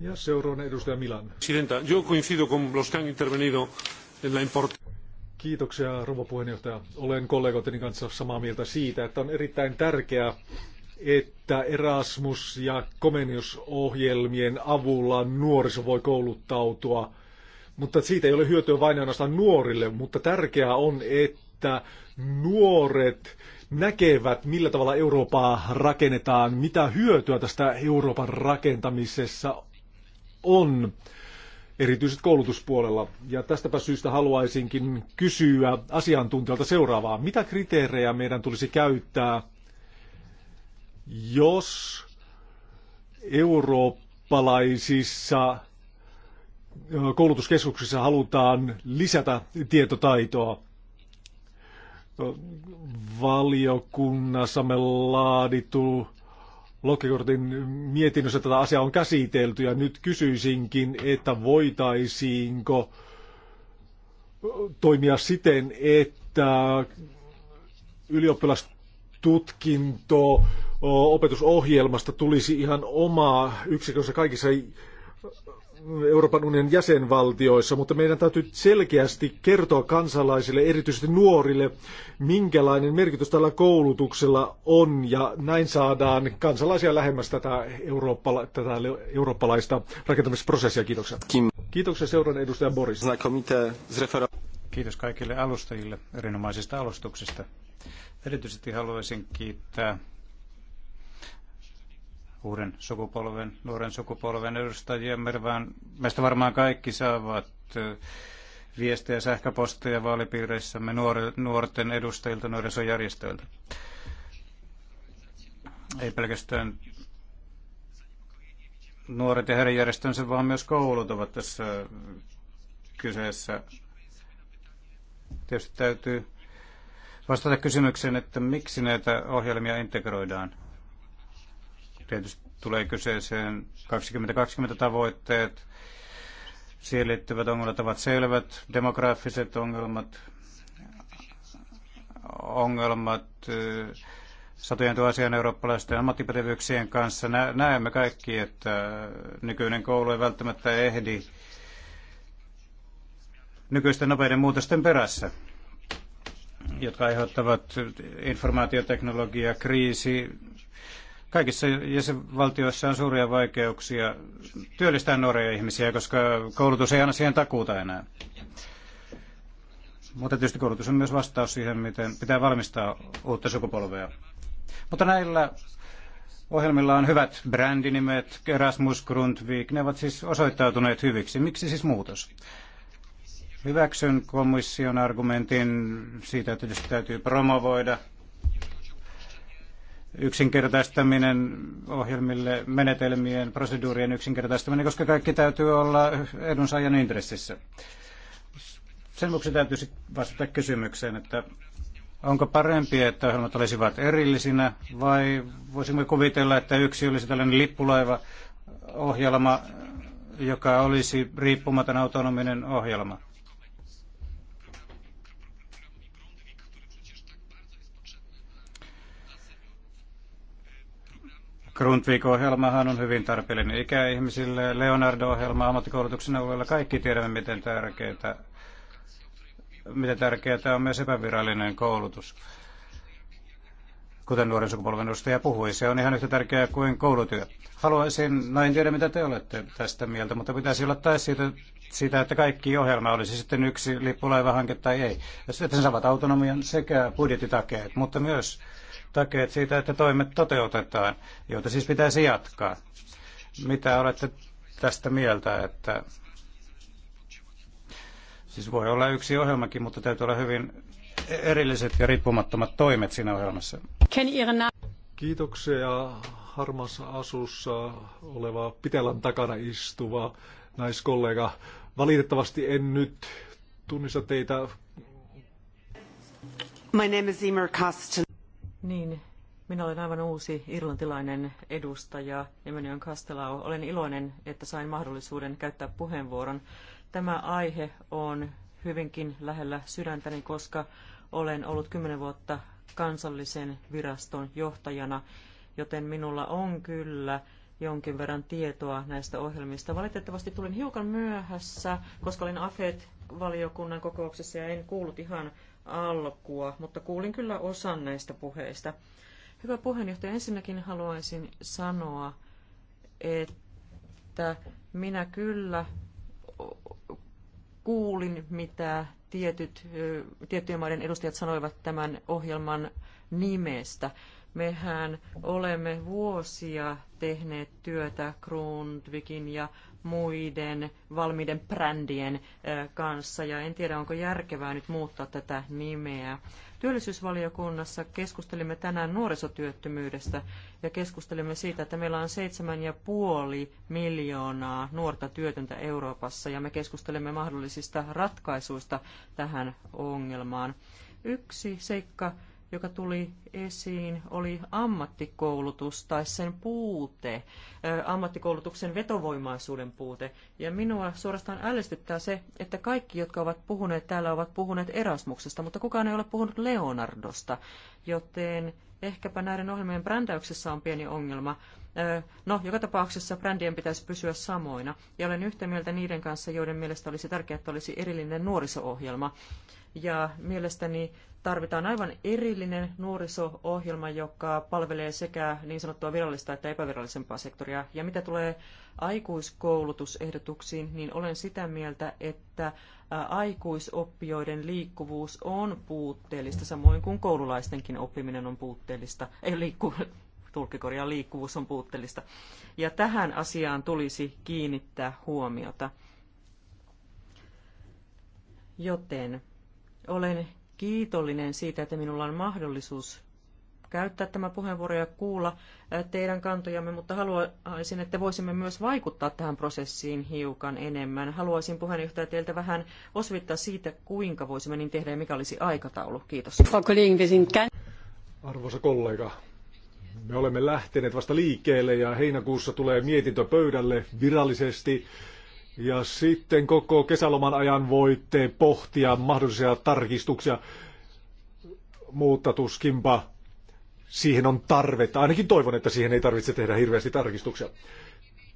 Ja seuraavana edustaja Milan. Presidenta, Kiitoksia, rouva puheenjohtaja. Olen kollegoiteni kanssa samaa mieltä siitä, että on erittäin tärkeää, että Erasmus- ja comenius ohjelmien avulla nuoriso voi kouluttautua mutta siitä ei ole hyötyä vain ainoastaan nuorille, mutta tärkeää on, että nuoret näkevät, millä tavalla Eurooppaa rakennetaan, mitä hyötyä tästä Euroopan rakentamisessa on, erityisesti koulutuspuolella. Ja tästäpä syystä haluaisinkin kysyä asiantuntijalta seuraavaa. Mitä kriteerejä meidän tulisi käyttää, jos eurooppalaisissa koulutuskeskuksissa halutaan lisätä tietotaitoa. Valiokunnassamme laadittu Lokkikortin mietinnössä tätä asiaa on käsitelty ja nyt kysyisinkin, että voitaisiinko toimia siten, että ylioppilastutkinto opetusohjelmasta tulisi ihan oma yksikössä kaikissa Euroopan unionin jäsenvaltioissa, mutta meidän täytyy selkeästi kertoa kansalaisille, erityisesti nuorille, minkälainen merkitys tällä koulutuksella on, ja näin saadaan kansalaisia lähemmäs tätä, eurooppala- tätä eurooppalaista rakentamisprosessia. Kiitoksia. Kiitoksia seuran edustaja Boris. Kiitos kaikille alustajille erinomaisista alustuksista. Erityisesti haluaisin kiittää uuden sukupolven, nuoren sukupolven edustajia. Meistä varmaan kaikki saavat viestejä, sähköposteja vaalipiireissämme nuorten edustajilta, nuorisojärjestöiltä. Ei pelkästään nuoret ja heidän järjestönsä, vaan myös koulut ovat tässä kyseessä. Tietysti täytyy vastata kysymykseen, että miksi näitä ohjelmia integroidaan Tietysti tulee kyseeseen 2020 tavoitteet. Siihen liittyvät ongelmat ovat selvät, demograafiset ongelmat, ongelmat satojen tuhansien eurooppalaisten ammattipätevyyksien kanssa. Näemme kaikki, että nykyinen koulu ei välttämättä ehdi nykyisten nopeiden muutosten perässä, jotka aiheuttavat informaatioteknologia, kriisi, Kaikissa jäsenvaltioissa on suuria vaikeuksia työllistää nuoria ihmisiä, koska koulutus ei aina siihen takuuta enää. Mutta tietysti koulutus on myös vastaus siihen, miten pitää valmistaa uutta sukupolvea. Mutta näillä ohjelmilla on hyvät brändinimet, Erasmus, Grundvik, ne ovat siis osoittautuneet hyviksi. Miksi siis muutos? Hyväksyn komission argumentin siitä, että täytyy promovoida yksinkertaistaminen ohjelmille, menetelmien, proseduurien yksinkertaistaminen, koska kaikki täytyy olla edunsaajan intressissä. Sen vuoksi täytyy vastata kysymykseen, että onko parempi, että ohjelmat olisivat erillisinä vai voisimme kuvitella, että yksi olisi tällainen lippulaiva ohjelma, joka olisi riippumaton autonominen ohjelma. Grundtvig-ohjelmahan on hyvin tarpeellinen ikäihmisille. Leonardo-ohjelma ammattikoulutuksen alueella. Kaikki tiedämme, miten tärkeää, miten tärkeää on myös epävirallinen koulutus. Kuten nuoren sukupolven edustaja puhui, se on ihan yhtä tärkeää kuin koulutyö. Haluaisin, no en tiedä mitä te olette tästä mieltä, mutta pitäisi olla taas siitä, siitä että kaikki ohjelma olisi sitten yksi lippulaivahanke tai ei. Että sen saavat autonomian sekä budjettitakeet, mutta myös takeet siitä, että toimet toteutetaan, joita siis pitäisi jatkaa. Mitä olette tästä mieltä, että siis voi olla yksi ohjelmakin, mutta täytyy olla hyvin erilliset ja riippumattomat toimet siinä ohjelmassa. Kiitoksia harmassa asussa oleva Pitelän takana istuva naiskollega. Valitettavasti en nyt tunnista teitä. My name is Emer Kasten. Niin, minä olen aivan uusi irlantilainen edustaja, nimeni on Kastelau. Olen iloinen, että sain mahdollisuuden käyttää puheenvuoron. Tämä aihe on hyvinkin lähellä sydäntäni, koska olen ollut kymmenen vuotta kansallisen viraston johtajana, joten minulla on kyllä jonkin verran tietoa näistä ohjelmista. Valitettavasti tulin hiukan myöhässä, koska olin AFET-valiokunnan kokouksessa ja en kuullut ihan alkua, mutta kuulin kyllä osan näistä puheista. Hyvä puheenjohtaja, ensinnäkin haluaisin sanoa, että minä kyllä kuulin, mitä tietyt, tiettyjen maiden edustajat sanoivat tämän ohjelman nimestä. Mehän olemme vuosia tehneet työtä Grundvikin ja muiden valmiiden brändien kanssa ja en tiedä, onko järkevää nyt muuttaa tätä nimeä. Työllisyysvaliokunnassa keskustelimme tänään nuorisotyöttömyydestä ja keskustelimme siitä, että meillä on seitsemän ja puoli miljoonaa nuorta työtöntä Euroopassa ja me keskustelemme mahdollisista ratkaisuista tähän ongelmaan. Yksi seikka joka tuli esiin, oli ammattikoulutus tai sen puute, ammattikoulutuksen vetovoimaisuuden puute. Ja minua suorastaan ällistyttää se, että kaikki, jotka ovat puhuneet täällä, ovat puhuneet Erasmuksesta, mutta kukaan ei ole puhunut Leonardosta, joten ehkäpä näiden ohjelmien brändäyksessä on pieni ongelma. No, joka tapauksessa brändien pitäisi pysyä samoina. Ja olen yhtä mieltä niiden kanssa, joiden mielestä olisi tärkeää, että olisi erillinen nuoriso-ohjelma. Ja mielestäni tarvitaan aivan erillinen nuoriso-ohjelma, joka palvelee sekä niin sanottua virallista että epävirallisempaa sektoria. Ja mitä tulee aikuiskoulutusehdotuksiin, niin olen sitä mieltä, että aikuisoppijoiden liikkuvuus on puutteellista, samoin kuin koululaistenkin oppiminen on puutteellista, ei liikku, tulkikorjan liikkuvuus on puutteellista. Ja tähän asiaan tulisi kiinnittää huomiota. Joten olen kiitollinen siitä, että minulla on mahdollisuus käyttää tämä puheenvuoro ja kuulla äh, teidän kantojamme, mutta haluaisin, että voisimme myös vaikuttaa tähän prosessiin hiukan enemmän. Haluaisin puheenjohtaja teiltä vähän osvittaa siitä, kuinka voisimme niin tehdä ja mikä olisi aikataulu. Kiitos. Arvoisa kollega, me olemme lähteneet vasta liikkeelle ja heinäkuussa tulee mietintö pöydälle virallisesti. Ja sitten koko kesäloman ajan voitte pohtia mahdollisia tarkistuksia, mutta tuskinpa siihen on tarvetta. Ainakin toivon, että siihen ei tarvitse tehdä hirveästi tarkistuksia.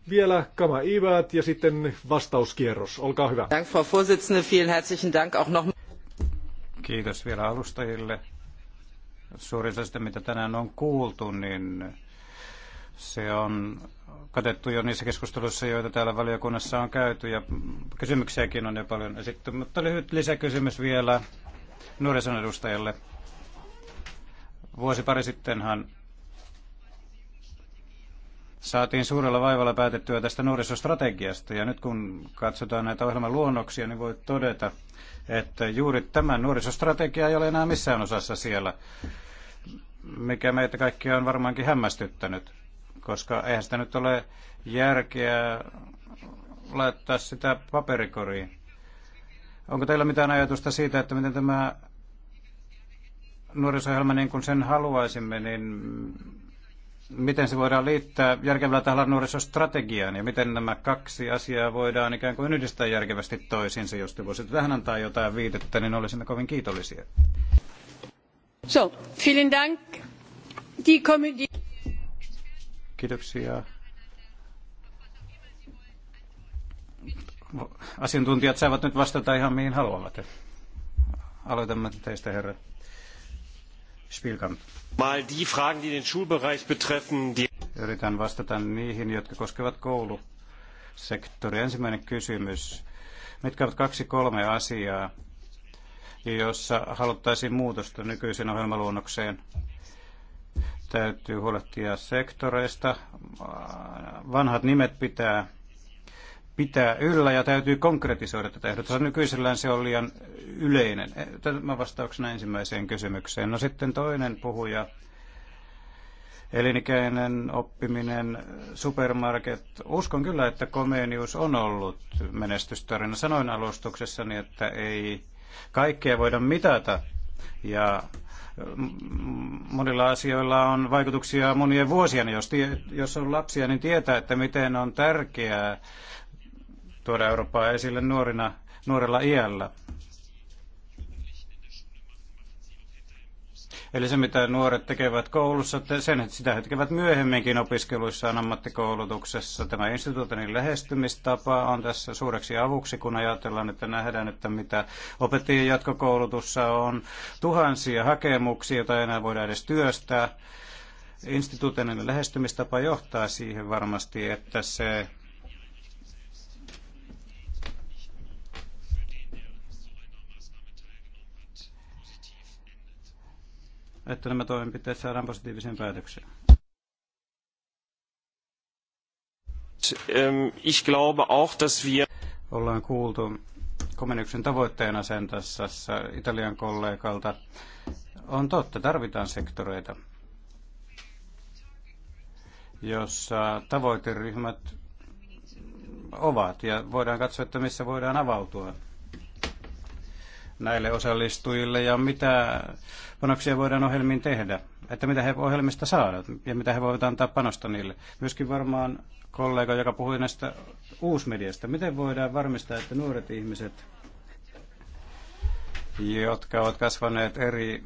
Vielä Kama ivät ja sitten vastauskierros. Olkaa hyvä. Dank, Frau Vorsitzende. Vielen herzlichen Dank auch noch. Kiitos vielä alustajille Suurin osa mitä tänään on kuultu, niin se on katettu jo niissä keskusteluissa, joita täällä valiokunnassa on käyty, ja kysymyksiäkin on jo paljon esitetty. Mutta lyhyt lisäkysymys vielä nuorison edustajalle. Vuosi pari sittenhan saatiin suurella vaivalla päätettyä tästä nuorisostrategiasta, ja nyt kun katsotaan näitä ohjelman luonnoksia, niin voi todeta, että juuri tämä nuorisostrategia ei ole enää missään osassa siellä, mikä meitä kaikkia on varmaankin hämmästyttänyt, koska eihän sitä nyt ole järkeä laittaa sitä paperikoriin. Onko teillä mitään ajatusta siitä, että miten tämä nuorisohjelma, niin kuin sen haluaisimme, niin miten se voidaan liittää järkevällä tavalla nuorisostrategiaan ja miten nämä kaksi asiaa voidaan ikään kuin yhdistää järkevästi toisiinsa. Jos te voisitte tähän antaa jotain viitettä, niin olisimme kovin kiitollisia. So, vielen dank. Die Kiitoksia. Asiantuntijat saavat nyt vastata ihan mihin haluavat. Aloitamme teistä, herra. Spielkamp. Mal die Fragen, die den Schulbereich betreffen, die... Yritän vastata niihin, jotka koskevat koulusektoria. Ensimmäinen kysymys. Mitkä ovat kaksi kolme asiaa, jossa haluttaisiin muutosta nykyisen ohjelmaluonnokseen? Täytyy huolehtia sektoreista. Vanhat nimet pitää pitää yllä ja täytyy konkretisoida tätä ehdotusta. Nykyisellään se on liian yleinen. E, Tämä vastauksena ensimmäiseen kysymykseen. No sitten toinen puhuja, elinikäinen oppiminen, supermarket. Uskon kyllä, että Komenius on ollut menestystarina. Sanoin alustuksessani, että ei kaikkea voida mitata ja monilla asioilla on vaikutuksia monien vuosien. Jos, jos on lapsia, niin tietää, että miten on tärkeää tuoda Eurooppaa esille nuorina, nuorella iällä. Eli se, mitä nuoret tekevät koulussa, sen, sitä he tekevät myöhemminkin opiskeluissaan ammattikoulutuksessa. Tämä instituutin lähestymistapa on tässä suureksi avuksi, kun ajatellaan, että nähdään, että mitä opettajien jatkokoulutussa on tuhansia hakemuksia, joita enää voidaan edes työstää. Instituutinen lähestymistapa johtaa siihen varmasti, että se että nämä toimenpiteet saadaan positiiviseen päätökseen? Ähm, ich glaube auch, dass wir ollaan kuultu komennuksen tavoitteena sen tässä Italian kollegalta. On totta, tarvitaan sektoreita, jossa tavoiteryhmät ovat ja voidaan katsoa, että missä voidaan avautua näille osallistujille ja mitä panoksia voidaan ohjelmiin tehdä, että mitä he ohjelmista saada ja mitä he voivat antaa panosta niille. Myöskin varmaan kollega, joka puhui näistä uusmediasta, miten voidaan varmistaa, että nuoret ihmiset, jotka ovat kasvaneet eri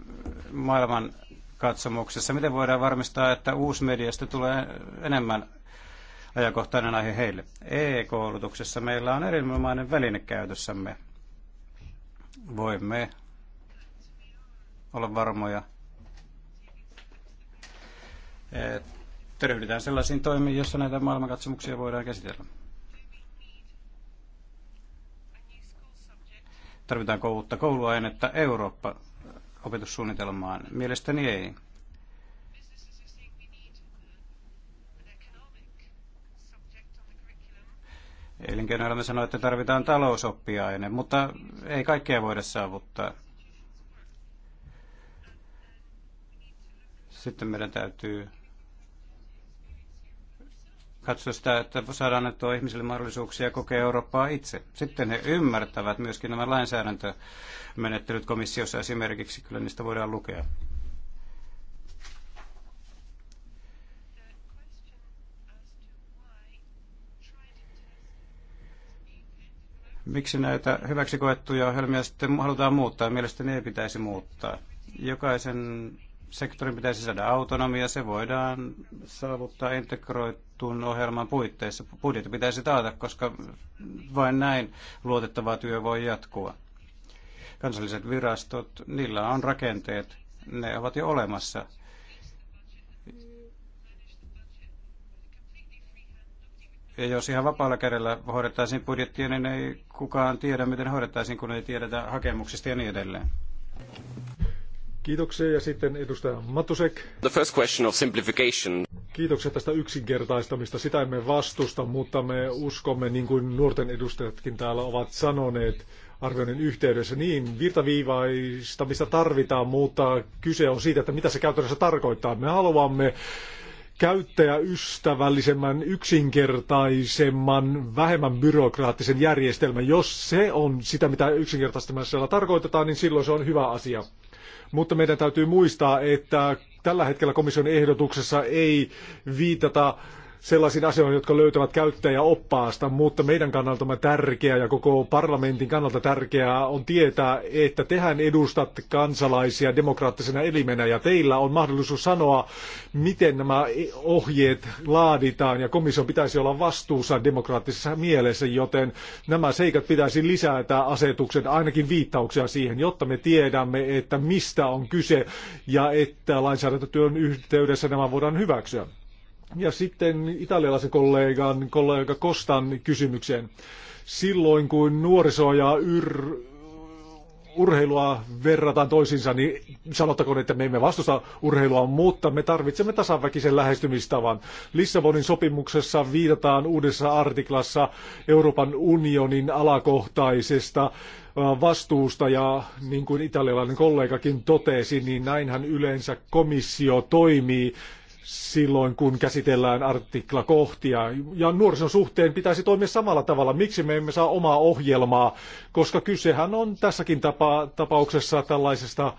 maailman katsomuksessa, miten voidaan varmistaa, että uusmediasta tulee enemmän ajankohtainen aihe heille. E-koulutuksessa meillä on erinomainen väline käytössämme, voimme olla varmoja, että sellaisiin toimiin, joissa näitä maailmankatsomuksia voidaan käsitellä. Tarvitaanko uutta kouluainetta Eurooppa-opetussuunnitelmaan? Mielestäni ei. Elinkeinoelämä sanoi, että tarvitaan talousoppia mutta ei kaikkea voida saavuttaa. Sitten meidän täytyy katsoa sitä, että saadaan annettua ihmisille mahdollisuuksia kokea Eurooppaa itse. Sitten he ymmärtävät myöskin nämä lainsäädäntömenettelyt komissiossa esimerkiksi, kyllä niistä voidaan lukea. Miksi näitä hyväksi koettuja ohjelmia sitten halutaan muuttaa? Mielestäni ei pitäisi muuttaa. Jokaisen sektorin pitäisi saada autonomia. Se voidaan saavuttaa integroitun ohjelman puitteissa. Budjetti pitäisi taata, koska vain näin luotettava työ voi jatkua. Kansalliset virastot, niillä on rakenteet, ne ovat jo olemassa Ja jos ihan vapaalla kädellä hoidettaisiin budjettia, niin ei kukaan tiedä, miten hoidettaisiin, kun ei tiedetä hakemuksista ja niin edelleen. Kiitoksia ja sitten edustaja Matusek. The first question of simplification. Kiitoksia tästä yksinkertaistamista. Sitä emme vastusta, mutta me uskomme, niin kuin nuorten edustajatkin täällä ovat sanoneet, arvioinnin yhteydessä. Niin, virtaviivaistamista tarvitaan, mutta kyse on siitä, että mitä se käytännössä tarkoittaa. Me haluamme käyttäjäystävällisemmän, yksinkertaisemman, vähemmän byrokraattisen järjestelmän. Jos se on sitä, mitä yksinkertaistamisella tarkoitetaan, niin silloin se on hyvä asia. Mutta meidän täytyy muistaa, että tällä hetkellä komission ehdotuksessa ei viitata sellaisiin asioihin, jotka löytävät käyttäjäoppaasta, mutta meidän kannaltamme tärkeää ja koko parlamentin kannalta tärkeää on tietää, että tehän edustatte kansalaisia demokraattisena elimenä ja teillä on mahdollisuus sanoa, miten nämä ohjeet laaditaan ja komission pitäisi olla vastuussa demokraattisessa mielessä, joten nämä seikat pitäisi lisätä asetuksen ainakin viittauksia siihen, jotta me tiedämme, että mistä on kyse ja että lainsäädäntötyön yhteydessä nämä voidaan hyväksyä. Ja sitten italialaisen kollegan, kollega Kostan kysymykseen. Silloin kun nuorisoa ja yr, urheilua verrataan toisiinsa, niin sanottakoon, että me emme vastusta urheilua, mutta me tarvitsemme tasaväkisen lähestymistavan. Lissabonin sopimuksessa viitataan uudessa artiklassa Euroopan unionin alakohtaisesta vastuusta ja niin kuin italialainen kollegakin totesi, niin näinhän yleensä komissio toimii silloin, kun käsitellään artiklakohtia. Ja nuorison suhteen pitäisi toimia samalla tavalla. Miksi me emme saa omaa ohjelmaa? Koska kysehän on tässäkin tapa, tapauksessa tällaisesta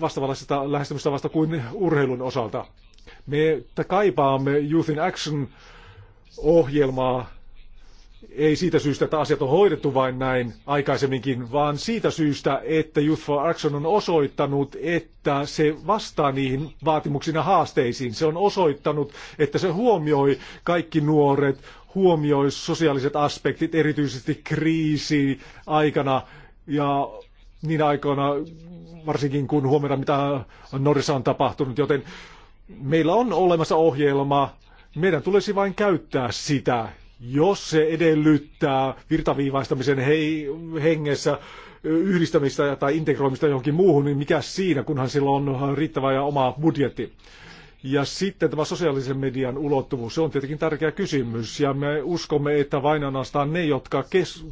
vastaavanlaisesta lähestymistä vasta kuin urheilun osalta. Me kaipaamme Youth in Action ohjelmaa ei siitä syystä, että asiat on hoidettu vain näin aikaisemminkin, vaan siitä syystä, että Youth for Action on osoittanut, että se vastaa niihin vaatimuksiin ja haasteisiin. Se on osoittanut, että se huomioi kaikki nuoret, huomioi sosiaaliset aspektit, erityisesti kriisi aikana ja niin aikoina, varsinkin kun huomioidaan, mitä Norissa on tapahtunut, joten meillä on olemassa ohjelma, meidän tulisi vain käyttää sitä jos se edellyttää virtaviivaistamisen hei, hengessä yhdistämistä tai integroimista johonkin muuhun, niin mikä siinä, kunhan sillä on riittävä ja oma budjetti. Ja sitten tämä sosiaalisen median ulottuvuus, se on tietenkin tärkeä kysymys, ja me uskomme, että vain ainoastaan ne, jotka kes-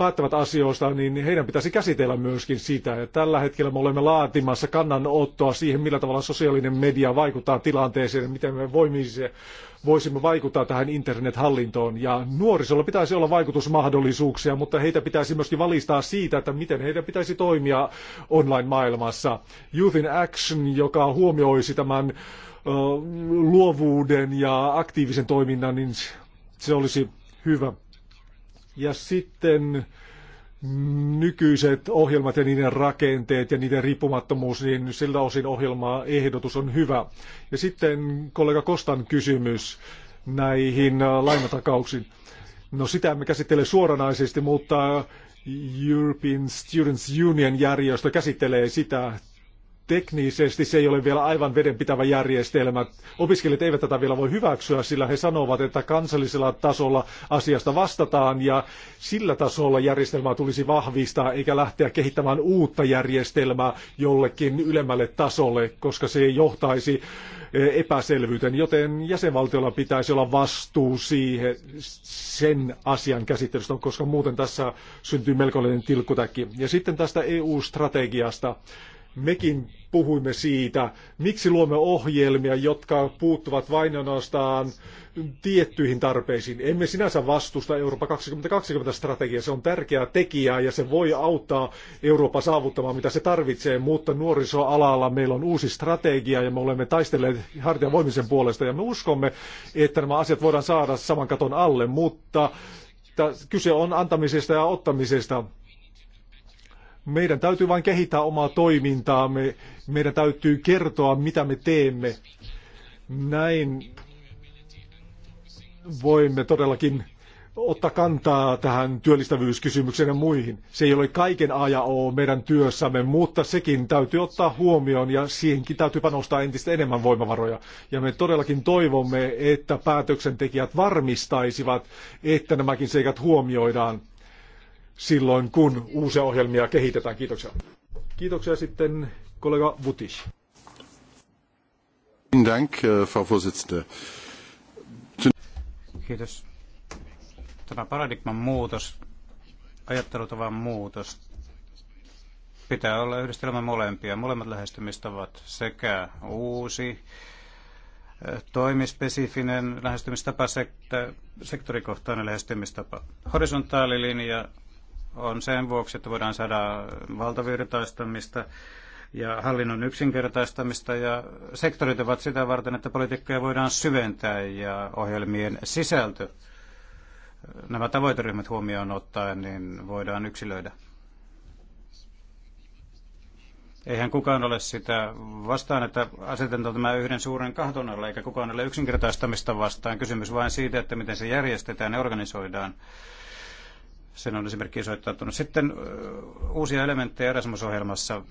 päättävät asioista, niin heidän pitäisi käsitellä myöskin sitä. Ja tällä hetkellä me olemme laatimassa kannanottoa siihen, millä tavalla sosiaalinen media vaikuttaa tilanteeseen ja miten me voimise, voisimme vaikuttaa tähän internethallintoon. Ja nuorisolla pitäisi olla vaikutusmahdollisuuksia, mutta heitä pitäisi myöskin valistaa siitä, että miten heidän pitäisi toimia online-maailmassa. Youth in Action, joka huomioisi tämän luovuuden ja aktiivisen toiminnan, niin se olisi hyvä. Ja sitten nykyiset ohjelmat ja niiden rakenteet ja niiden riippumattomuus, niin siltä osin ohjelmaa ehdotus on hyvä. Ja sitten kollega Kostan kysymys näihin lainatakauksiin. No sitä emme käsittele suoranaisesti, mutta European Students Union järjestö käsittelee sitä teknisesti se ei ole vielä aivan vedenpitävä järjestelmä. Opiskelijat eivät tätä vielä voi hyväksyä, sillä he sanovat, että kansallisella tasolla asiasta vastataan ja sillä tasolla järjestelmää tulisi vahvistaa eikä lähteä kehittämään uutta järjestelmää jollekin ylemmälle tasolle, koska se johtaisi eh, epäselvyyteen, joten jäsenvaltiolla pitäisi olla vastuu siihen, sen asian käsittelystä, koska muuten tässä syntyy melkoinen tilkkutäkki. Ja sitten tästä EU-strategiasta. Mekin puhuimme siitä, miksi luomme ohjelmia, jotka puuttuvat vain ainoastaan tiettyihin tarpeisiin. Emme sinänsä vastusta Eurooppa 2020-strategiaa, se on tärkeä tekijä ja se voi auttaa Eurooppa saavuttamaan mitä se tarvitsee, mutta nuorisoalalla meillä on uusi strategia ja me olemme taistelleet hartian voimisen puolesta ja me uskomme, että nämä asiat voidaan saada saman katon alle, mutta kyse on antamisesta ja ottamisesta meidän täytyy vain kehittää omaa toimintaamme, meidän täytyy kertoa, mitä me teemme. Näin voimme todellakin ottaa kantaa tähän työllistävyyskysymykseen ja muihin. Se ei ole kaiken A ja O meidän työssämme, mutta sekin täytyy ottaa huomioon ja siihenkin täytyy panostaa entistä enemmän voimavaroja. Ja me todellakin toivomme, että päätöksentekijät varmistaisivat, että nämäkin seikat huomioidaan silloin, kun uusia ohjelmia kehitetään. Kiitoksia. Kiitoksia sitten kollega Vutis. Äh, Kiitos. Tämä paradigman muutos, ajattelutavan muutos, pitää olla yhdistelmä molempia. Molemmat lähestymistavat sekä uusi äh, toimispesifinen lähestymistapa, sektorikohtainen lähestymistapa. Horisontaalilinja on sen vuoksi, että voidaan saada valtavirtaistamista ja hallinnon yksinkertaistamista ja sektorit ovat sitä varten, että politiikkoja voidaan syventää ja ohjelmien sisältö nämä tavoiteryhmät huomioon ottaen, niin voidaan yksilöidä. Eihän kukaan ole sitä vastaan, että asetetaan tämä yhden suuren kahton alle, eikä kukaan ole yksinkertaistamista vastaan. Kysymys vain siitä, että miten se järjestetään ja organisoidaan. Sen on esimerkki soittanut. Sitten uusia elementtejä Erasmus-ohjelmassa.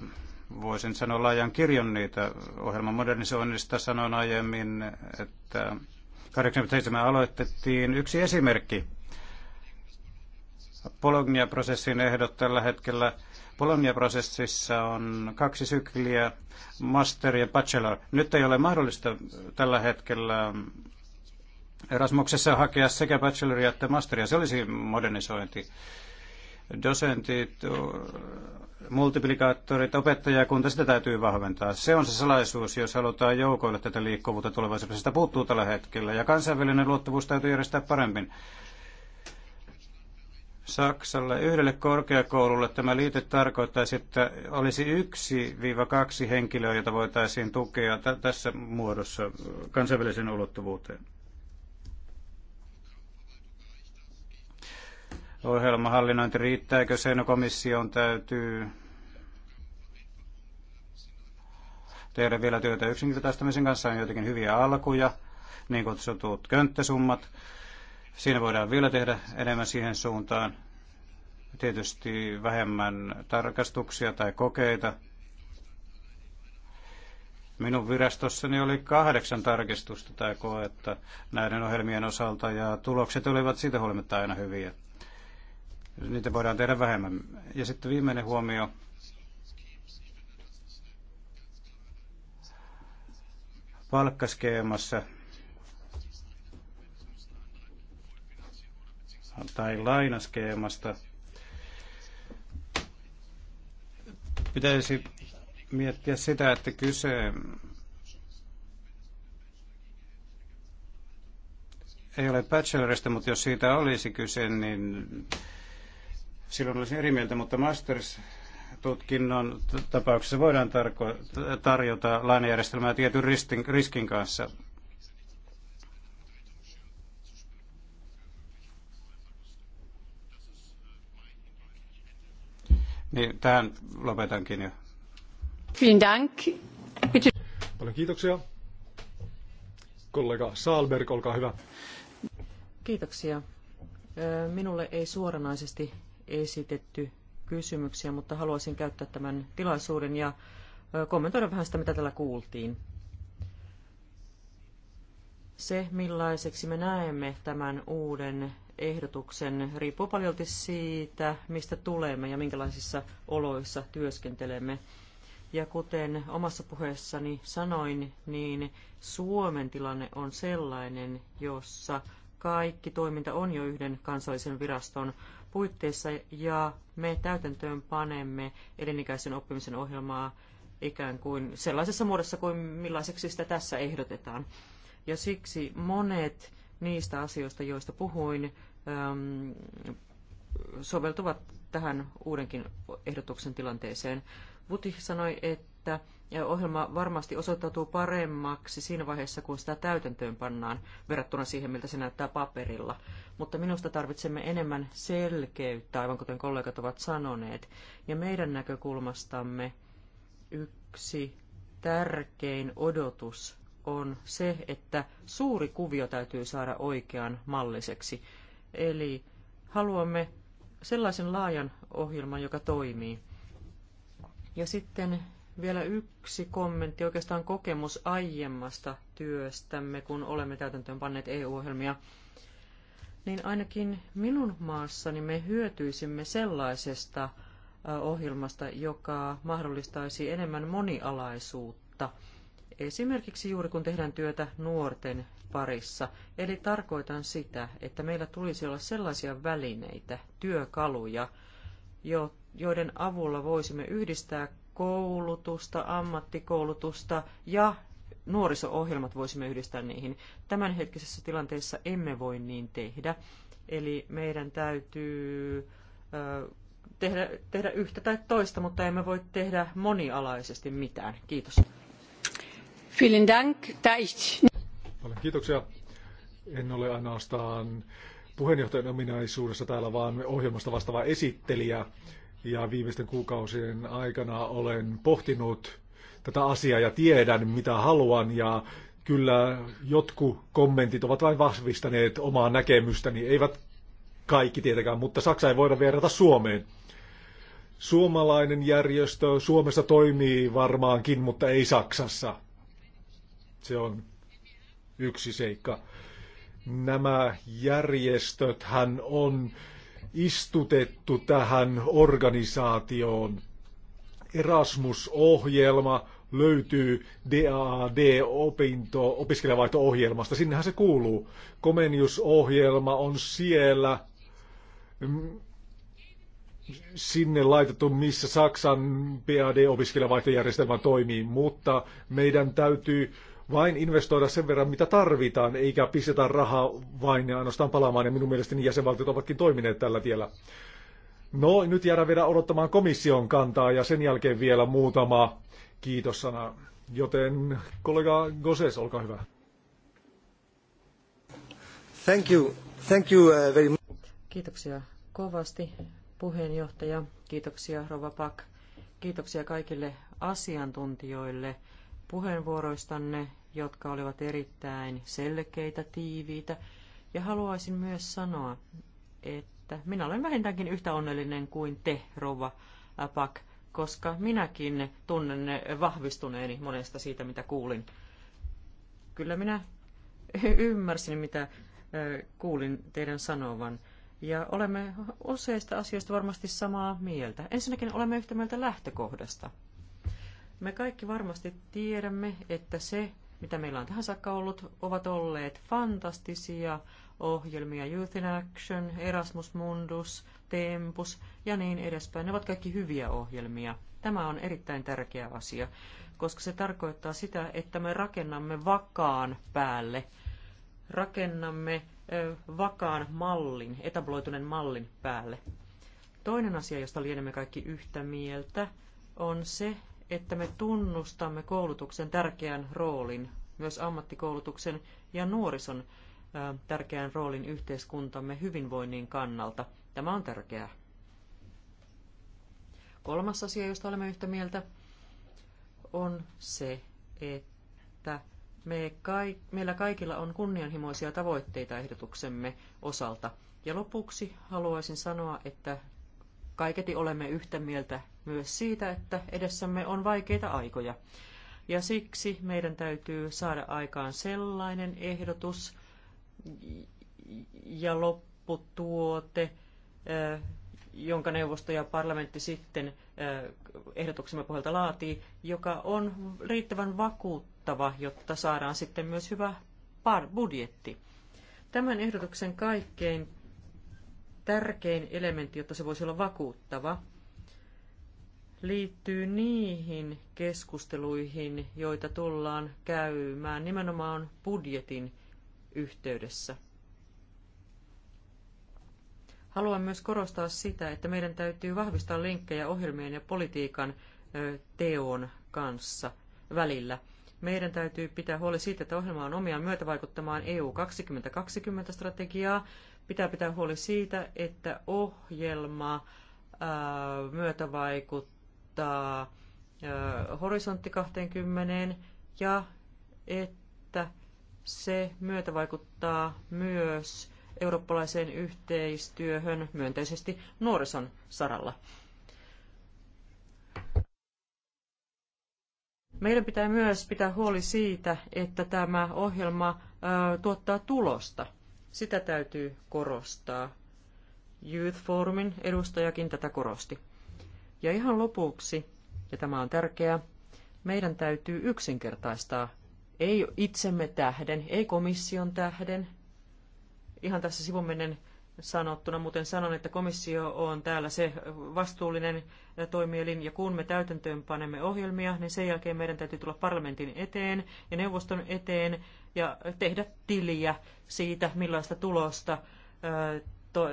Voisin sanoa laajan kirjon niitä. Ohjelman modernisoinnista sanoin aiemmin, että 87 aloitettiin yksi esimerkki. Bologna-prosessin ehdot tällä hetkellä. Bologna-prosessissa on kaksi sykliä, master ja bachelor. Nyt ei ole mahdollista tällä hetkellä Erasmuksessa hakea sekä bacheloria että masteria. Se olisi modernisointi. Dosentit, multiplikaattorit, opettajakunta, sitä täytyy vahventaa. Se on se salaisuus, jos halutaan joukoille tätä liikkuvuutta tulevaisuudessa. Sitä puuttuu tällä hetkellä ja kansainvälinen luottavuus täytyy järjestää paremmin. Saksalle yhdelle korkeakoululle tämä liite tarkoittaisi, että olisi yksi viiva kaksi henkilöä, jota voitaisiin tukea tässä muodossa kansainväliseen ulottuvuuteen. ohjelmahallinnointi, riittääkö se? No komission täytyy tehdä vielä työtä yksinkertaistamisen kanssa, on jotenkin hyviä alkuja, niin kutsutut könttäsummat. Siinä voidaan vielä tehdä enemmän siihen suuntaan. Tietysti vähemmän tarkastuksia tai kokeita. Minun virastossani oli kahdeksan tarkistusta tai koetta näiden ohjelmien osalta ja tulokset olivat siitä huolimatta aina hyviä niitä voidaan tehdä vähemmän. Ja sitten viimeinen huomio. Palkkaskeemassa tai lainaskeemasta pitäisi miettiä sitä, että kyse ei ole bachelorista, mutta jos siitä olisi kyse, niin silloin olisin eri mieltä, mutta masters tutkinnon tapauksessa voidaan tarko- tarjota lainajärjestelmää tietyn ristin, riskin kanssa. Niin, tähän lopetankin jo. Paljon kiitoksia. Kollega Saalberg, olkaa hyvä. Kiitoksia. Minulle ei suoranaisesti esitetty kysymyksiä, mutta haluaisin käyttää tämän tilaisuuden ja kommentoida vähän sitä, mitä täällä kuultiin. Se, millaiseksi me näemme tämän uuden ehdotuksen, riippuu paljolti siitä, mistä tulemme ja minkälaisissa oloissa työskentelemme. Ja kuten omassa puheessani sanoin, niin Suomen tilanne on sellainen, jossa kaikki toiminta on jo yhden kansallisen viraston puitteissa ja me täytäntöön panemme elinikäisen oppimisen ohjelmaa ikään kuin sellaisessa muodossa kuin millaiseksi sitä tässä ehdotetaan. Ja siksi monet niistä asioista, joista puhuin, ähm, soveltuvat tähän uudenkin ehdotuksen tilanteeseen. Vuti sanoi, että ohjelma varmasti osoittautuu paremmaksi siinä vaiheessa, kun sitä täytäntöön pannaan verrattuna siihen, miltä se näyttää paperilla. Mutta minusta tarvitsemme enemmän selkeyttä, aivan kuten kollegat ovat sanoneet. Ja meidän näkökulmastamme yksi tärkein odotus on se, että suuri kuvio täytyy saada oikean malliseksi. Eli haluamme sellaisen laajan ohjelman, joka toimii. Ja sitten vielä yksi kommentti, oikeastaan kokemus aiemmasta työstämme, kun olemme täytäntöön panneet EU-ohjelmia. Niin ainakin minun maassani me hyötyisimme sellaisesta ohjelmasta, joka mahdollistaisi enemmän monialaisuutta. Esimerkiksi juuri kun tehdään työtä nuorten parissa. Eli tarkoitan sitä, että meillä tulisi olla sellaisia välineitä, työkaluja, joiden avulla voisimme yhdistää koulutusta, ammattikoulutusta ja nuoriso-ohjelmat voisimme yhdistää niihin. Tämänhetkisessä tilanteessa emme voi niin tehdä. Eli meidän täytyy ö, tehdä, tehdä yhtä tai toista, mutta emme voi tehdä monialaisesti mitään. Kiitos. Vielen Dank. Paljon kiitoksia. En ole ainoastaan puheenjohtajan ominaisuudessa täällä, vaan ohjelmasta vastaava esittelijä, ja viimeisten kuukausien aikana olen pohtinut tätä asiaa ja tiedän, mitä haluan. Ja kyllä jotkut kommentit ovat vain vahvistaneet omaa näkemystäni. Eivät kaikki tietenkään, mutta Saksa ei voida verrata Suomeen. Suomalainen järjestö Suomessa toimii varmaankin, mutta ei Saksassa. Se on yksi seikka. Nämä järjestöt hän on istutettu tähän organisaatioon. Erasmus-ohjelma löytyy DAAD-opinto, opiskelijavaihto-ohjelmasta. Sinnehän se kuuluu. Komenius-ohjelma on siellä mm, sinne laitettu, missä Saksan PAD-opiskelijavaihtojärjestelmä toimii, mutta meidän täytyy vain investoida sen verran, mitä tarvitaan, eikä pistetä rahaa vain ja ainoastaan palaamaan. Ja minun mielestäni jäsenvaltiot ovatkin toimineet tällä tiellä. No, nyt jäädään vielä odottamaan komission kantaa ja sen jälkeen vielä muutama kiitossana. Joten kollega Goses, olkaa hyvä. Thank you. Thank you uh, very much. Kiitoksia kovasti puheenjohtaja. Kiitoksia Rova Pak. Kiitoksia kaikille asiantuntijoille puheenvuoroistanne jotka olivat erittäin selkeitä, tiiviitä. Ja haluaisin myös sanoa, että minä olen vähintäänkin yhtä onnellinen kuin te, rouva Pak, koska minäkin tunnen vahvistuneeni monesta siitä, mitä kuulin. Kyllä minä ymmärsin, mitä kuulin teidän sanovan. Ja olemme useista asioista varmasti samaa mieltä. Ensinnäkin olemme yhtä mieltä lähtökohdasta. Me kaikki varmasti tiedämme, että se, mitä meillä on tähän saakka ollut, ovat olleet fantastisia ohjelmia Youth in Action, Erasmus Mundus, Tempus ja niin edespäin. Ne ovat kaikki hyviä ohjelmia. Tämä on erittäin tärkeä asia, koska se tarkoittaa sitä, että me rakennamme vakaan päälle, rakennamme vakaan mallin, etabloituneen mallin päälle. Toinen asia, josta lienemme kaikki yhtä mieltä, on se, että me tunnustamme koulutuksen tärkeän roolin, myös ammattikoulutuksen ja nuorison tärkeän roolin yhteiskuntamme hyvinvoinnin kannalta. Tämä on tärkeää. Kolmas asia, josta olemme yhtä mieltä, on se, että me kaik- meillä kaikilla on kunnianhimoisia tavoitteita ehdotuksemme osalta. Ja lopuksi haluaisin sanoa, että kaiketi olemme yhtä mieltä myös siitä, että edessämme on vaikeita aikoja. Ja siksi meidän täytyy saada aikaan sellainen ehdotus ja lopputuote, eh, jonka neuvosto ja parlamentti sitten eh, ehdotuksemme pohjalta laatii, joka on riittävän vakuuttava, jotta saadaan sitten myös hyvä budjetti. Tämän ehdotuksen kaikkein tärkein elementti, jotta se voisi olla vakuuttava, liittyy niihin keskusteluihin, joita tullaan käymään nimenomaan budjetin yhteydessä. Haluan myös korostaa sitä, että meidän täytyy vahvistaa linkkejä ohjelmien ja politiikan teon kanssa välillä. Meidän täytyy pitää huoli siitä, että ohjelma on omiaan myötävaikuttamaan EU 2020-strategiaa, Pitää pitää huoli siitä, että ohjelma myötävaikuttaa vaikuttaa horisontti 20 ja että se myötävaikuttaa myös eurooppalaiseen yhteistyöhön myönteisesti nuorison saralla. Meidän pitää myös pitää huoli siitä, että tämä ohjelma tuottaa tulosta – sitä täytyy korostaa. Youth Forumin edustajakin tätä korosti. Ja ihan lopuksi, ja tämä on tärkeää, meidän täytyy yksinkertaistaa, ei itsemme tähden, ei komission tähden. Ihan tässä sivumennen sanottuna, muuten sanon, että komissio on täällä se vastuullinen toimielin, ja kun me täytäntöön panemme ohjelmia, niin sen jälkeen meidän täytyy tulla parlamentin eteen ja neuvoston eteen ja tehdä tiliä siitä, millaista tulosta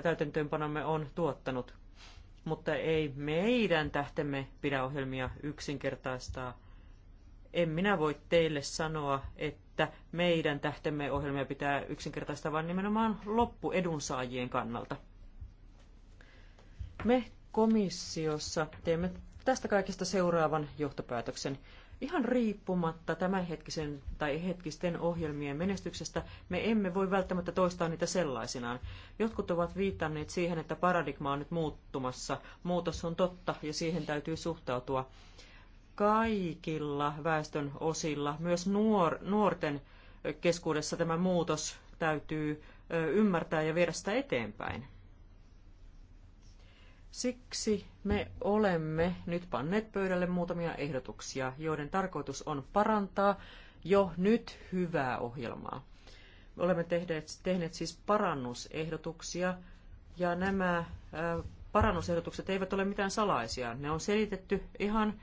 täytäntöönpanomme on tuottanut. Mutta ei meidän tähtemme pidä ohjelmia yksinkertaistaa. En minä voi teille sanoa, että meidän tähtemme ohjelmia pitää yksinkertaistaa, vaan nimenomaan loppuedunsaajien kannalta. Me komissiossa teemme tästä kaikesta seuraavan johtopäätöksen. Ihan riippumatta tämänhetkisen tai hetkisten ohjelmien menestyksestä, me emme voi välttämättä toistaa niitä sellaisinaan. Jotkut ovat viitanneet siihen, että paradigma on nyt muuttumassa. Muutos on totta ja siihen täytyy suhtautua. Kaikilla väestön osilla, myös nuor- nuorten keskuudessa tämä muutos täytyy ymmärtää ja viedä sitä eteenpäin. Siksi me olemme nyt panneet pöydälle muutamia ehdotuksia, joiden tarkoitus on parantaa jo nyt hyvää ohjelmaa. Me olemme tehneet, tehneet siis parannusehdotuksia, ja nämä parannusehdotukset eivät ole mitään salaisia. Ne on selitetty ihan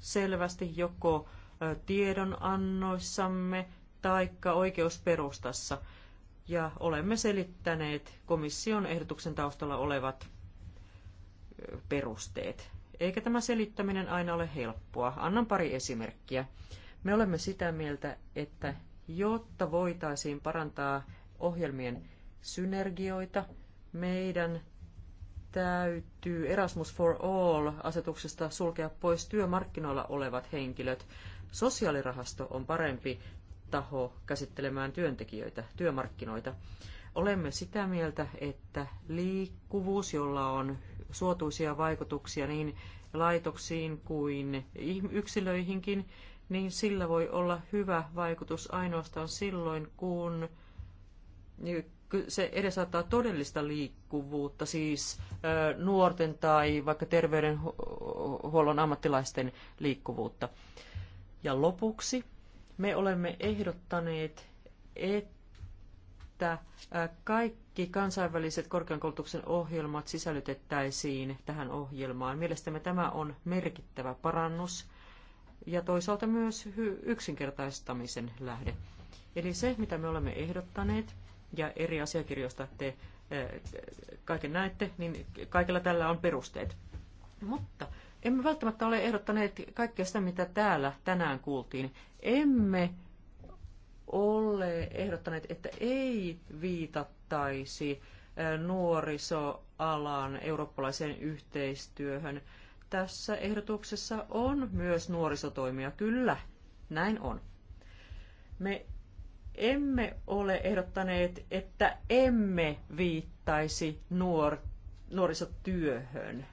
selvästi joko tiedonannoissamme tai oikeusperustassa, ja olemme selittäneet komission ehdotuksen taustalla olevat perusteet. Eikä tämä selittäminen aina ole helppoa. Annan pari esimerkkiä. Me olemme sitä mieltä, että jotta voitaisiin parantaa ohjelmien synergioita, meidän täytyy Erasmus for All-asetuksesta sulkea pois työmarkkinoilla olevat henkilöt. Sosiaalirahasto on parempi taho käsittelemään työntekijöitä, työmarkkinoita. Olemme sitä mieltä, että liikkuvuus, jolla on suotuisia vaikutuksia niin laitoksiin kuin yksilöihinkin, niin sillä voi olla hyvä vaikutus ainoastaan silloin, kun se edesauttaa todellista liikkuvuutta, siis nuorten tai vaikka terveydenhuollon ammattilaisten liikkuvuutta. Ja lopuksi me olemme ehdottaneet, että että kaikki kansainväliset korkeakoulutuksen ohjelmat sisällytettäisiin tähän ohjelmaan. Mielestämme tämä on merkittävä parannus ja toisaalta myös yksinkertaistamisen lähde. Eli se, mitä me olemme ehdottaneet, ja eri asiakirjoista te kaiken näette, niin kaikilla tällä on perusteet. Mutta emme välttämättä ole ehdottaneet kaikkea sitä, mitä täällä tänään kuultiin. Emme ole ehdottaneet, että ei viitattaisi nuorisoalan eurooppalaiseen yhteistyöhön. Tässä ehdotuksessa on myös nuorisotoimia, kyllä, näin on. Me emme ole ehdottaneet, että emme viittaisi nuor- nuorisotyöhön.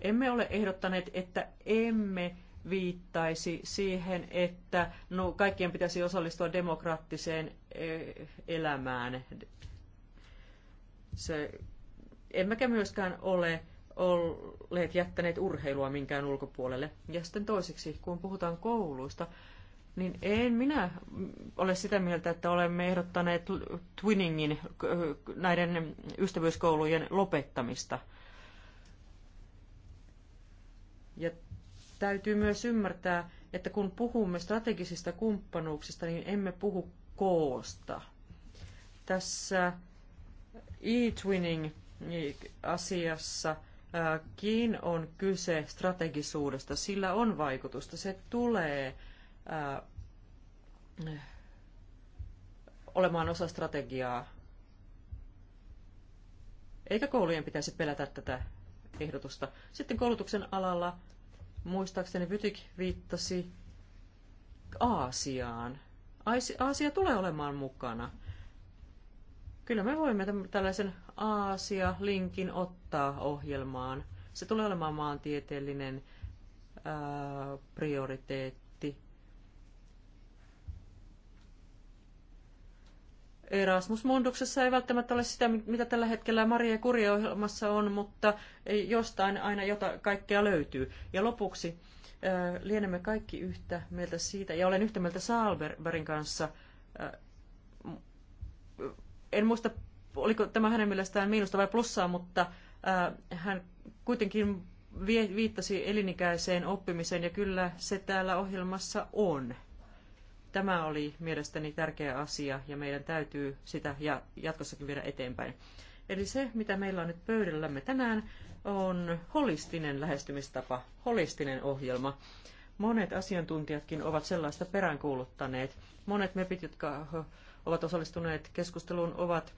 Emme ole ehdottaneet, että emme viittaisi siihen, että no, kaikkien pitäisi osallistua demokraattiseen e, elämään. Se, emmekä myöskään ole olleet jättäneet urheilua minkään ulkopuolelle. Ja sitten toiseksi, kun puhutaan kouluista, niin en minä ole sitä mieltä, että olemme ehdottaneet twinningin näiden ystävyyskoulujen lopettamista. Ja täytyy myös ymmärtää, että kun puhumme strategisista kumppanuuksista, niin emme puhu koosta. Tässä e-twinning-asiassa Kiin on kyse strategisuudesta. Sillä on vaikutusta. Se tulee ää, olemaan osa strategiaa. Eikä koulujen pitäisi pelätä tätä ehdotusta. Sitten koulutuksen alalla Muistaakseni Vytik viittasi Aasiaan. Aasia tulee olemaan mukana. Kyllä me voimme tällaisen Aasia-linkin ottaa ohjelmaan. Se tulee olemaan maantieteellinen ää, prioriteetti Erasmus Munduksessa ei välttämättä ole sitä, mitä tällä hetkellä Maria ohjelmassa on, mutta jostain aina jota kaikkea löytyy. Ja lopuksi äh, lienemme kaikki yhtä mieltä siitä, ja olen yhtä mieltä Saalbergin kanssa. Äh, en muista, oliko tämä hänen mielestään miinusta vai plussaa, mutta äh, hän kuitenkin viittasi elinikäiseen oppimiseen, ja kyllä se täällä ohjelmassa on. Tämä oli mielestäni tärkeä asia ja meidän täytyy sitä ja jatkossakin viedä eteenpäin. Eli se, mitä meillä on nyt pöydällämme tänään, on holistinen lähestymistapa, holistinen ohjelma. Monet asiantuntijatkin ovat sellaista peräänkuuluttaneet. Monet mepit, jotka ovat osallistuneet keskusteluun, ovat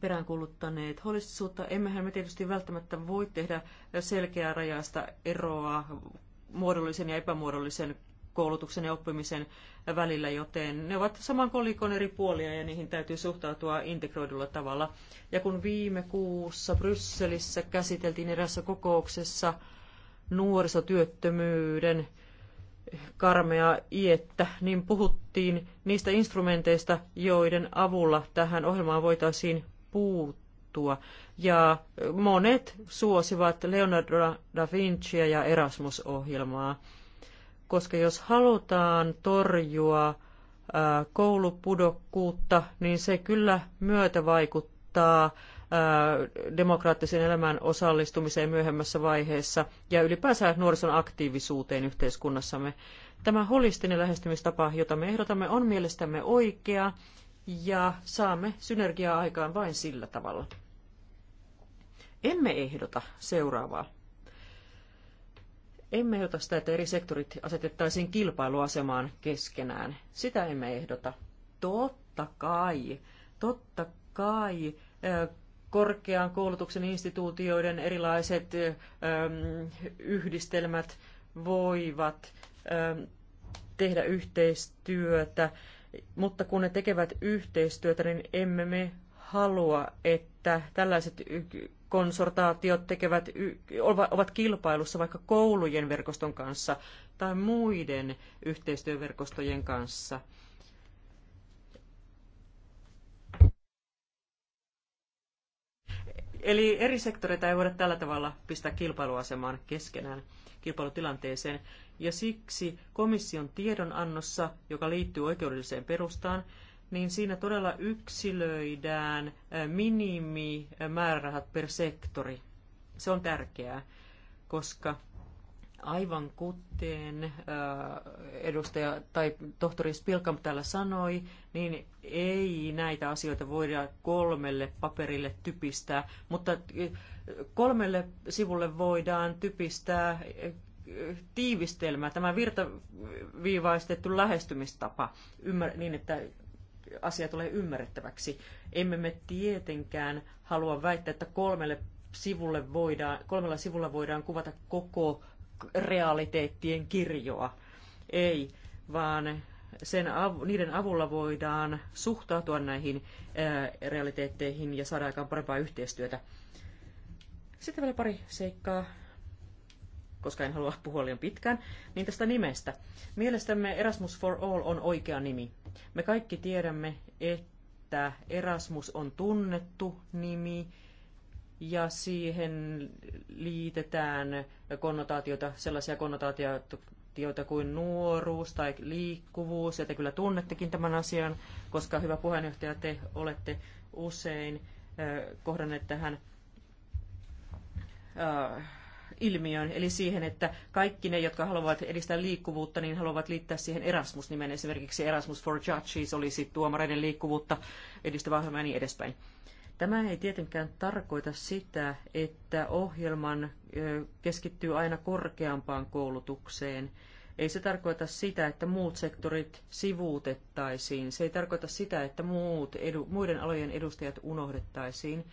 peräänkuuluttaneet holistisuutta. Emmehän me tietysti välttämättä voi tehdä selkeää rajasta eroa muodollisen ja epämuodollisen koulutuksen ja oppimisen välillä, joten ne ovat saman kolikon eri puolia ja niihin täytyy suhtautua integroidulla tavalla. Ja kun viime kuussa Brysselissä käsiteltiin erässä kokouksessa nuorisotyöttömyyden karmea iettä, niin puhuttiin niistä instrumenteista, joiden avulla tähän ohjelmaan voitaisiin puuttua. Ja monet suosivat Leonardo da Vinciä ja Erasmus-ohjelmaa koska jos halutaan torjua koulupudokkuutta, niin se kyllä myötävaikuttaa demokraattiseen elämään osallistumiseen myöhemmässä vaiheessa ja ylipäänsä nuorison aktiivisuuteen yhteiskunnassamme. Tämä holistinen lähestymistapa, jota me ehdotamme, on mielestämme oikea ja saamme synergiaa aikaan vain sillä tavalla. Emme ehdota seuraavaa. Emme ehdota sitä, että eri sektorit asetettaisiin kilpailuasemaan keskenään. Sitä emme ehdota. Totta kai, totta kai korkean koulutuksen instituutioiden erilaiset yhdistelmät voivat tehdä yhteistyötä, mutta kun ne tekevät yhteistyötä, niin emme me halua, että tällaiset konsortaatiot tekevät, ovat kilpailussa vaikka koulujen verkoston kanssa tai muiden yhteistyöverkostojen kanssa. Eli eri sektoreita ei voida tällä tavalla pistää kilpailuasemaan keskenään, kilpailutilanteeseen. Ja siksi komission tiedonannossa, joka liittyy oikeudelliseen perustaan, niin siinä todella yksilöidään minimimäärärahat per sektori. Se on tärkeää, koska aivan kuten edustaja tai tohtori Spilkamp täällä sanoi, niin ei näitä asioita voida kolmelle paperille typistää, mutta kolmelle sivulle voidaan typistää tiivistelmä, tämä virtaviivaistettu lähestymistapa, ymmär, niin että asia tulee ymmärrettäväksi. Emme me tietenkään halua väittää, että kolmelle sivulle voidaan, kolmella sivulla voidaan kuvata koko realiteettien kirjoa. Ei, vaan sen av, niiden avulla voidaan suhtautua näihin ää, realiteetteihin ja saada aikaan parempaa yhteistyötä. Sitten vielä pari seikkaa koska en halua puhua liian pitkään, niin tästä nimestä. Mielestämme Erasmus for All on oikea nimi. Me kaikki tiedämme, että Erasmus on tunnettu nimi, ja siihen liitetään konnotaatioita, sellaisia konnotaatioita kuin nuoruus tai liikkuvuus, ja te kyllä tunnettekin tämän asian, koska hyvä puheenjohtaja, te olette usein eh, kohdanneet tähän äh, ilmiöön, eli siihen, että kaikki ne, jotka haluavat edistää liikkuvuutta, niin haluavat liittää siihen Erasmus-nimen. Esimerkiksi Erasmus for Judges olisi tuomareiden liikkuvuutta edistävä ohjelma ja niin edespäin. Tämä ei tietenkään tarkoita sitä, että ohjelman keskittyy aina korkeampaan koulutukseen. Ei se tarkoita sitä, että muut sektorit sivuutettaisiin. Se ei tarkoita sitä, että muut edu, muiden alojen edustajat unohdettaisiin.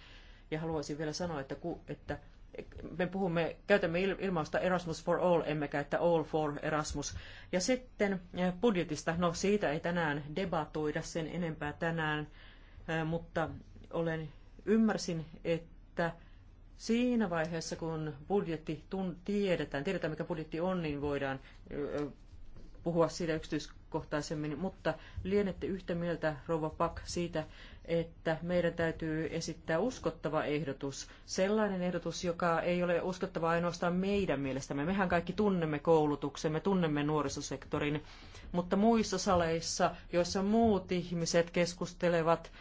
Ja haluaisin vielä sanoa, että, ku, että me puhumme, käytämme ilmausta Erasmus for all, emmekä että all for Erasmus. Ja sitten eh, budjetista, no siitä ei tänään debatoida sen enempää tänään, eh, mutta olen ymmärsin, että siinä vaiheessa, kun budjetti tun, tiedetään, tiedetään mikä budjetti on, niin voidaan eh, puhua siitä yksityiskohtaisemmin, mutta lienette yhtä mieltä, Rouva Pak, siitä, että meidän täytyy esittää uskottava ehdotus. Sellainen ehdotus, joka ei ole uskottava ainoastaan meidän mielestämme. Mehän kaikki tunnemme koulutuksen, me tunnemme nuorisosektorin, mutta muissa saleissa, joissa muut ihmiset keskustelevat,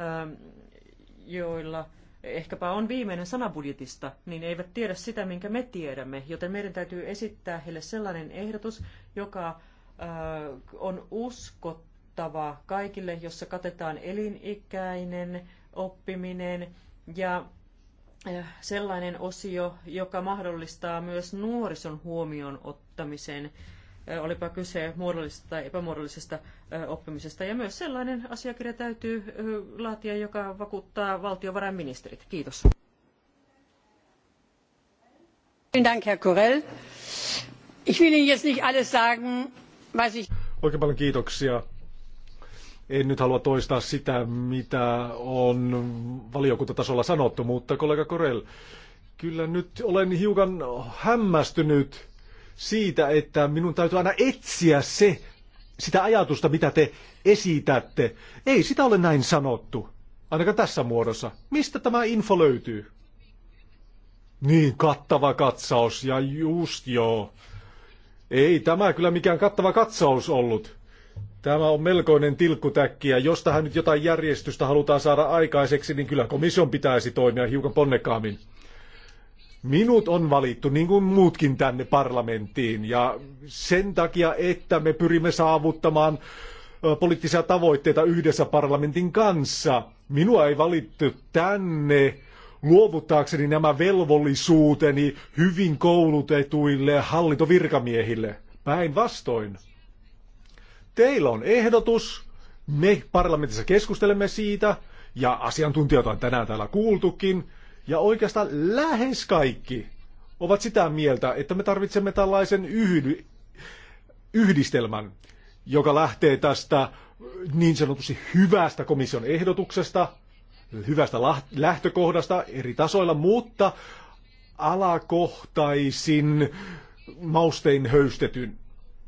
ähm, joilla ehkäpä on viimeinen sana budjetista, niin eivät tiedä sitä, minkä me tiedämme. Joten meidän täytyy esittää heille sellainen ehdotus, joka äh, on uskottava kattava kaikille, jossa katetaan elinikäinen oppiminen ja eh, sellainen osio, joka mahdollistaa myös nuorison huomioon ottamisen, eh, olipa kyse muodollisesta tai epämuodollisesta eh, oppimisesta. Ja myös sellainen asiakirja täytyy laatia, joka vakuuttaa valtiovarainministerit. Kiitos. Oikein paljon kiitoksia. En nyt halua toistaa sitä, mitä on valiokuntatasolla sanottu, mutta kollega Korel, kyllä nyt olen hiukan hämmästynyt siitä, että minun täytyy aina etsiä se, sitä ajatusta, mitä te esitätte. Ei sitä ole näin sanottu, ainakaan tässä muodossa. Mistä tämä info löytyy? Niin, kattava katsaus, ja just joo. Ei tämä kyllä mikään kattava katsaus ollut. Tämä on melkoinen tilkkutäkki, ja jos tähän nyt jotain järjestystä halutaan saada aikaiseksi, niin kyllä komission pitäisi toimia hiukan ponnekkaammin. Minut on valittu, niin kuin muutkin tänne parlamenttiin, ja sen takia, että me pyrimme saavuttamaan poliittisia tavoitteita yhdessä parlamentin kanssa. Minua ei valittu tänne luovuttaakseni nämä velvollisuuteni hyvin koulutetuille hallintovirkamiehille. Päinvastoin. vastoin. Teillä on ehdotus, me parlamentissa keskustelemme siitä, ja asiantuntijoita on tänään täällä kuultukin, ja oikeastaan lähes kaikki ovat sitä mieltä, että me tarvitsemme tällaisen yhdy, yhdistelmän, joka lähtee tästä niin sanotusti hyvästä komission ehdotuksesta, hyvästä lähtökohdasta eri tasoilla, mutta alakohtaisin maustein höystetyn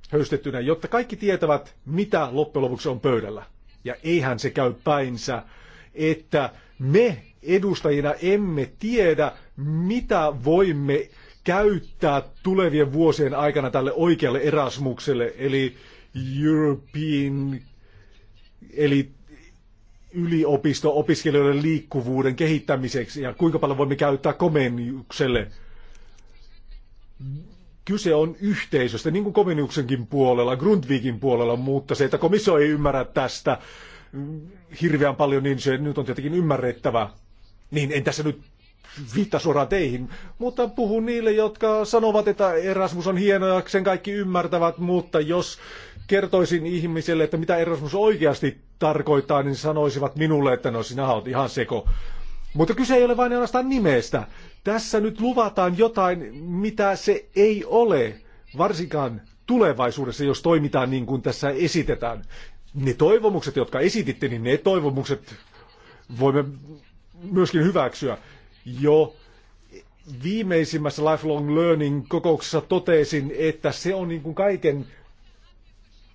höystettynä, jotta kaikki tietävät, mitä loppujen lopuksi on pöydällä. Ja eihän se käy päinsä, että me edustajina emme tiedä, mitä voimme käyttää tulevien vuosien aikana tälle oikealle Erasmukselle, eli European, eli yliopisto-opiskelijoiden liikkuvuuden kehittämiseksi ja kuinka paljon voimme käyttää komennukselle Kyse on yhteisöstä, niin kuin Kominiuksenkin puolella, Grundvikin puolella, mutta se, että komissio ei ymmärrä tästä hirveän paljon, niin se nyt on tietenkin ymmärrettävä. Niin en tässä nyt viittaa suoraan teihin, mutta puhun niille, jotka sanovat, että Erasmus on hieno ja sen kaikki ymmärtävät, mutta jos kertoisin ihmiselle, että mitä Erasmus oikeasti tarkoittaa, niin sanoisivat minulle, että no sinä olet ihan seko. Mutta kyse ei ole vain ainoastaan nimestä. Tässä nyt luvataan jotain, mitä se ei ole, varsinkaan tulevaisuudessa, jos toimitaan niin kuin tässä esitetään. Ne toivomukset, jotka esititte, niin ne toivomukset voimme myöskin hyväksyä. Jo viimeisimmässä Lifelong Learning kokouksessa totesin, että se on niin kuin kaiken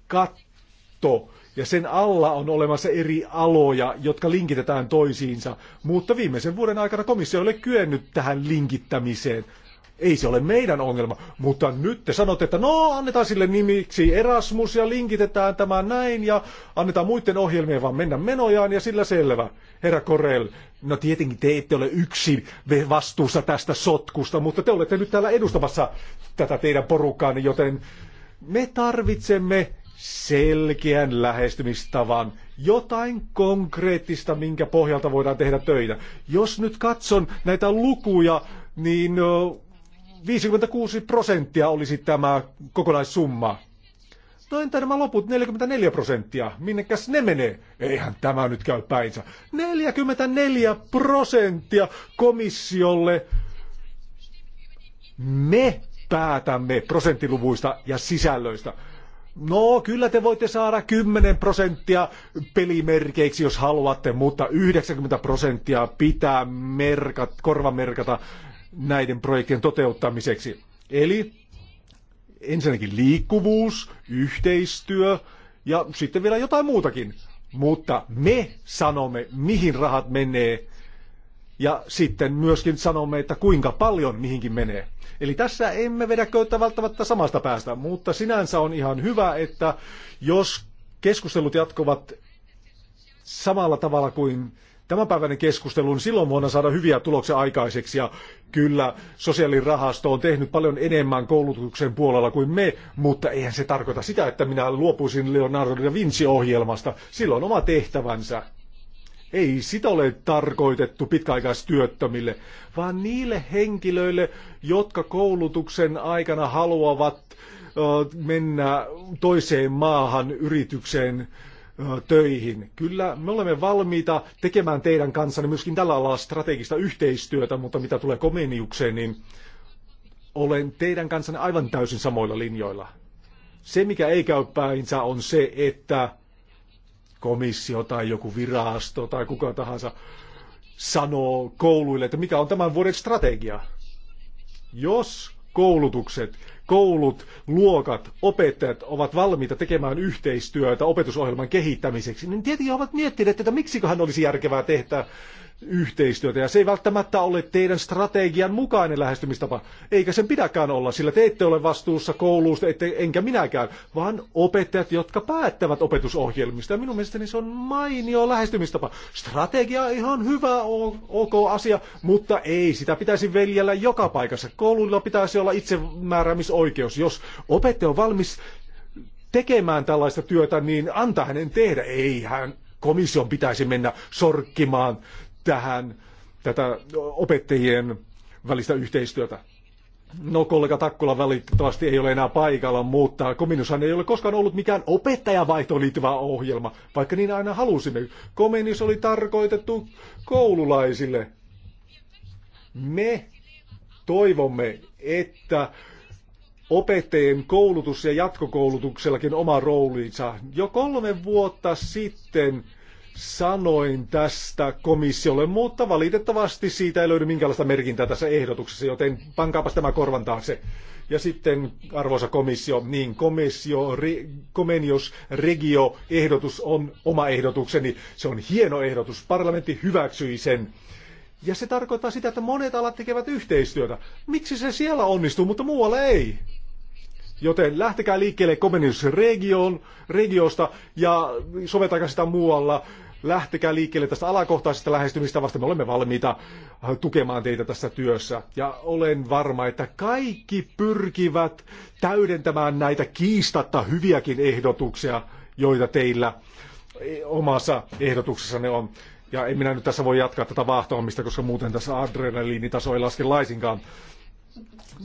katto ja sen alla on olemassa eri aloja, jotka linkitetään toisiinsa, mutta viimeisen vuoden aikana komissio ei ole kyennyt tähän linkittämiseen. Ei se ole meidän ongelma, mutta nyt te sanotte, että no annetaan sille nimiksi Erasmus ja linkitetään tämä näin ja annetaan muiden ohjelmien vaan mennä menojaan ja sillä selvä. Herra Korel, no tietenkin te ette ole yksin vastuussa tästä sotkusta, mutta te olette nyt täällä edustamassa tätä teidän porukkaanne, joten me tarvitsemme selkeän lähestymistavan, jotain konkreettista, minkä pohjalta voidaan tehdä töitä. Jos nyt katson näitä lukuja, niin 56 prosenttia olisi tämä kokonaissumma. No entä nämä loput 44 prosenttia? Minnekäs ne menee? Eihän tämä nyt käy päinsä. 44 prosenttia komissiolle. Me päätämme prosenttiluvuista ja sisällöistä. No, kyllä te voitte saada 10 prosenttia pelimerkeiksi, jos haluatte, mutta 90 prosenttia pitää merkat, korvamerkata näiden projektien toteuttamiseksi. Eli ensinnäkin liikkuvuus, yhteistyö ja sitten vielä jotain muutakin. Mutta me sanomme, mihin rahat menee ja sitten myöskin sanomme, että kuinka paljon mihinkin menee. Eli tässä emme vedä köyttä välttämättä samasta päästä, mutta sinänsä on ihan hyvä, että jos keskustelut jatkuvat samalla tavalla kuin tämänpäiväinen niin silloin voidaan saada hyviä tuloksia aikaiseksi ja kyllä sosiaalirahasto on tehnyt paljon enemmän koulutuksen puolella kuin me, mutta eihän se tarkoita sitä, että minä luopuisin Leonardo da Vinci-ohjelmasta. Sillä on oma tehtävänsä. Ei sitä ole tarkoitettu pitkäaikaistyöttömille, vaan niille henkilöille, jotka koulutuksen aikana haluavat mennä toiseen maahan yritykseen töihin. Kyllä me olemme valmiita tekemään teidän kanssanne myöskin tällä alalla strategista yhteistyötä, mutta mitä tulee komeniukseen, niin olen teidän kanssanne aivan täysin samoilla linjoilla. Se, mikä ei käy päinsä, on se, että komissio tai joku virasto tai kuka tahansa sanoo kouluille, että mikä on tämän vuoden strategia. Jos koulutukset, koulut, luokat, opettajat ovat valmiita tekemään yhteistyötä opetusohjelman kehittämiseksi, niin tietenkin ovat miettineet, että miksiköhän olisi järkevää tehdä yhteistyötä. Ja se ei välttämättä ole teidän strategian mukainen lähestymistapa, eikä sen pidäkään olla, sillä te ette ole vastuussa koulusta, ette, enkä minäkään, vaan opettajat, jotka päättävät opetusohjelmista. Ja minun mielestäni se on mainio lähestymistapa. Strategia ihan hyvä, ok asia, mutta ei, sitä pitäisi veljellä joka paikassa. Kouluilla pitäisi olla itsemääräämisoikeus. Jos opettaja on valmis tekemään tällaista työtä, niin antaa hänen tehdä. Ei hän, komission pitäisi mennä sorkkimaan tähän tätä opettajien välistä yhteistyötä. No kollega Takkula valitettavasti ei ole enää paikalla, mutta Kominushan ei ole koskaan ollut mikään opettajavaihtoon liittyvä ohjelma, vaikka niin aina halusimme. Kominus oli tarkoitettu koululaisille. Me toivomme, että opettajien koulutus ja jatkokoulutuksellakin oma roolinsa. Jo kolme vuotta sitten sanoin tästä komissiolle, mutta valitettavasti siitä ei löydy minkäänlaista merkintää tässä ehdotuksessa, joten pankaapas tämä korvan taakse. Ja sitten, arvoisa komissio, niin komissio, re, Comenius Regio ehdotus on oma ehdotukseni. Se on hieno ehdotus. Parlamentti hyväksyi sen. Ja se tarkoittaa sitä, että monet alat tekevät yhteistyötä. Miksi se siellä onnistuu, mutta muualla ei? Joten lähtekää liikkeelle Comenius Region, Regiosta ja soveltakaa sitä muualla lähtekää liikkeelle tästä alakohtaisesta lähestymistavasta. Me olemme valmiita äh, tukemaan teitä tässä työssä. Ja olen varma, että kaikki pyrkivät täydentämään näitä kiistatta hyviäkin ehdotuksia, joita teillä e, omassa ehdotuksessanne on. Ja en minä nyt tässä voi jatkaa tätä vaahtoamista, koska muuten tässä adrenaliinitaso ei laske laisinkaan.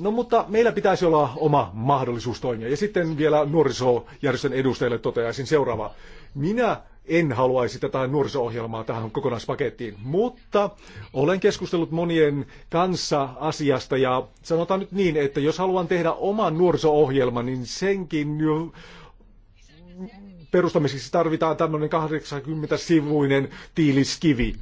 No mutta meillä pitäisi olla oma mahdollisuus toimia. Ja sitten vielä nuorisojärjestön edustajille toteaisin seuraava. Minä en haluaisi tätä nuoriso-ohjelmaa tähän kokonaispakettiin, mutta olen keskustellut monien kanssa asiasta ja sanotaan nyt niin, että jos haluan tehdä oman nuoriso-ohjelman, niin senkin jo perustamiseksi tarvitaan tämmöinen 80-sivuinen tiiliskivi.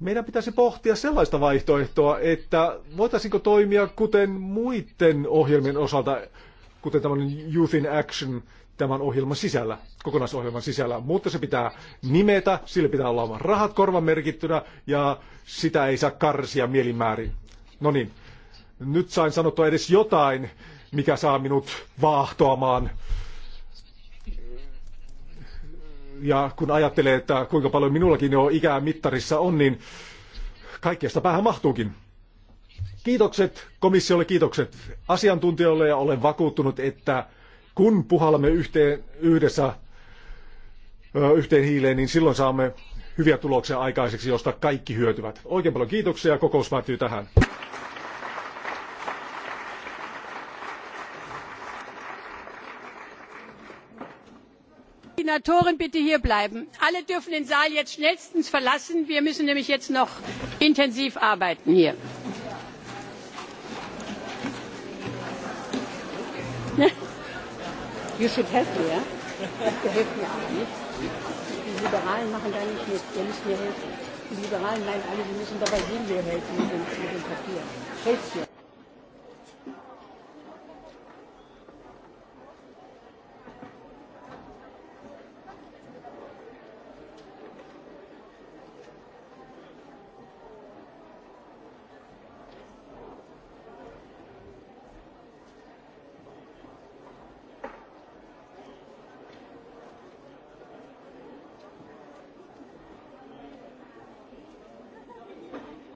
Meidän pitäisi pohtia sellaista vaihtoehtoa, että voitaisiinko toimia kuten muiden ohjelmien osalta, kuten tämmöinen Youth in Action tämän ohjelman sisällä, kokonaisohjelman sisällä, mutta se pitää nimetä, sillä pitää olla rahat korvan merkittynä ja sitä ei saa karsia mielimäärin. No niin, nyt sain sanottua edes jotain, mikä saa minut vaahtoamaan. Ja kun ajattelee, että kuinka paljon minullakin jo ikää mittarissa on, niin kaikkeesta päähän mahtuukin. Kiitokset komissiolle, kiitokset asiantuntijoille ja olen vakuuttunut, että kun puhallamme yhteen, yhdessä yhteen hiileen, niin silloin saamme hyviä tuloksia aikaiseksi, josta kaikki hyötyvät. Oikein paljon kiitoksia ja kokous päättyy tähän. koordinatoren bitte hier bleiben. alle dürfen den saal jetzt schnellstens verlassen wir müssen nämlich jetzt noch intensiv arbeiten hier. You should help me, ja? Ihr helft mir aber nicht. Die Liberalen machen da nicht mit. Ihr müsst mir helfen. Die Liberalen meinen alle, sie müssen dabei jedem helfen mit dem, mit dem Papier. Helft mir.